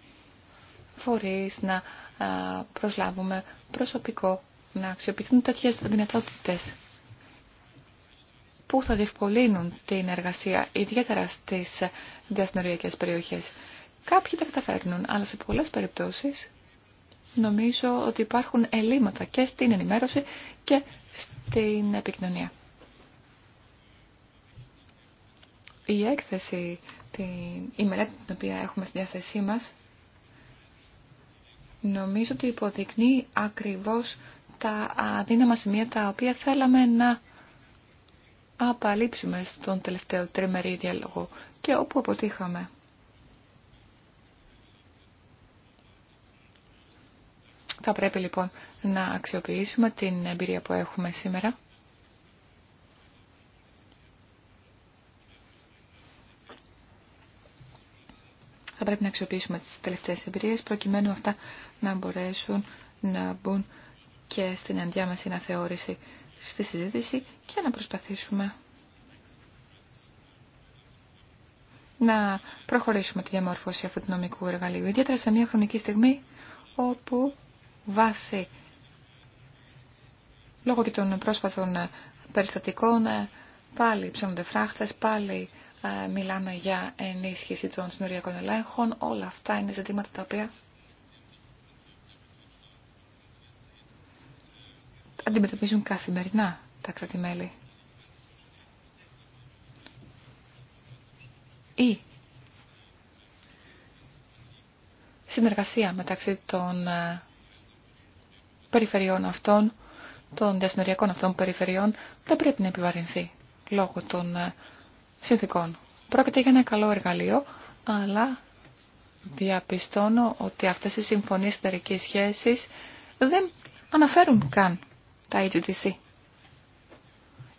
φορείς, να προσλάβουμε προσωπικό, να αξιοποιηθούν τέτοιες δυνατότητες που θα διευκολύνουν την εργασία, ιδιαίτερα στις διασυνοριακές περιοχές. Κάποιοι τα καταφέρνουν, αλλά σε πολλές περιπτώσεις νομίζω ότι υπάρχουν ελλείμματα και στην ενημέρωση και στην επικοινωνία. Η έκθεση, η μελέτη την οποία έχουμε στη διάθεσή μας, νομίζω ότι υποδεικνύει ακριβώς τα αδύναμα σημεία τα οποία θέλαμε να απαλείψουμε στον τελευταίο τριμερή διάλογο και όπου αποτύχαμε. Θα πρέπει λοιπόν να αξιοποιήσουμε την εμπειρία που έχουμε σήμερα θα πρέπει να αξιοποιήσουμε τις τελευταίες εμπειρίες προκειμένου αυτά να μπορέσουν να μπουν και στην ενδιάμεση θεώρηση στη συζήτηση και να προσπαθήσουμε να προχωρήσουμε τη διαμόρφωση αυτού του νομικού εργαλείου. Ιδιαίτερα σε μια χρονική στιγμή όπου βάσει λόγω και των πρόσφατων περιστατικών ε, πάλι ψώνονται φράχτες, πάλι ε, μιλάμε για ενίσχυση των συνοριακών ελέγχων. Όλα αυτά είναι ζητήματα τα οποία αντιμετωπίζουν καθημερινά τα κρατημέλη. Ή συνεργασία μεταξύ των ε, περιφερειών αυτών, των διασυνοριακών αυτών περιφερειών, δεν πρέπει να επιβαρυνθεί λόγω των ε, συνθήκων. Πρόκειται για ένα καλό εργαλείο, αλλά διαπιστώνω ότι αυτές οι συμφωνίες εταιρικής σχέσης δεν αναφέρουν καν τα EGTC.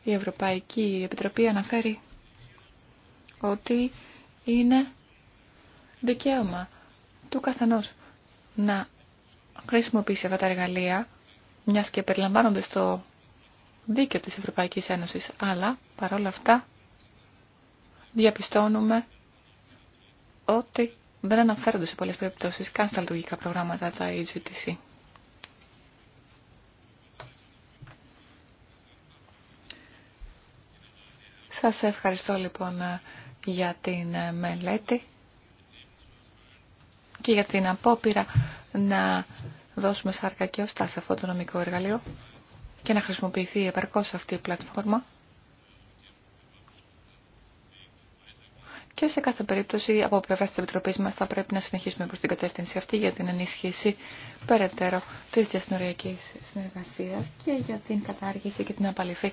Η Ευρωπαϊκή Επιτροπή αναφέρει ότι είναι δικαίωμα του καθενός να χρησιμοποιήσει αυτά τα εργαλεία, μιας και περιλαμβάνονται στο δίκαιο της Ευρωπαϊκής Ένωσης, αλλά παρόλα αυτά διαπιστώνουμε ότι δεν αναφέρονται σε πολλές περιπτώσεις καν στα λειτουργικά προγράμματα τα EGTC. Σας ευχαριστώ λοιπόν για την μελέτη και για την απόπειρα να δώσουμε σάρκα και οστά σε αυτό το νομικό εργαλείο και να χρησιμοποιηθεί επαρκώς αυτή η πλατφόρμα Και σε κάθε περίπτωση από πλευρά τη Επιτροπή μα θα πρέπει να συνεχίσουμε προ την κατεύθυνση αυτή για την ενίσχυση περαιτέρω τη διασυνοριακή συνεργασία και για την κατάργηση και την απαλήφη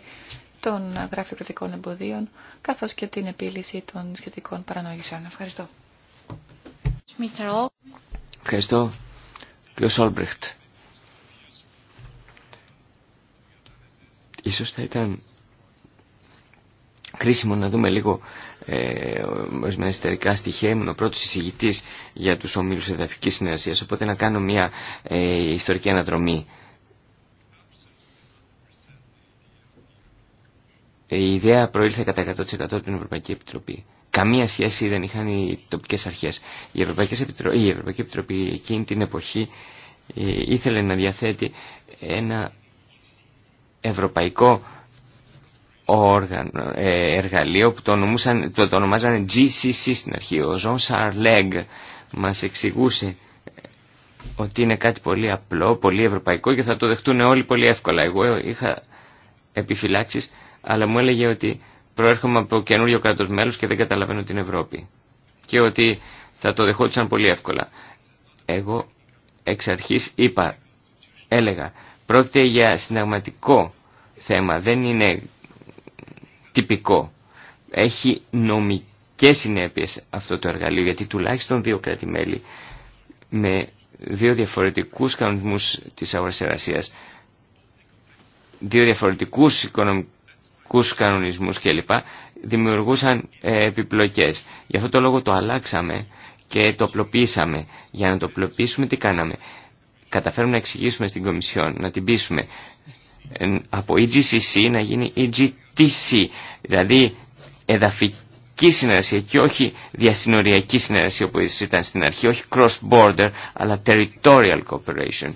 των γραφειοκρατικών εμποδίων, καθώ και την επίλυση των σχετικών παρανόησεων. Ευχαριστώ. Ευχαριστώ. Κύριο Σόλμπριχτ. Ίσως θα ήταν κρίσιμο να δούμε λίγο ε, ορισμένα στοιχεία. Ήμουν ο πρώτος εισηγητής για τους ομίλους εδαφικής συνεργασίας, οπότε να κάνω μια ε, ιστορική αναδρομή. Ε, η ιδέα προήλθε κατά 100% από την Ευρωπαϊκή Επιτροπή. Καμία σχέση δεν είχαν οι τοπικές αρχές. Η Ευρωπαϊκή Επιτροπή, η Ευρωπαϊκή Επιτροπή εκείνη την εποχή ε, ήθελε να διαθέτει ένα ευρωπαϊκό όργανο, ε, εργαλείο που το, ονομούσαν, το, το ονομάζανε GCC στην αρχή. Ο Ζων Σαρλέγκ μας εξηγούσε ε, ότι είναι κάτι πολύ απλό, πολύ ευρωπαϊκό και θα το δεχτούν όλοι πολύ εύκολα. Εγώ είχα επιφυλάξεις, αλλά μου έλεγε ότι προέρχομαι από καινούριο κράτος μέλους και δεν καταλαβαίνω την Ευρώπη. Και ότι θα το δεχόντουσαν πολύ εύκολα. Εγώ εξ αρχής είπα, έλεγα, πρόκειται για συνταγματικό θέμα, δεν είναι τυπικό. Έχει νομικές συνέπειες αυτό το εργαλείο, γιατί τουλάχιστον δύο κράτη-μέλη με δύο διαφορετικούς κανονισμούς της αγοράς εργασίας, δύο διαφορετικούς οικονομικούς κανονισμούς κλπ. δημιουργούσαν ε, επιπλοκές. Γι' αυτό το λόγο το αλλάξαμε και το απλοποιήσαμε. Για να το απλοποιήσουμε τι κάναμε. Καταφέρουμε να εξηγήσουμε στην Κομισιόν, να την πείσουμε ε, από EGCC να γίνει EGT δηλαδή εδαφική συνεργασία και όχι διασυνοριακή συνεργασία όπως ήταν στην αρχή, όχι cross-border αλλά territorial cooperation.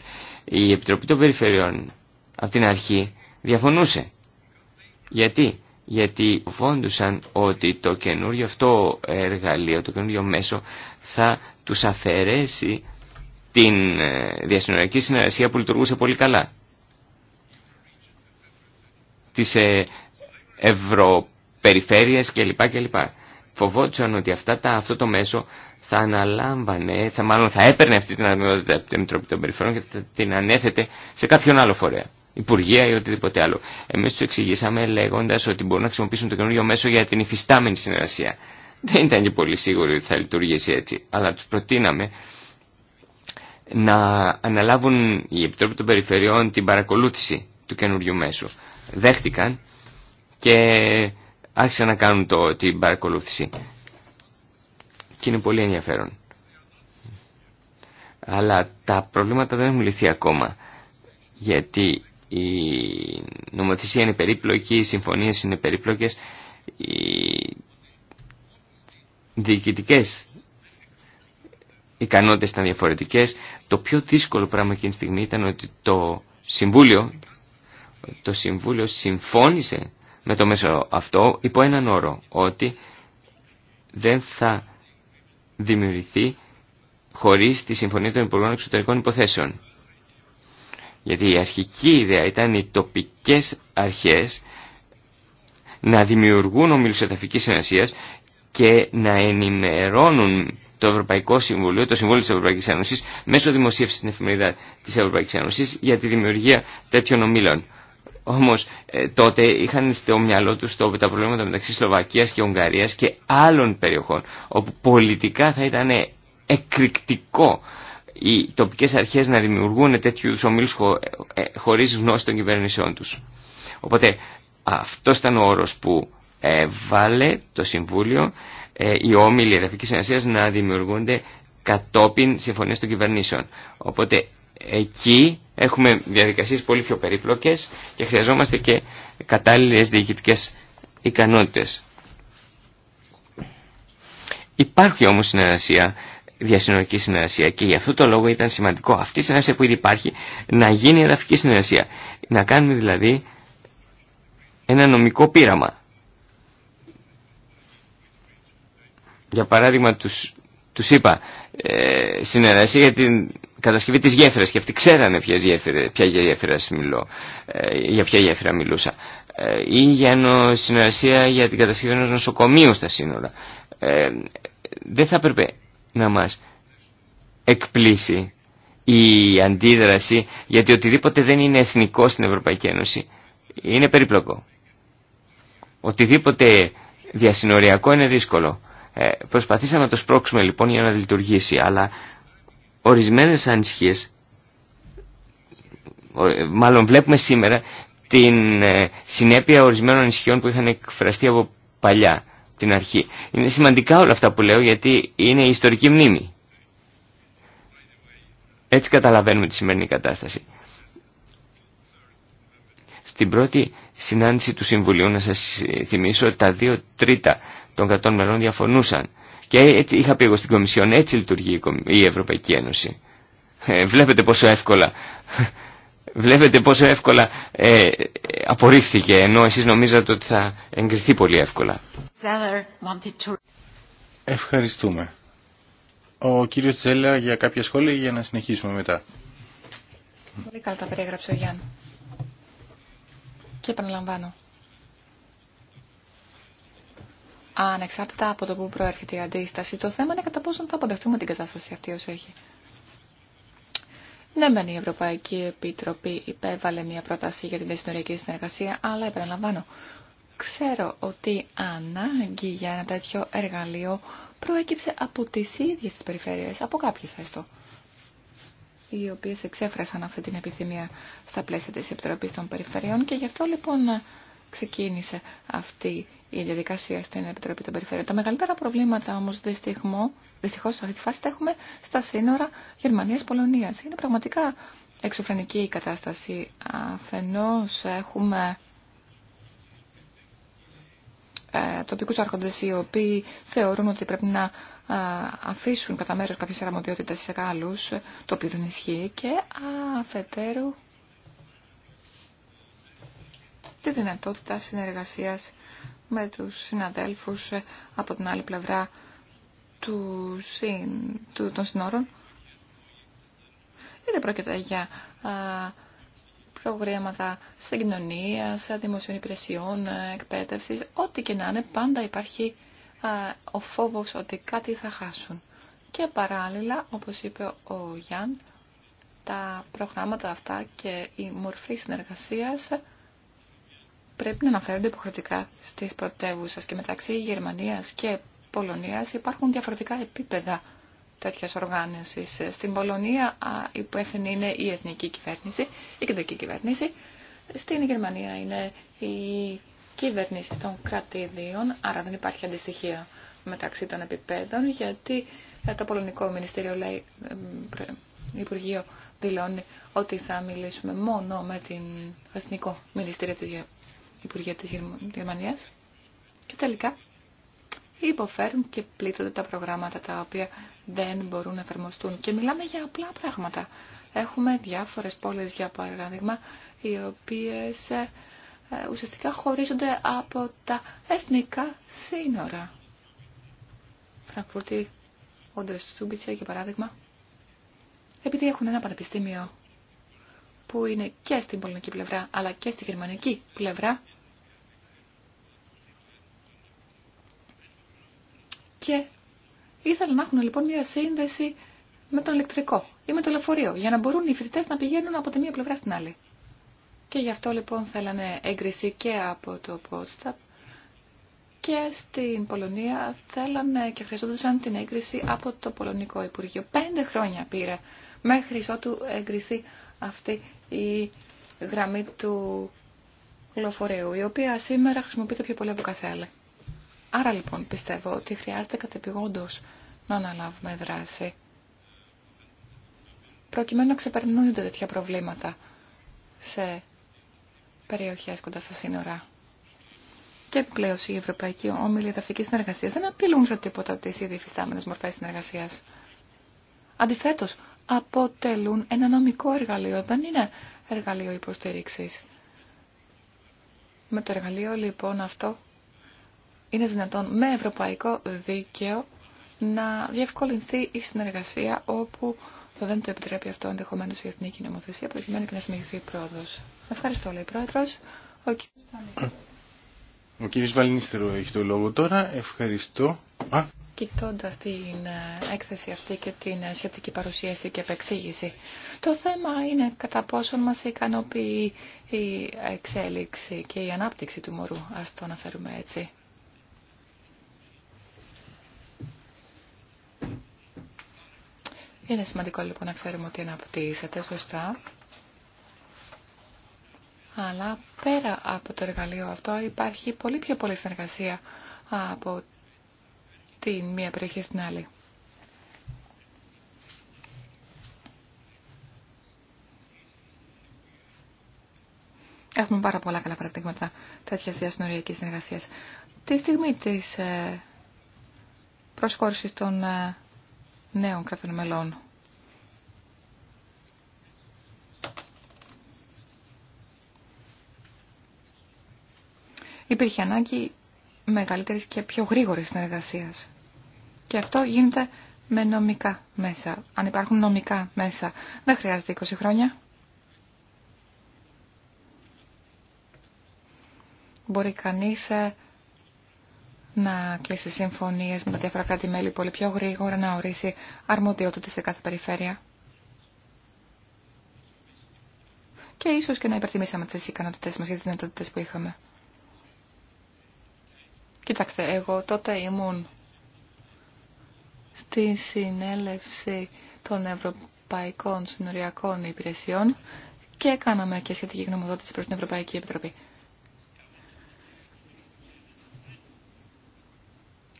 Η Επιτροπή των Περιφερειών από την αρχή διαφωνούσε. Γιατί? Γιατί φόντουσαν ότι το καινούριο αυτό εργαλείο, το καινούριο μέσο θα τους αφαιρέσει την ε, διασυνοριακή συνεργασία που λειτουργούσε πολύ καλά. Τις ε, ευρωπεριφέρειες κλπ. κλπ. Φοβόντουσαν ότι αυτά τα, αυτό το μέσο θα αναλάμβανε, θα, μάλλον θα έπαιρνε αυτή την αρμοδιότητα από την Επιτροπή των Περιφερειών και θα την ανέθετε σε κάποιον άλλο φορέα. Υπουργεία ή οτιδήποτε άλλο. Εμεί του εξηγήσαμε λέγοντα ότι μπορούν να χρησιμοποιήσουν το καινούργιο μέσο για την υφιστάμενη συνεργασία. Δεν ήταν και πολύ σίγουροι ότι θα λειτουργήσει έτσι, αλλά του προτείναμε να αναλάβουν η Επιτροπή των Περιφερειών την παρακολούθηση του καινούριου μέσου. Δέχτηκαν και άρχισαν να κάνουν το, την παρακολούθηση. Και είναι πολύ ενδιαφέρον. Αλλά τα προβλήματα δεν έχουν λυθεί ακόμα. Γιατί η νομοθεσία είναι περίπλοκη, οι συμφωνίες είναι περίπλοκες, οι διοικητικές ικανότητες ήταν διαφορετικές. Το πιο δύσκολο πράγμα εκείνη τη στιγμή ήταν ότι το Συμβούλιο, το Συμβούλιο συμφώνησε με το μέσο αυτό υπό έναν όρο ότι δεν θα δημιουργηθεί χωρίς τη Συμφωνία των Υπουργών Εξωτερικών Υποθέσεων. Γιατί η αρχική ιδέα ήταν οι τοπικές αρχές να δημιουργούν ομίλους εδαφικής συνασίας και να ενημερώνουν το Ευρωπαϊκό Συμβουλίο, το Συμβούλιο της Ευρωπαϊκής Ένωσης, μέσω δημοσίευσης στην εφημερίδα της Ευρωπαϊκής Ένωσης για τη δημιουργία τέτοιων ομίλων. Όμως ε, τότε είχαν στο μυαλό τους το, τα προβλήματα μεταξύ Σλοβακίας και Ουγγαρίας και άλλων περιοχών όπου πολιτικά θα ήταν εκρηκτικό οι τοπικές αρχές να δημιουργούν τέτοιου ομιλού ομίλους ε, ε, χωρίς γνώση των κυβερνήσεών τους. Οπότε αυτό ήταν ο όρος που βάλε το Συμβούλιο οι όμιλοι εδαφικής να δημιουργούνται κατόπιν συμφωνίες των κυβερνήσεων. Οπότε εκεί Έχουμε διαδικασίες πολύ πιο περίπλοκες και χρειαζόμαστε και κατάλληλες διοικητικές ικανότητες. Υπάρχει όμως συνεργασία, διασυνορική συνεργασία και γι' αυτό το λόγο ήταν σημαντικό αυτή η συνεργασία που ήδη υπάρχει να γίνει εδαφική συνεργασία. Να κάνουμε δηλαδή ένα νομικό πείραμα. Για παράδειγμα τους, τους είπα ε, συνεργασία για την κατασκευή της γέφυρας και αυτοί ξέρανε γέφυρα, ποια γέφυρα μιλώ, ε, για ποια γέφυρα μιλούσα ή ε, για συνεργασία για την κατασκευή ενός νοσοκομείου στα σύνορα. Ε, δεν θα έπρεπε να μας εκπλήσει η αντίδραση γιατί οτιδήποτε δεν είναι εθνικό στην Ευρωπαϊκή Ένωση είναι περίπλοκο. Οτιδήποτε διασυνοριακό είναι δύσκολο. Ε, προσπαθήσαμε να το σπρώξουμε λοιπόν για να λειτουργήσει αλλά ορισμένες ανησυχίες, μάλλον βλέπουμε σήμερα την ε, συνέπεια ορισμένων ανησυχιών που είχαν εκφραστεί από παλιά, την αρχή. Είναι σημαντικά όλα αυτά που λέω γιατί είναι ιστορική μνήμη. Έτσι καταλαβαίνουμε τη σημερινή κατάσταση. Στην πρώτη συνάντηση του Συμβουλίου, να σας θυμίσω, τα δύο τρίτα των κρατών μελών διαφωνούσαν και έτσι είχα πει εγώ στην Κομισιόν, έτσι λειτουργεί η Ευρωπαϊκή Ένωση. Ε, βλέπετε πόσο εύκολα, βλέπετε πόσο εύκολα ε, απορρίφθηκε, ενώ εσείς νομίζατε ότι θα εγκριθεί πολύ εύκολα. Ευχαριστούμε. Ο κύριος Τσέλα για κάποια σχόλια για να συνεχίσουμε μετά. Πολύ καλά τα περιέγραψε ο Γιάννη. Και επαναλαμβάνω. ανεξάρτητα από το που προέρχεται η αντίσταση. Το θέμα είναι κατά πόσο θα αποδεχτούμε την κατάσταση αυτή όσο έχει. Ναι, μεν η Ευρωπαϊκή Επιτροπή υπέβαλε μια πρόταση για την δεσμευτική συνεργασία, αλλά επαναλαμβάνω, ξέρω ότι ανάγκη για ένα τέτοιο εργαλείο προέκυψε από τι ίδιε τι περιφερειέ, από κάποιες έστω, οι οποίες εξέφρασαν αυτή την επιθυμία στα πλαίσια της Επιτροπής των Περιφερειών και γι' αυτό λοιπόν ξεκίνησε αυτή η διαδικασία στην Επιτροπή των Περιφέρειων. Τα μεγαλύτερα προβλήματα όμως δυστυχώ, σε αυτή τη φάση τα έχουμε στα συνορα γερμανια Γερμανίας-Πολωνίας. Είναι πραγματικά εξωφρενική η κατάσταση. Αφενός έχουμε ε, τοπικού άρχοντε οι οποίοι θεωρούν ότι πρέπει να ε, αφήσουν κατά μέρο κάποιες αρμοδιότητες σε άλλους, το οποίο δεν ισχύει και αφετέρου τη δυνατότητα συνεργασίας με τους συναδέλφους ε, από την άλλη πλευρά του, του, των συνόρων. Είτε πρόκειται για α, προγράμματα συγκοινωνία, δημοσίων υπηρεσιών, ε, εκπαίδευση, ό,τι και να είναι, πάντα υπάρχει ο φόβος ότι κάτι θα χάσουν. Και παράλληλα, όπως είπε ο Γιάνν, τα προγράμματα αυτά και η μορφή συνεργασίας πρέπει να αναφέρονται υποχρεωτικά στις πρωτεύουσε και μεταξύ Γερμανίας και Πολωνίας υπάρχουν διαφορετικά επίπεδα τέτοια οργάνωση. Στην Πολωνία υπεύθυνη είναι η εθνική κυβέρνηση, η κεντρική κυβέρνηση. Στην Γερμανία είναι η κυβέρνηση των κρατήδιων, άρα δεν υπάρχει αντιστοιχεία μεταξύ των επιπέδων, γιατί ε, το Πολωνικό λέει, Υπουργείο δηλώνει ότι θα μιλήσουμε μόνο με την Εθνικό της Υπουργεία της Γερμανίας και τελικά υποφέρουν και πλήττονται τα προγράμματα τα οποία δεν μπορούν να εφαρμοστούν. Και μιλάμε για απλά πράγματα. Έχουμε διάφορες πόλεις, για παράδειγμα, οι οποίες ε, ε, ουσιαστικά χωρίζονται από τα εθνικά σύνορα. Φραγκφούρτη, Όντρες Τσούμπιτσε, για παράδειγμα, επειδή έχουν ένα πανεπιστήμιο που είναι και στην πολωνική πλευρά αλλά και στη γερμανική πλευρά, και ήθελα να έχουν λοιπόν μια σύνδεση με το ηλεκτρικό ή με το λεωφορείο για να μπορούν οι φοιτητέ να πηγαίνουν από τη μία πλευρά στην άλλη. Και γι' αυτό λοιπόν θέλανε έγκριση και από το ΠΟΤΣΤΑΠ και στην Πολωνία θέλανε και χρειαζόντουσαν την έγκριση από το Πολωνικό Υπουργείο. Πέντε χρόνια πήρε μέχρι ότου εγκριθεί αυτή η γραμμή του λεωφορείου, η οποία σήμερα χρησιμοποιείται πιο πολύ από κάθε άλλη. Άρα λοιπόν πιστεύω ότι χρειάζεται κατεπηγόντως να αναλάβουμε δράση προκειμένου να ξεπερνούνται τέτοια προβλήματα σε περιοχές κοντά στα σύνορα. Και πλέον οι Ευρωπαϊκή Όμιλη Εδαφική Συνεργασία δεν απειλούν σε τίποτα τι ήδη υφιστάμενε μορφέ συνεργασία. Αντιθέτω, αποτελούν ένα νομικό εργαλείο, δεν είναι εργαλείο υποστήριξη. Με το εργαλείο λοιπόν αυτό είναι δυνατόν με ευρωπαϊκό δίκαιο να διευκολυνθεί η συνεργασία όπου δεν το επιτρέπει αυτό ενδεχομένω η εθνική νομοθεσία προκειμένου και να σημειωθεί η πρόοδο. Ευχαριστώ, λέει πρόεδρο. Ο, κ... ο κ. Βαλνίστερο έχει το λόγο τώρα. Ευχαριστώ. Κοιτώντα την ε, έκθεση αυτή και την ε, σχετική παρουσίαση και επεξήγηση, το θέμα είναι κατά πόσον μα ικανοποιεί η εξέλιξη και η ανάπτυξη του μωρού. Α το αναφέρουμε έτσι. Είναι σημαντικό λοιπόν να ξέρουμε ότι αναπτύσσεται σωστά. Αλλά πέρα από το εργαλείο αυτό υπάρχει πολύ πιο πολλή συνεργασία από την μία περιοχή στην άλλη. Έχουμε πάρα πολλά καλά παραδείγματα τέτοια διασυνοριακή συνεργασία. Τη στιγμή τη ε, των ε, νέων κρατών μελών. Υπήρχε ανάγκη μεγαλύτερης και πιο γρήγορης συνεργασίας. Και αυτό γίνεται με νομικά μέσα. Αν υπάρχουν νομικά μέσα, δεν χρειάζεται 20 χρόνια. Μπορεί κανείς ε, να κλείσει συμφωνίες με τα διάφορα κράτη-μέλη πολύ πιο γρήγορα, να ορίσει αρμοδιότητες σε κάθε περιφέρεια. Και ίσως και να υπερτιμήσαμε τις ικανότητες μας για τις δυνατότητες που είχαμε. Κοιτάξτε, εγώ τότε ήμουν στη συνέλευση των Ευρωπαϊκών Συνοριακών Υπηρεσιών και κάναμε και σχετική γνωμοδότηση προς την Ευρωπαϊκή Επιτροπή.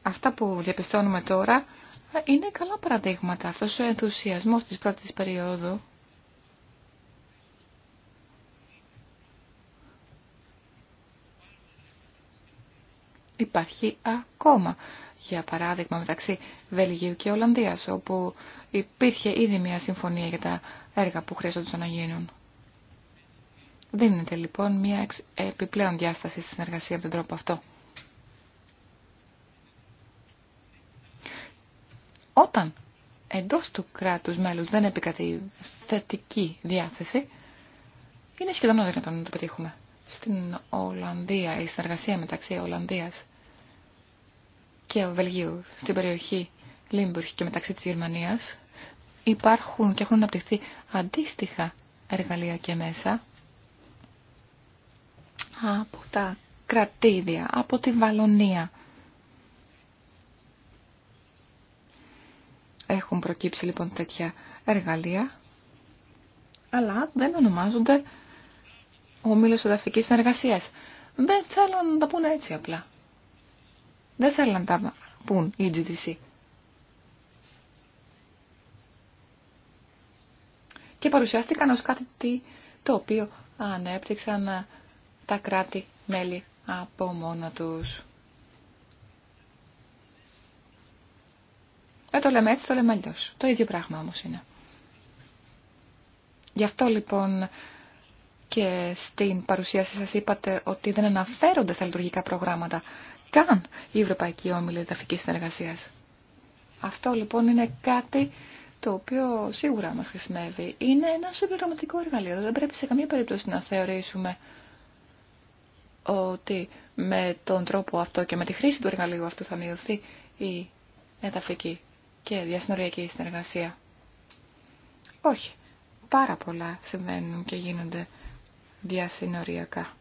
Αυτά που διαπιστώνουμε τώρα είναι καλά παραδείγματα. Αυτός ο ενθουσιασμός της πρώτης περίοδου υπάρχει ακόμα. Για παράδειγμα μεταξύ Βελγίου και Ολλανδίας, όπου υπήρχε ήδη μια συμφωνία για τα έργα που χρειάζονταν να γίνουν. Δίνεται λοιπόν μια επιπλέον διάσταση στην εργασία από τον τρόπο αυτό. Όταν εντός του κράτους μέλους δεν επικρατεί θετική διάθεση, είναι σχεδόν αδύνατο να το πετύχουμε. Στην Ολλανδία, η συνεργασία μεταξύ Ολλανδίας και Βελγίου, στην περιοχή Λίμπουργκ και μεταξύ της Γερμανίας, υπάρχουν και έχουν αναπτυχθεί αντίστοιχα εργαλεία και μέσα από τα κρατήδια, από τη Βαλονία. Έχουν προκύψει λοιπόν τέτοια εργαλεία, αλλά δεν ονομάζονται ομίλος οδαφικής συνεργασίας. Δεν θέλουν να τα πούνε έτσι απλά. Δεν θέλουν να τα πούν ή. GDC. Και παρουσιάστηκαν ως κάτι το οποίο ανέπτυξαν τα κράτη-μέλη από μόνα τους. Δεν το λέμε έτσι, το λέμε αλλιώ. Το ίδιο πράγμα όμω είναι. Γι' αυτό λοιπόν και στην παρουσίαση σα είπατε ότι δεν αναφέρονται στα λειτουργικά προγράμματα καν η Ευρωπαϊκή Όμιλη Εδαφική Συνεργασία. Αυτό λοιπόν είναι κάτι το οποίο σίγουρα μας χρησιμεύει. Είναι ένα συμπληρωματικό εργαλείο. Δεν πρέπει σε καμία περίπτωση να θεωρήσουμε ότι με τον τρόπο αυτό και με τη χρήση του εργαλείου αυτού θα μειωθεί η εδαφική και διασυνοριακή συνεργασία. Όχι. Πάρα πολλά συμβαίνουν και γίνονται διασυνοριακά.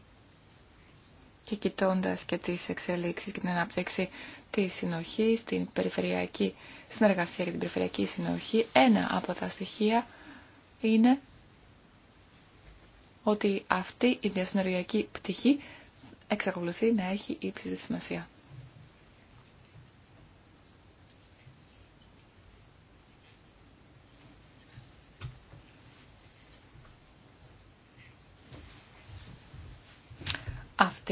Και κοιτώντα και τις εξελίξεις και την ανάπτυξη της συνοχής, την περιφερειακή συνεργασία και την περιφερειακή συνοχή, ένα από τα στοιχεία είναι ότι αυτή η διασυνοριακή πτυχή εξακολουθεί να έχει ύψη σημασία.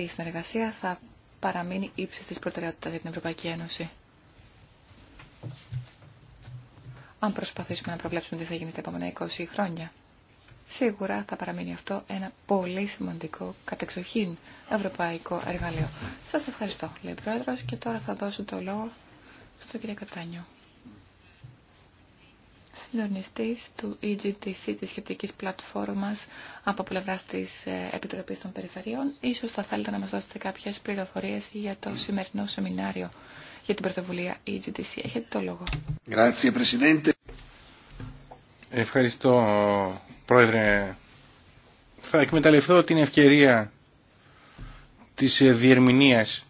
η συνεργασία θα παραμείνει ύψης της προτεραιότητας για την Ευρωπαϊκή Ένωση. Αν προσπαθήσουμε να προβλέψουμε τι θα γίνει τα επόμενα 20 χρόνια, σίγουρα θα παραμείνει αυτό ένα πολύ σημαντικό κατεξοχήν ευρωπαϊκό εργαλείο. Σας ευχαριστώ, λέει ο Πρόεδρος, και τώρα θα δώσω το λόγο στον κύριο Κατάνιο συντονιστής του EGTC της σχετικής πλατφόρμας από πλευρά της ε, Επιτροπής των Περιφερειών. Ίσως θα θέλετε να μας δώσετε κάποιες πληροφορίες για το σημερινό σεμινάριο για την πρωτοβουλία EGTC. Έχετε το λόγο. Ευχαριστώ, Πρόεδρε. Θα εκμεταλλευτώ την ευκαιρία της ε, διερμηνίας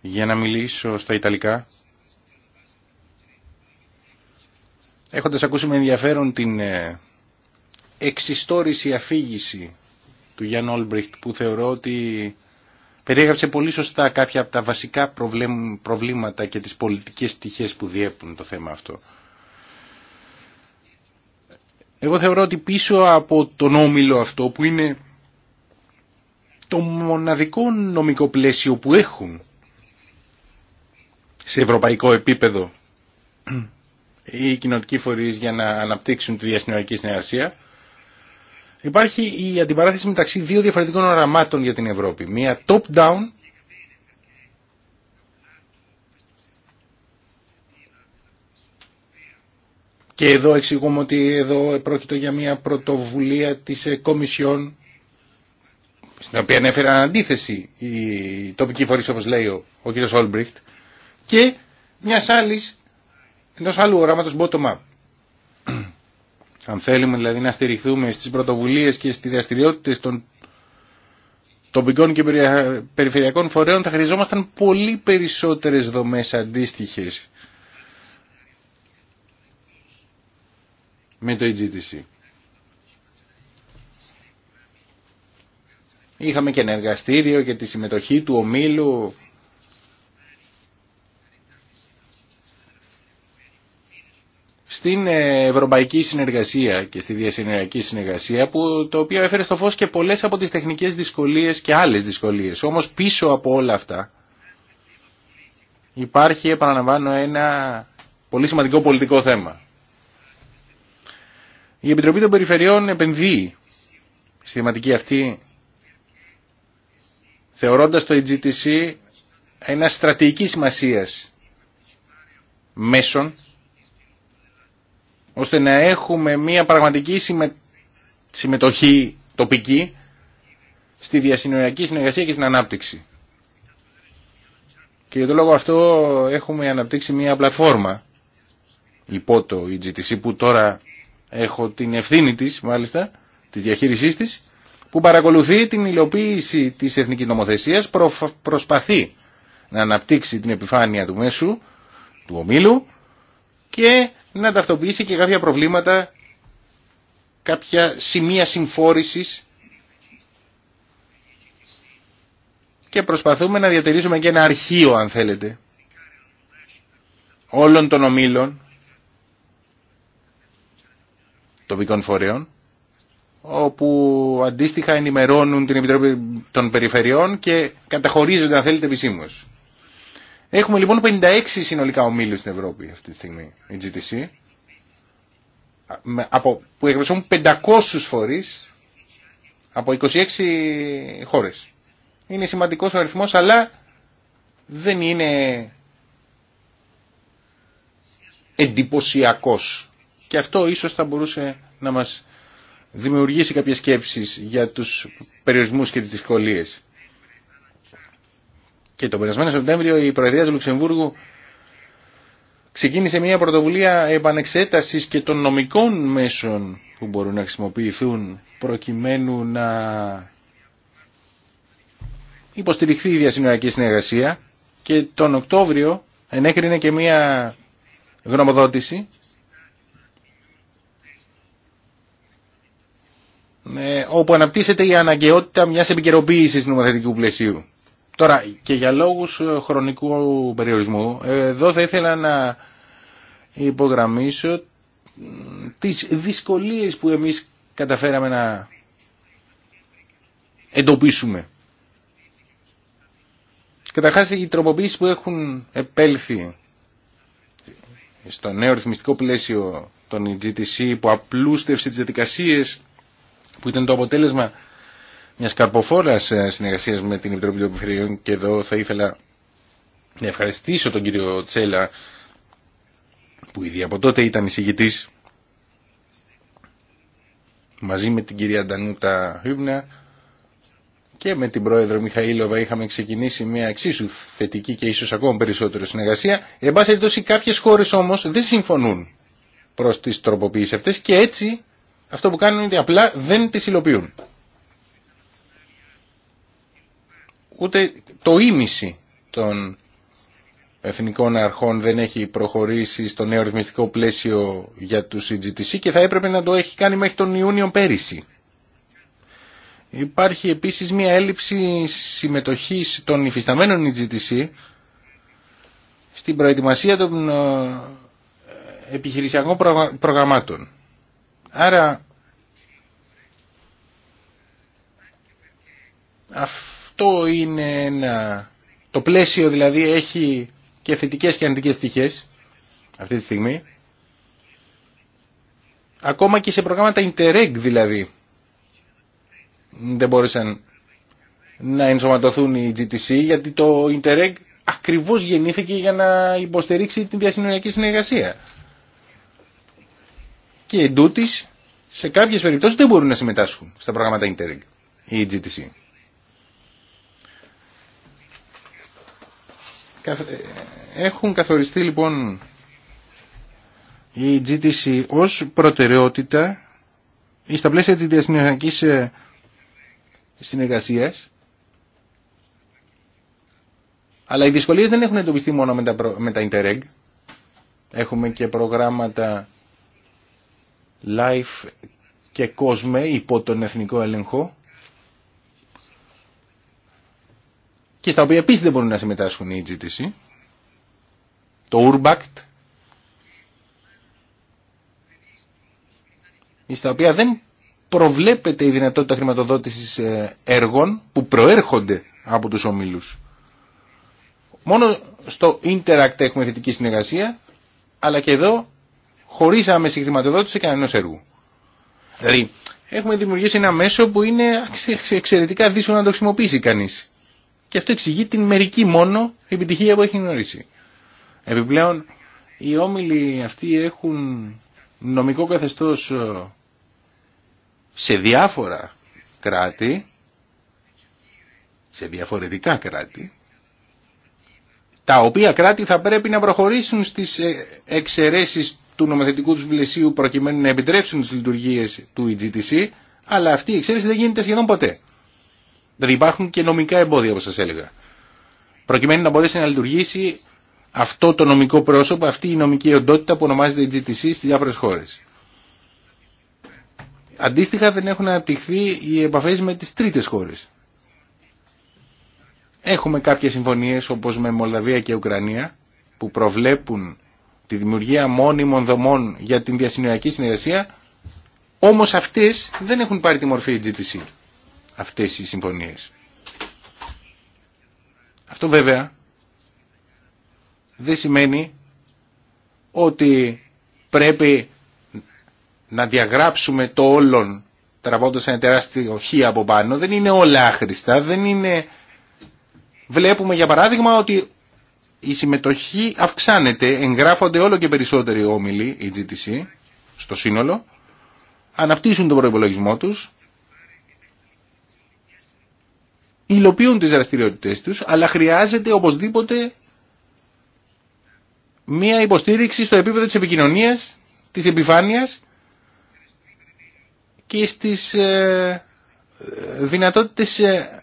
για να μιλήσω στα Ιταλικά. έχοντας ακούσει με ενδιαφέρον την ε, εξιστόρηση αφήγηση του Γιάνν Όλμπριχτ που θεωρώ ότι περιέγραψε πολύ σωστά κάποια από τα βασικά προβλήματα και τις πολιτικές στοιχές που διέπουν το θέμα αυτό. Εγώ θεωρώ ότι πίσω από τον όμιλο αυτό που είναι το μοναδικό νομικό πλαίσιο που έχουν σε ευρωπαϊκό επίπεδο οι κοινοτικοί φορείς για να αναπτύξουν τη διασυνορική συνεργασία. Υπάρχει η αντιπαράθεση μεταξύ δύο διαφορετικών οραμάτων για την Ευρώπη. Μία top-down και εδώ εξηγούμε ότι εδώ πρόκειται για μια πρωτοβουλία της ε, Κομισιόν στην οποία ανέφεραν αντίθεση οι τοπικοί φορείς όπως λέει ο, ο κ. Όλμπριχτ και μια άλλη εντο αλλου άλλου οράματος bottom-up. Αν θέλουμε δηλαδή να στηριχθούμε στις πρωτοβουλίε και στι δραστηριότητε των τοπικών και περιφερειακών φορέων θα χρειαζόμασταν πολύ περισσότερες δομέ αντίστοιχε. με το EGTC. Είχαμε και ένα εργαστήριο και τη συμμετοχή του ομίλου στην ε, ευρωπαϊκή συνεργασία και στη διασυνεργειακή συνεργασία που, το οποίο έφερε στο φως και πολλές από τις τεχνικές δυσκολίες και άλλες δυσκολίες. Όμως πίσω από όλα αυτά υπάρχει, επαναλαμβάνω, ένα πολύ σημαντικό πολιτικό θέμα. Η Επιτροπή των Περιφερειών επενδύει στη θεματική αυτή θεωρώντας το EGTC ένα στρατηγική σημασίας μέσων ώστε να έχουμε μια πραγματική συμμετοχή τοπική στη διασυνοριακή συνεργασία και στην ανάπτυξη. Και για τον λόγο αυτό έχουμε αναπτύξει μια πλατφόρμα υπό το EGTC που τώρα έχω την ευθύνη της μάλιστα, της διαχείρισής της που παρακολουθεί την υλοποίηση της εθνικής νομοθεσίας προσπαθεί να αναπτύξει την επιφάνεια του μέσου του ομίλου και να ταυτοποιήσει και κάποια προβλήματα, κάποια σημεία συμφόρησης και προσπαθούμε να διατηρήσουμε και ένα αρχείο αν θέλετε όλων των ομίλων τοπικών φορέων όπου αντίστοιχα ενημερώνουν την Επιτροπή των Περιφερειών και καταχωρίζονται αν θέλετε επισήμως. Έχουμε λοιπόν 56 συνολικά ομίλους στην Ευρώπη αυτή τη στιγμή, η GTC, από, που εκπροσωπούν 500 φορείς από 26 χώρες. Είναι σημαντικός ο αριθμός, αλλά δεν είναι εντυπωσιακός. Και αυτό ίσως θα μπορούσε να μας δημιουργήσει κάποιες σκέψεις για τους περιορισμούς και τις δυσκολίες. Και τον περασμένο Σεπτέμβριο η Προεδρία του Λουξεμβούργου ξεκίνησε μια πρωτοβουλία επανεξέτασης και των νομικών μέσων που μπορούν να χρησιμοποιηθούν προκειμένου να υποστηριχθεί η διασυνοριακή συνεργασία και τον Οκτώβριο ενέκρινε και μια γνωμοδότηση ε, όπου αναπτύσσεται η αναγκαιότητα μιας επικαιροποίησης νομοθετικού πλαισίου. Τώρα και για λόγους ε, χρονικού περιορισμού, ε, εδώ θα ήθελα να υπογραμμίσω τις δυσκολίες που εμείς καταφέραμε να εντοπίσουμε. Καταρχάς οι τροποποίησεις που έχουν επέλθει στο νέο ρυθμιστικό πλαίσιο των GTC που απλούστευσε τις διαδικασίες που ήταν το αποτέλεσμα μια καρποφόρα ε, συνεργασία με την Επιτροπή των Περιφερειών και εδώ θα ήθελα να ευχαριστήσω τον κύριο Τσέλα που ήδη από τότε ήταν εισηγητή μαζί με την κυρία Ντανούτα Χύμνα και με την πρόεδρο Μιχαήλοβα είχαμε ξεκινήσει μια εξίσου θετική και ίσως ακόμα περισσότερη συνεργασία. Εν πάση περιπτώσει κάποιες χώρες όμως δεν συμφωνούν προς τις τροποποίησει αυτέ και έτσι αυτό που κάνουν είναι ότι απλά δεν τις υλοποιούν. ούτε το ίμιση των εθνικών αρχών δεν έχει προχωρήσει στο νέο ρυθμιστικό πλαίσιο για του CGTC και θα έπρεπε να το έχει κάνει μέχρι τον Ιούνιο πέρυσι. Υπάρχει επίσης μια έλλειψη συμμετοχής των υφισταμένων EGTC στην προετοιμασία των ε, επιχειρησιακών προγραμμάτων. Άρα αυτό είναι ένα... Το πλαίσιο δηλαδή έχει και θετικές και αρνητικές στοιχές αυτή τη στιγμή. Ακόμα και σε προγράμματα Interreg δηλαδή δεν μπόρεσαν να ενσωματωθούν οι GTC γιατί το Interreg ακριβώς γεννήθηκε για να υποστηρίξει την διασυνοριακή συνεργασία. Και εντούτοις σε κάποιες περιπτώσεις δεν μπορούν να συμμετάσχουν στα προγράμματα Interreg ή GTC. Έχουν καθοριστεί λοιπόν η GTC ως προτεραιότητα στα πλαίσια της διεθνικής ε, συνεργασίας αλλά οι δυσκολίες δεν έχουν εντοπιστεί μόνο με τα, με Interreg. Έχουμε και προγράμματα Life και Cosme υπό τον εθνικό έλεγχο και στα οποία επίσης δεν μπορούν να συμμετάσχουν οι GTC, το URBACT, στα οποία δεν προβλέπεται η δυνατότητα χρηματοδότησης ε, έργων που προέρχονται από τους ομίλους. Μόνο στο Interact έχουμε θετική συνεργασία, αλλά και εδώ χωρίς άμεση χρηματοδότηση κανένας έργου. Δηλαδή, έχουμε δημιουργήσει ένα μέσο που είναι εξαιρετικά δύσκολο να το χρησιμοποιήσει κανείς. Και αυτό εξηγεί την μερική μόνο επιτυχία που έχει γνωρίσει. Επιπλέον, οι όμιλοι αυτοί έχουν νομικό καθεστώς ε, σε διάφορα κράτη, σε διαφορετικά κράτη, τα οποία κράτη θα πρέπει να προχωρήσουν στις ε, εξαιρέσεις του νομοθετικού τους πλαισίου προκειμένου να επιτρέψουν τις λειτουργίες του EGTC, αλλά αυτή η εξαίρεση δεν γίνεται σχεδόν ποτέ. Δηλαδή υπάρχουν και νομικά εμπόδια όπως σας έλεγα. Προκειμένου να μπορέσει να λειτουργήσει αυτό το νομικό πρόσωπο, αυτή η νομική οντότητα που ονομάζεται GTC στις διάφορες χώρες. Αντίστοιχα δεν έχουν αναπτυχθεί οι επαφές με τις τρίτες χώρες. Έχουμε κάποιες συμφωνίες όπως με Μολδαβία και Ουκρανία που προβλέπουν τη δημιουργία μόνιμων δομών για την διασυνοριακή συνεργασία, όμως αυτές δεν έχουν πάρει τη μορφή GTC αυτές οι συμφωνίες. Αυτό βέβαια δεν σημαίνει ότι πρέπει να διαγράψουμε το όλον τραβώντας ένα τεράστιο χ από πάνω. Δεν είναι όλα άχρηστα, δεν είναι... Βλέπουμε για παράδειγμα ότι η συμμετοχή αυξάνεται, εγγράφονται όλο και περισσότεροι όμιλοι, η GTC, στο σύνολο, αναπτύσσουν τον προϋπολογισμό τους υλοποιούν τις δραστηριότητες τους, αλλά χρειάζεται οπωσδήποτε μία υποστήριξη στο επίπεδο της επικοινωνίας, της επιφάνειας και στις ε, δυνατότητες ε,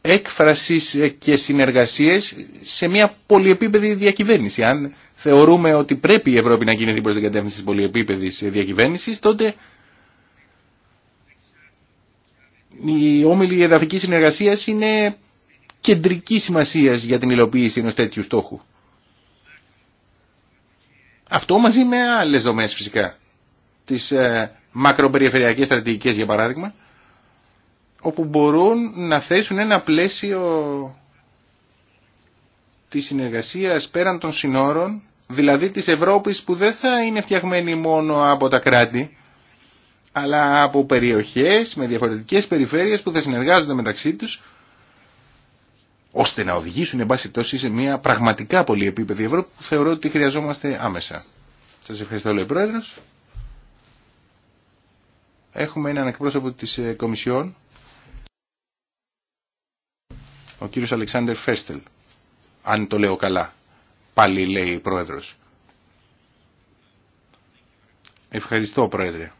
έκφρασης ε, και συνεργασίες σε μια πολυεπίπεδη διακυβέρνηση. Αν θεωρούμε ότι πρέπει η Ευρώπη να κινηθεί προς την κατεύθυνση της πολυεπίπεδης διακυβέρνησης, τότε οι όμιλοι εδαφικής συνεργασίας είναι κεντρική σημασίας για την υλοποίηση ενός τέτοιου στόχου. Αυτό μαζί με άλλες δομές φυσικά, τις ε, μακροπεριφερειακές στρατηγικές για παράδειγμα, όπου μπορούν να θέσουν ένα πλαίσιο της συνεργασίας πέραν των συνόρων, δηλαδή της Ευρώπης που δεν θα είναι φτιαγμένη μόνο από τα κράτη, αλλά από περιοχές με διαφορετικές περιφέρειες που θα συνεργάζονται μεταξύ τους ώστε να οδηγήσουν εν πάση τόση σε μια πραγματικά πολυεπίπεδη Ευρώπη που θεωρώ ότι χρειαζόμαστε άμεσα. Σας ευχαριστώ λέει Πρόεδρος. Έχουμε έναν εκπρόσωπο της ε, Κομισιόν, ο κύριος Αλεξάνδερ Φέστελ, αν το λέω καλά, πάλι λέει Πρόεδρος. Ευχαριστώ Πρόεδρε.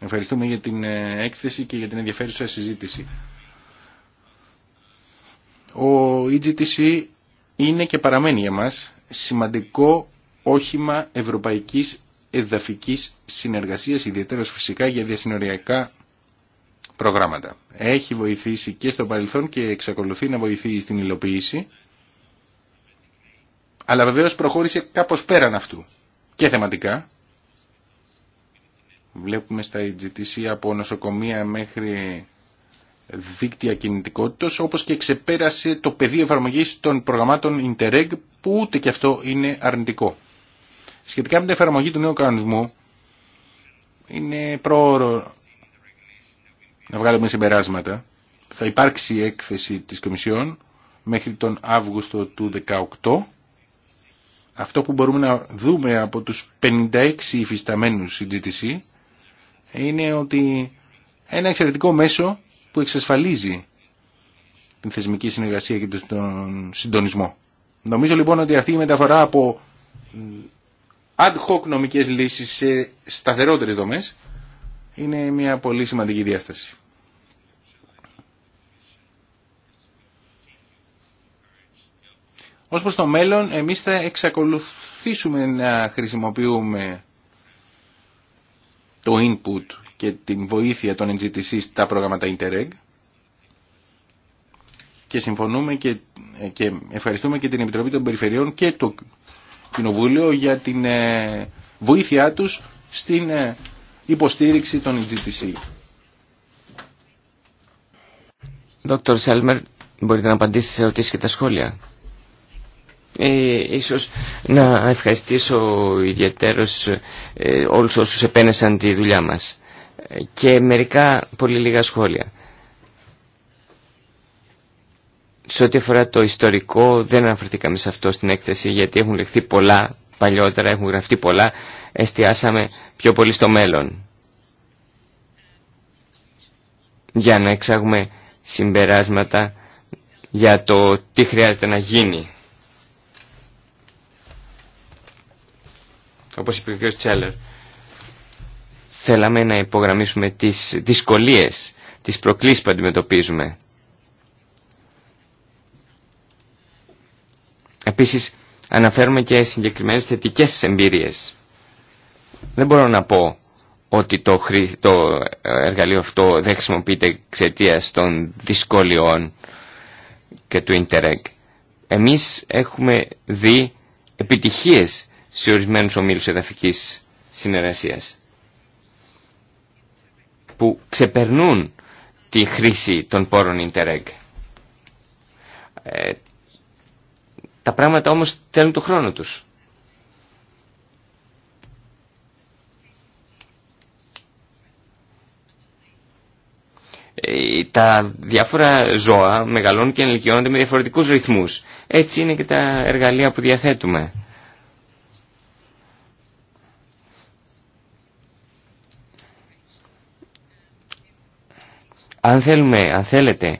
Ευχαριστούμε για την ε, έκθεση και για την ενδιαφέρουσα συζήτηση. Ο EGTC είναι και παραμένει για μας σημαντικό όχημα ευρωπαϊκής εδαφικής συνεργασίας, ιδιαίτερα φυσικά για διασυνοριακά προγράμματα. Έχει βοηθήσει και στο παρελθόν και εξακολουθεί να βοηθεί στην υλοποίηση, αλλά βεβαίως προχώρησε κάπως πέραν αυτού και θεματικά Βλέπουμε στα EGTC από νοσοκομεία μέχρι δίκτυα κινητικότητας, όπως και ξεπέρασε το πεδίο εφαρμογής των προγραμμάτων Interreg, που ούτε και αυτό είναι αρνητικό. Σχετικά με την εφαρμογή του νέου κανονισμού, είναι πρόωρο να βγάλουμε συμπεράσματα. Θα υπάρξει η έκθεση της Κομισιόν μέχρι τον Αύγουστο του 2018. Αυτό που μπορούμε να δούμε από τους 56 υφισταμένους GTC είναι ότι ένα εξαιρετικό μέσο που εξασφαλίζει την θεσμική συνεργασία και τον συντονισμό. Νομίζω λοιπόν ότι αυτή η μεταφορά από ad hoc νομικές λύσεις σε σταθερότερες δομές είναι μια πολύ σημαντική διάσταση. Ως προς το μέλλον εμείς θα εξακολουθήσουμε να χρησιμοποιούμε το input και την βοήθεια των NGTC στα πρόγραμματα Interreg και συμφωνούμε και, και ευχαριστούμε και την Επιτροπή των Περιφερειών και το Κοινοβούλιο για την ε, βοήθειά τους στην ε, υποστήριξη των NGTC. Δόκτωρ Σέλμερ, μπορείτε να απαντήσετε σε ερωτήσεις και τα σχόλια ε, ίσως να ευχαριστήσω ιδιαίτερως ε, όλους όσους επένεσαν τη δουλειά μας και μερικά πολύ λίγα σχόλια. Σε ό,τι αφορά το ιστορικό δεν αναφερθήκαμε σε αυτό στην έκθεση γιατί έχουν λεχθεί πολλά παλιότερα, έχουν γραφτεί πολλά, εστιάσαμε πιο πολύ στο μέλλον για να εξάγουμε συμπεράσματα για το τι χρειάζεται να γίνει όπως είπε ο κ. Τσέλερ. Θέλαμε να υπογραμμίσουμε τις δυσκολίες, τις προκλήσεις που αντιμετωπίζουμε. Επίσης, αναφέρουμε και συγκεκριμένες θετικές εμπειρίες. Δεν μπορώ να πω ότι το, το ε, εργαλείο αυτό δεν χρησιμοποιείται εξαιτία των δυσκολιών και του Interreg. Εμείς έχουμε δει επιτυχίες σε ορισμένους ομίλους εδαφικής συνεργασίας που ξεπερνούν τη χρήση των πόρων Interreg. Ε, τα πράγματα όμως θέλουν το χρόνο τους. Ε, τα διάφορα ζώα μεγαλώνουν και ενηλικιώνονται με διαφορετικούς ρυθμούς. Έτσι είναι και τα εργαλεία που διαθέτουμε. Αν, θέλουμε, αν θέλετε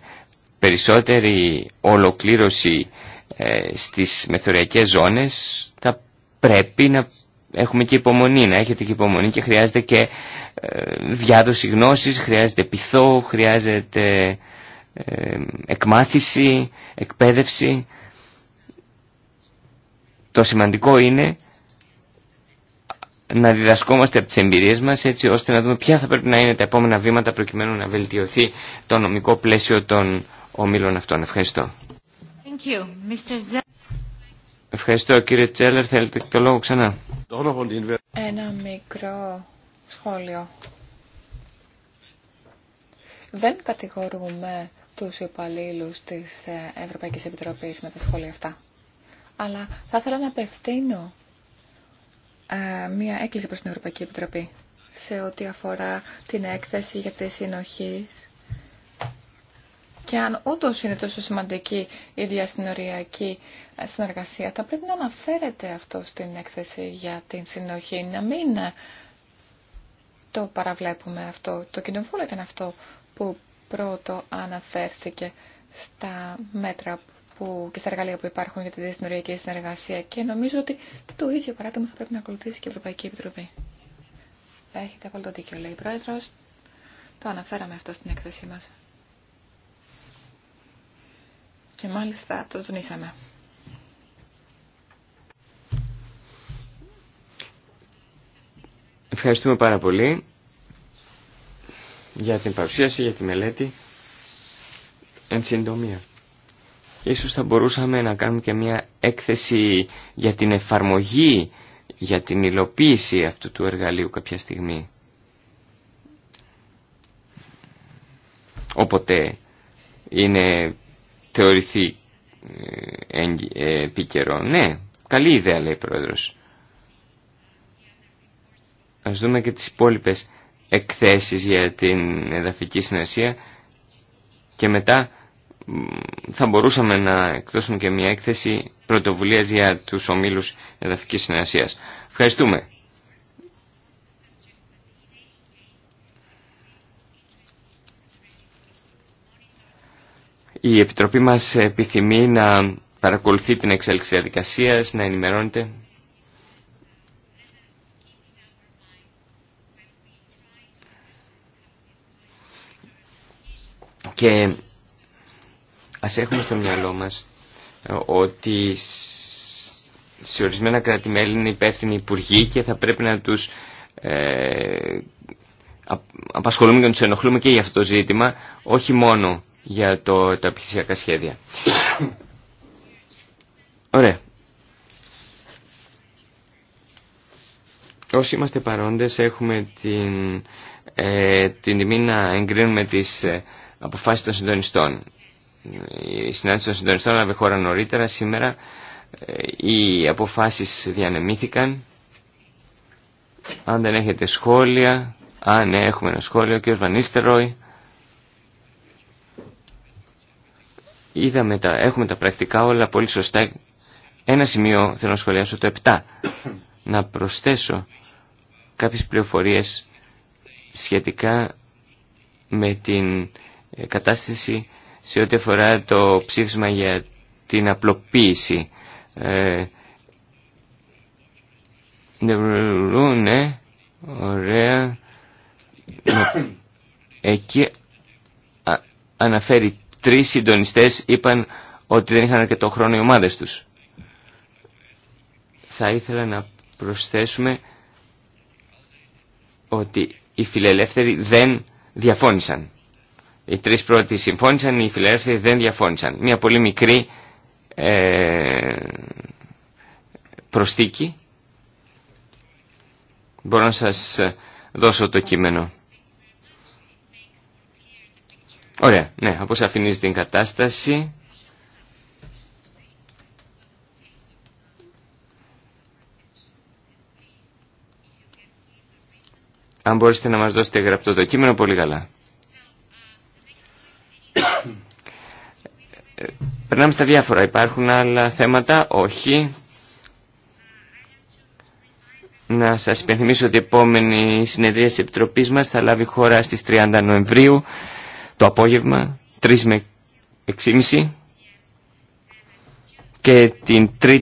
περισσότερη ολοκλήρωση ε, στις μεθοριακές ζώνες θα πρέπει να έχουμε και υπομονή, να έχετε και υπομονή και χρειάζεται και ε, διάδοση γνώσης, χρειάζεται πειθό, χρειάζεται ε, εκμάθηση, εκπαίδευση. Το σημαντικό είναι να διδασκόμαστε από τι εμπειρίες μα, έτσι ώστε να δούμε ποια θα πρέπει να είναι τα επόμενα βήματα προκειμένου να βελτιωθεί το νομικό πλαίσιο των ομίλων αυτών. Ευχαριστώ. Ευχαριστώ κύριε Τσέλερ. Θέλετε το λόγο ξανά. Ένα μικρό σχόλιο. Δεν κατηγορούμε τους υπαλλήλου της ε, Ευρωπαϊκής Επιτροπής με τα σχόλια αυτά. Αλλά θα ήθελα να απευθύνω μία έκκληση προς την Ευρωπαϊκή Επιτροπή σε ό,τι αφορά την έκθεση για τη συνοχή και αν όντω είναι τόσο σημαντική η διασυνοριακή συνεργασία, θα πρέπει να αναφέρεται αυτό στην έκθεση για την συνοχή, να μην το παραβλέπουμε αυτό. Το κοινοβούλιο ήταν αυτό που πρώτο αναφέρθηκε στα μέτρα που, και στα εργαλεία που υπάρχουν για τη διεθνωριακή συνεργασία και νομίζω ότι το ίδιο παράδειγμα θα πρέπει να ακολουθήσει και η Ευρωπαϊκή Επιτροπή. Έχετε απόλυτο δίκιο, λέει η Πρόεδρος. Το αναφέραμε αυτό στην έκθεσή μα. Και μάλιστα το τονίσαμε. Ευχαριστούμε πάρα πολύ για την παρουσίαση, για τη μελέτη. Εν συντομία ίσως θα μπορούσαμε να κάνουμε και μια έκθεση για την εφαρμογή, για την υλοποίηση αυτού του εργαλείου κάποια στιγμή. Όποτε είναι θεωρηθεί ε, ε, επίκαιρο. Ναι, καλή ιδέα λέει ο Πρόεδρος. Ας δούμε και τις υπόλοιπες εκθέσεις για την εδαφική συνεργασία και μετά θα μπορούσαμε να εκδώσουμε και μια έκθεση πρωτοβουλία για τους ομίλους εδαφικής συνεργασίας. Ευχαριστούμε. Η Επιτροπή μας επιθυμεί να παρακολουθεί την εξέλιξη διαδικασία, να ενημερώνεται. Και Ας έχουμε στο μυαλό μας ε, ότι σε ορισμένα κράτη-μέλη είναι υπεύθυνοι υπουργοί και θα πρέπει να τους ε, απασχολούμε και να τους ενοχλούμε και για αυτό το ζήτημα, όχι μόνο για το, τα επιχειρησιακά σχέδια. Ωραία. Όσοι είμαστε παρόντες έχουμε την, ε, την τιμή να εγκρίνουμε τις ε, αποφάσεις των συντονιστών η συνάντηση των συντονιστών έλαβε χώρα νωρίτερα σήμερα. Ε, οι αποφάσεις διανεμήθηκαν. Αν δεν έχετε σχόλια... Α, ναι, έχουμε ένα σχόλιο. Ο Βανίστεροι. Είδαμε τα, έχουμε τα πρακτικά όλα πολύ σωστά. Ένα σημείο θέλω να σχολιάσω το 7. Να προσθέσω κάποιες πληροφορίες σχετικά με την ε, κατάσταση σε ό,τι αφορά το ψήφισμα για την απλοποίηση. Ε, ναι, ναι, ωραία. Εκεί αναφέρει τρεις συντονιστές είπαν ότι δεν είχαν αρκετό χρόνο οι ομάδες τους. Θα ήθελα να προσθέσουμε ότι οι φιλελεύθεροι δεν διαφώνησαν. Οι τρεις πρώτοι συμφώνησαν, οι φιλελεύθεροι δεν διαφώνησαν. Μια πολύ μικρή ε, Μπορώ να σας δώσω το κείμενο. Ωραία, ναι, όπως αφηνίζει την κατάσταση. Αν μπορείτε να μας δώσετε γραπτό το κείμενο, πολύ καλά. Περνάμε στα διάφορα. Υπάρχουν άλλα θέματα. Όχι. Να σας υπενθυμίσω ότι η επόμενη συνεδρία της Επιτροπής μας θα λάβει χώρα στις 30 Νοεμβρίου το απόγευμα 3 με 6.30 και την 3